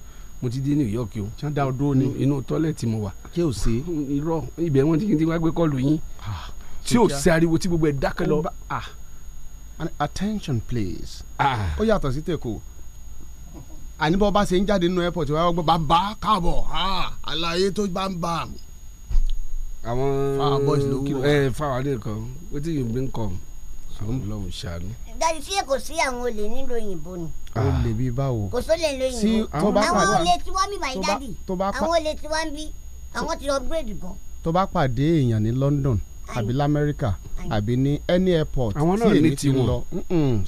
Speaker 12: mo ti dé New York o ṣáà dá ọdún òní inú tọ́lẹ̀tì mo wà ṣé o ṣe irọ́ ibẹ̀ wọ́n ti wá gbé kọ́ọ̀lù yín ah,
Speaker 5: tí o ṣe ariwo
Speaker 12: tí gbogbo ẹ̀ dákẹ́ lọ. Ah, attention please ah. ó yàtọ̀ sí tèkó àní bọ́ bá ṣe ń jáde nínú airport wáyé gbọ́ bàbá káàbọ̀ àlàyé tó bá ń bá. àwọn fáwọn adé kan wetin you bring come ọlọ́run ṣàánú.
Speaker 21: dájú sí èkó sí àwọn olè nílò òyìnbó ni.
Speaker 12: Ah. olè bíi báwo. kò sólè lóyìnbó. àwọn olè tí wọ́n bí báyìí dáàdì àwọn
Speaker 21: olè tí wọ́n bí àwọn ti upgrade gan.
Speaker 12: tó bá pàdé èèyàn ní London àbí lamẹ́ríkà àbí ní any airport tí èmi ti ń lọ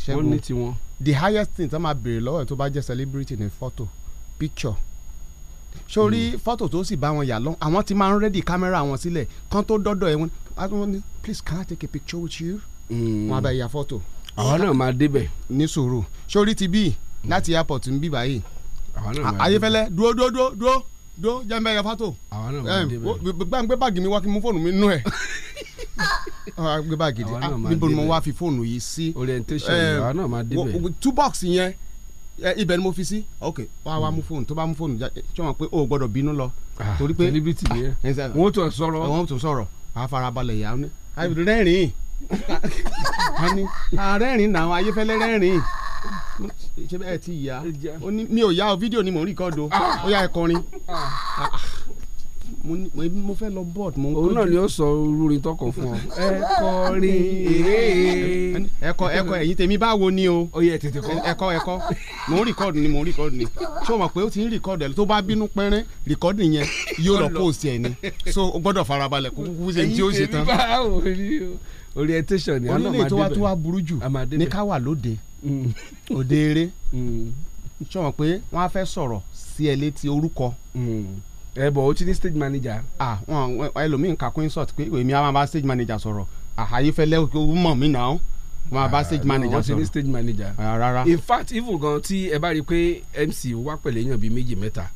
Speaker 12: ṣẹ́gun the highest thing tó máa béèrè lọ́wọ́ ẹ̀ tó bá jẹ́ celebrity ní photo picture sórí fọ́tò hmm. tó sì bá wọn yà lọ àwọn ti máa ń rẹ́dì kámẹ́rà wọn sílẹ̀ kan tó dọ́dọ̀ ẹ̀ wọn ni please can I take a picture with you. Hmm. wọn abẹ ya photo. àwọn náà máa débẹ̀. ní sùúrù sórí ti bí láti airport ń bí báyìí. àwọn náà máa débẹ̀ ayéfẹ́lẹ́ dúró dúró dúró dúró jó jẹ́nbẹ́ yẹ fátò gbàgbé báàgì mi wá kí n mú fóònù mi nú ẹ̀ gbé báàgì di ah, níbo ni mo wá fi fóònù yìí sí orientation àwa náà máa débẹ̀ two box yẹn ibẹ̀ ni mo fi sí ok wá wá mú hmm. fóònù tó bá mú fóònù jáde tí wọ́n pé o gbọ́dọ̀ bínú lọ ah, torí pé celebrity ni ẹ ah, wọ́n tó sọ̀rọ̀ wọ́n tó sọ̀rọ̀ àfarabalẹ̀ yà á ní hmm. rẹ́rìn-ín àrẹ́rìn-ín náà ayéfẹ́lẹ́ rẹ́rìn-ín ṣé ẹ ti yà ó ní mi ò yá o fídíò ni mò ń rìkọ́dù ah. ó yá ẹ kọrin ah. mo fẹ́ lọ bọ́ọ̀dù mo ń kọ́jú. òun náà ni ó sọ orin tọkọ fún ọ. ẹ kọrin ẹkọ ẹkọ ẹyin tèmi báwo ni o. oyè tètè kọ. ẹkọ ẹkọ mo ń rìkọ́dù ni mo ń rìkọ́dù ni ṣé o mọ̀ pé o ti ń rìkọ́dù ẹ̀ tó bá bínú pẹ́rẹ́ rìkọ́dù yẹn yóò lọ post ẹ̀ ni so o gbọ́dọ̀ farabalẹ̀ kó kúkú ṣe tí ó ṣe tán. ẹyin tèmi báwo ni o orientation ni. orílẹ̀ èdè tó wá tó wá burú jù ní ká wà lóde. òde eré ṣọ̀wọ́n pé wọ́n á fẹ́ sí ẹ hmm. ti ní stage manager. ah wọn ẹlòmíín kà insult pé èmi á máa bá stage manager náà stage manager sọrọ. wọn ti ní stage manager. rárá in fact even gan tí ẹ bá rí i pé MC wá pẹ̀lú èèyàn bíi méjì mẹ́ta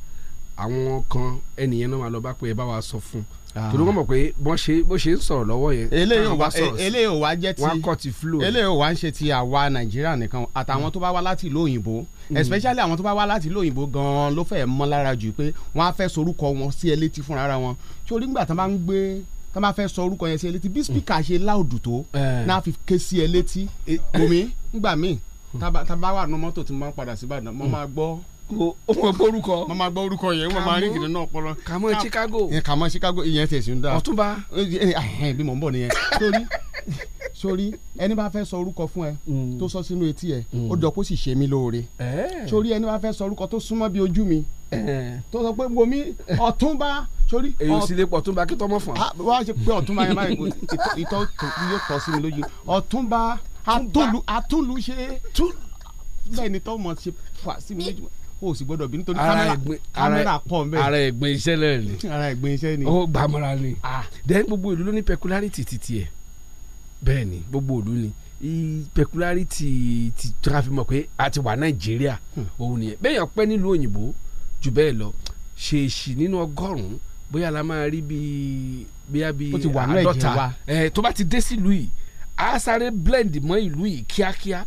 Speaker 12: àwọn kan ẹnìyẹn náà lọ bá pé ẹ bá wa sọ fún Ah. torí wọ́n mọ̀ pé bó ṣe bó ṣe ń sọ̀rọ̀ lọ́wọ́ yẹn eléyìí ò wá jẹ́ ti wọ́n kọ́ ti flow eléyìí ò wá ń ṣe ti àwa nàìjíríà nìkan àtàwọn tó bá wá láti ìlú òyìnbó hmm. especially àwọn tó bá wá láti ìlú òyìnbó gan-an ló fẹ́ mọ́ lára jù pé wọ́n á fẹ́ sorúkọ wọn sí ẹlẹ́tì fúnra ara wọn tí orí ńgbà tán bá ń gbé tán bá fẹ́ sọ orúkọ yẹn sí ẹlẹ́tì bí spíkà ṣe láòdù tó eh. náà fi ké sí ẹlẹ́tì eh. omi ńgbà míì hmm o mọ gbọ́ orúkọ. mo máa gbọ́ orúkọ yẹn mo máa rí ìdùnnú náà pọlọ. kàmọ Chicago. kàmọ Chicago ìyẹn ti sùn dáa. ọ̀túnba. bí mò ń bọ̀ nìyẹn. sórí sórí ẹni bá fẹ́ sọ orúkọ fún ẹ mm. tó sọ sínú etí ẹ ó jọ mm. kó sì ṣe mí lóore. sórí ẹni bá fẹ́ sọ orúkọ tó súnmọ́ bí ojú mi tó sọ pé wo mi ọ̀túnba èyí ò sì lè pọ̀ ọ̀túnba kí tọ́mọ̀ fún wa. Ah, wá ṣe pé ọ̀túnba yẹn báyìí yóò tọ́ sí mi lójú ọ̀túnba atúlù ṣe bẹ́ẹ̀ ni tọ́mọ̀ ṣe fà sí mi lójú o sì gbọ́dọ̀ bí nítorí kámẹ́rà pọ̀ nbẹ. ara ẹ̀gbin iṣẹ́ lẹ́yìn ni. ara ẹ̀gbin iṣẹ́ ni. ó gbàmọ́ra ni. then gbogbo ìlú ló ní peculiarity ti tiẹ̀ bẹ́ẹ̀ ni gbogbo ìlú ni peculiarity ti tráfi mọ̀ pé a ti wà nàìjíríà hmm. òun nìyẹn bẹ́ẹ̀ yàn pẹ́ nílùú òyìnbó jù bẹ́ẹ̀ lọ ṣèèṣì nínú ọgọ́rùn-ún bóyá la máa rí bíi bóyá bíi àádọ́ta eh, tó bá ti dé sílùú yìí a sáré blend mọ́ ìlú yìí kíákíá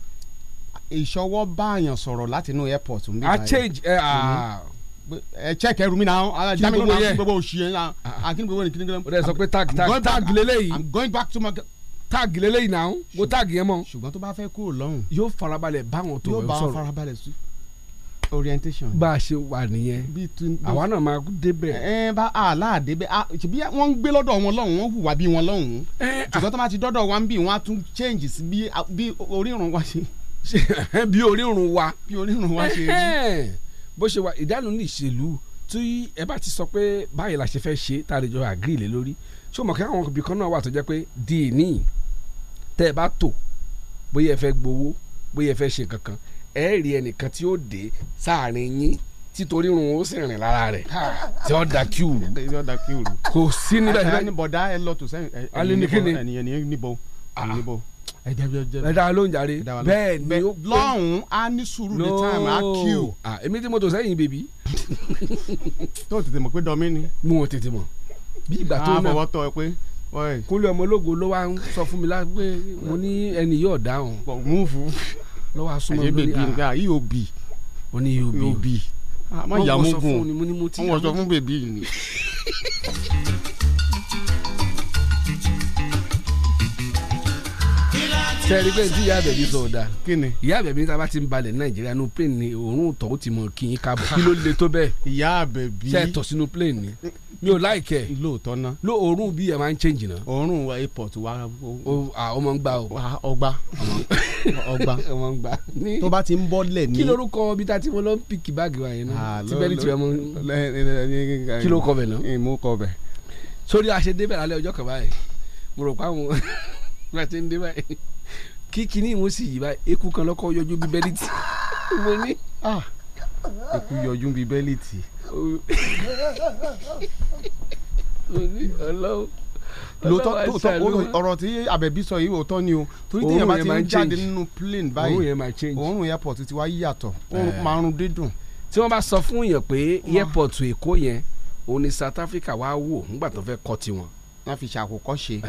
Speaker 12: ìṣọwọ́ báàyàn sọ̀rọ̀ láti inú airport mi. a change eh, ah. mm-hmm. ẹ aa. ẹ check ẹrù mi jami náà ah, gbogbo oṣù yẹn náà akínú gbogbo ní kíndìnkíndìn. o de sọ pé tag tag tag lélẹ́yìí. i'm going back to my tag lélẹ́yìí náà mo tag yẹn mọ. ṣùgbọ́n tó bá fẹ́ kúrò lọ́hùn. yóò farabalẹ̀ báwọn tó wẹ̀ sọ̀rọ̀ yóò bá farabalẹ̀ sí orientation. bá a ṣe wà nìyẹn àwa náà máa débẹ̀. ẹ bá a láàdé bẹ ṣebí wọn ń gbé lọ́dọ̀ wọn lọ́hùn wọn hùwà bí wọn lọ́hùn ṣùgbọ́n tó bá ti dọ́dọ̀ wọn bí wọn á tún change sí bí orírun wa ṣe bí orírun wa bí orírun wa ṣe rí bó ṣe wà ìdánù ní ìṣèlú tí ẹ bá ti sọ pé báyìí la ṣe fẹ́ ṣe tá a lè jọ àgírí lé lórí ṣé o mọ̀ kí àwọn ibìkan náà wà tó jẹ́ pé di ìní tẹ́ ẹ bá tò bóyá ẹ fẹ́ gbowó bóyá ẹ fẹ́ ṣe kankan ẹ rí ẹnìkan tí ó dé sáàrin yín títorí irun ó sì rìn lára rẹ̀ tí ó da kíùrù kò sí níbẹ̀. alẹ́ ẹ lọ tó sẹ́yìn ẹ̀yìn níbo ẹ̀yìn ah. níbo ẹ̀dá ló ń jàre bẹ́ẹ̀ ni ó pé lọ́hùn-ún á ní sùúrù the time á kí o. èmi tí mo tò sẹ́yìn bèbí. tó o tètè mọ̀ pé dọ́mí ni. mo ò tètè mọ̀ bí ìgbà tó náà. àbọ̀wọ́ tọ́ ẹ pé. kúnlẹ̀ ọmọ ológo ló wá ń sọ fún mi pé mo ní ẹni yóò dáhùn. múùfù lọ́wọ́ asúnmọ́ lórí a ẹ̀yẹ́ bèbí ó ní EOB. EOB. àmọ́ ìyá mugun wọ́n sọ fún bèbí yìí ni. sẹ́ẹ̀rí pé tí ìyá àbẹ̀bí sọ ọ̀dà ìyá àbẹ̀bí tá a bá ti ń balẹ̀ nàìjíríà nu plane ni òórùn tọ̀ ó ti mọ̀ kí yín kábọ̀ kí ló le tó bẹ́ẹ̀ ìyá àbẹ̀bí sẹ́ẹ̀ tọ̀ sínú plane ni mi ò láìkẹ́ lóòótọ́ ná ló òórùn bí ẹ̀ máa ń change ná. òórùn airport wa ọmọ ń gbà o. ọgbà ọgbà ọmọ ń gbà. tó bá ti ń bọ́lẹ̀ ní. kí lorúkọ ibi tá a ti wọ́n lọ ń pìkì báàgì wa yẹn náà ah, tí bẹ́ẹ̀ ni tiẹ̀ mọ́ kí ló kọ bẹ̀ náà. mo kọ bẹ̀. sórí aṣèdébẹ̀ lálẹ́ ọjọ́ kan báyìí mo rò pé àwọn bá ti ń dé báyìí kí kinní wọn sì yí bá eku kan lọ́kọ́ yọjú bíi bẹ́líìtì mo ní ah, eku yọjú bíi bẹ́líìtì.
Speaker 2: mo ní ọlọ́wọ́
Speaker 5: lóòótọ́ tóòótọ́
Speaker 12: ọ̀rọ̀ tí Àbẹ̀bí sọ yìí òótọ́ ni o torí tí yẹn bá ti ń jáde nínú plane báyìí òórùn airport ti wá yàtọ̀ òórùn eh. márùn dídùn. tí wọ́n bá sọ fún yẹn pé airport Èkó yẹn òun ni South Africa wá wò nígbà tó fẹ́ kọ́ tiwọn wọ́n fi ṣàkókọ́ṣe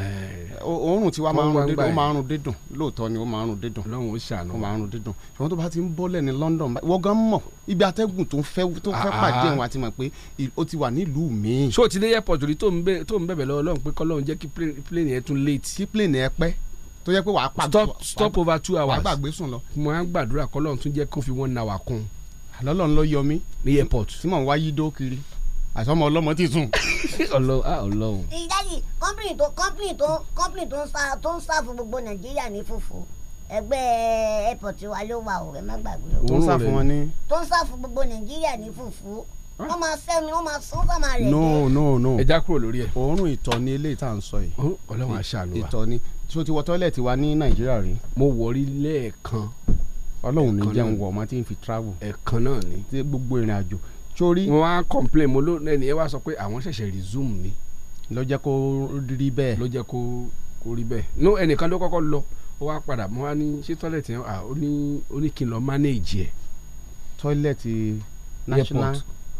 Speaker 12: òórùn tí wàá máa ń rún dídùn lóòótọ́ ni ó máa ń rún dídùn lọ́hùn ó ṣàánú ó máa ń rún dídùn ṣùgbọ́n tó bá ti ń bọ́lẹ̀ ní London wọ́n mọ̀ ibi atẹ́gùn tó fẹ́ ah, pàdé ah, ah. wọn àti mọ̀ pé ó ti wà nílùú míì. ṣó o ti dé airport rí tó ń bẹ̀bẹ̀ lọ́wọ́ lọ́hùn pé kọ́lọ́hún jẹ́ kí plane yẹn tún late. kí plane yẹn pẹ́ tó yẹ pé wàá pàdé stop over two hours wàá gbàgbé sùn lọ. mo àsọmọ ọlọmọ ti sùn. Ọlọ́run a ah, Ọlọ́run. ìdájì
Speaker 21: kọ́mpìnì tó kọ́mpìnì tó kọ́mpìnì tó ń sá tó ń sá fún gbogbo nàìjíríà ní fùfú ẹgbẹ́ airport wa ló wà o ẹ má gbàgbé o. tó ń sá fún wọn ní. tó ń sá fún gbogbo nàìjíríà ní fùfú ah. wọ́n máa sẹ́mi wọ́n máa sún fún àmàlẹ́ no
Speaker 12: no no ẹ já kúrò lórí ẹ. òórùn ìtọ́ni eléyìí tá à ń sọ yìí. Ọlọ́run aṣáájú wa ìtọ́ni tí o ti wọ tọ́lẹ̀tì wa ní nàìjíríà rí. mo wọ̀ rí lẹ́ẹ̀kan. Ọlọ́run ní jẹun wọ̀ ọmọ tí n fi travel. ẹ̀ẹ̀kan náà ni. gbogbo ìrìn àjò sórí. wọn á complain mo ló ẹni ẹ wá sọ pé àwọn ṣẹ̀ṣẹ̀ resume ni. ló jẹ́ kó rí bẹ́ẹ̀. ló jẹ́ kó kó rí bẹ́ẹ̀ no ẹnìkan ló kọ́kọ́ lọ ó wá padà mo wá ní ṣé tọ́lẹ̀tì yẹn ó ní kí n lọ manage ẹ̀. tọ́lẹ̀tì national airport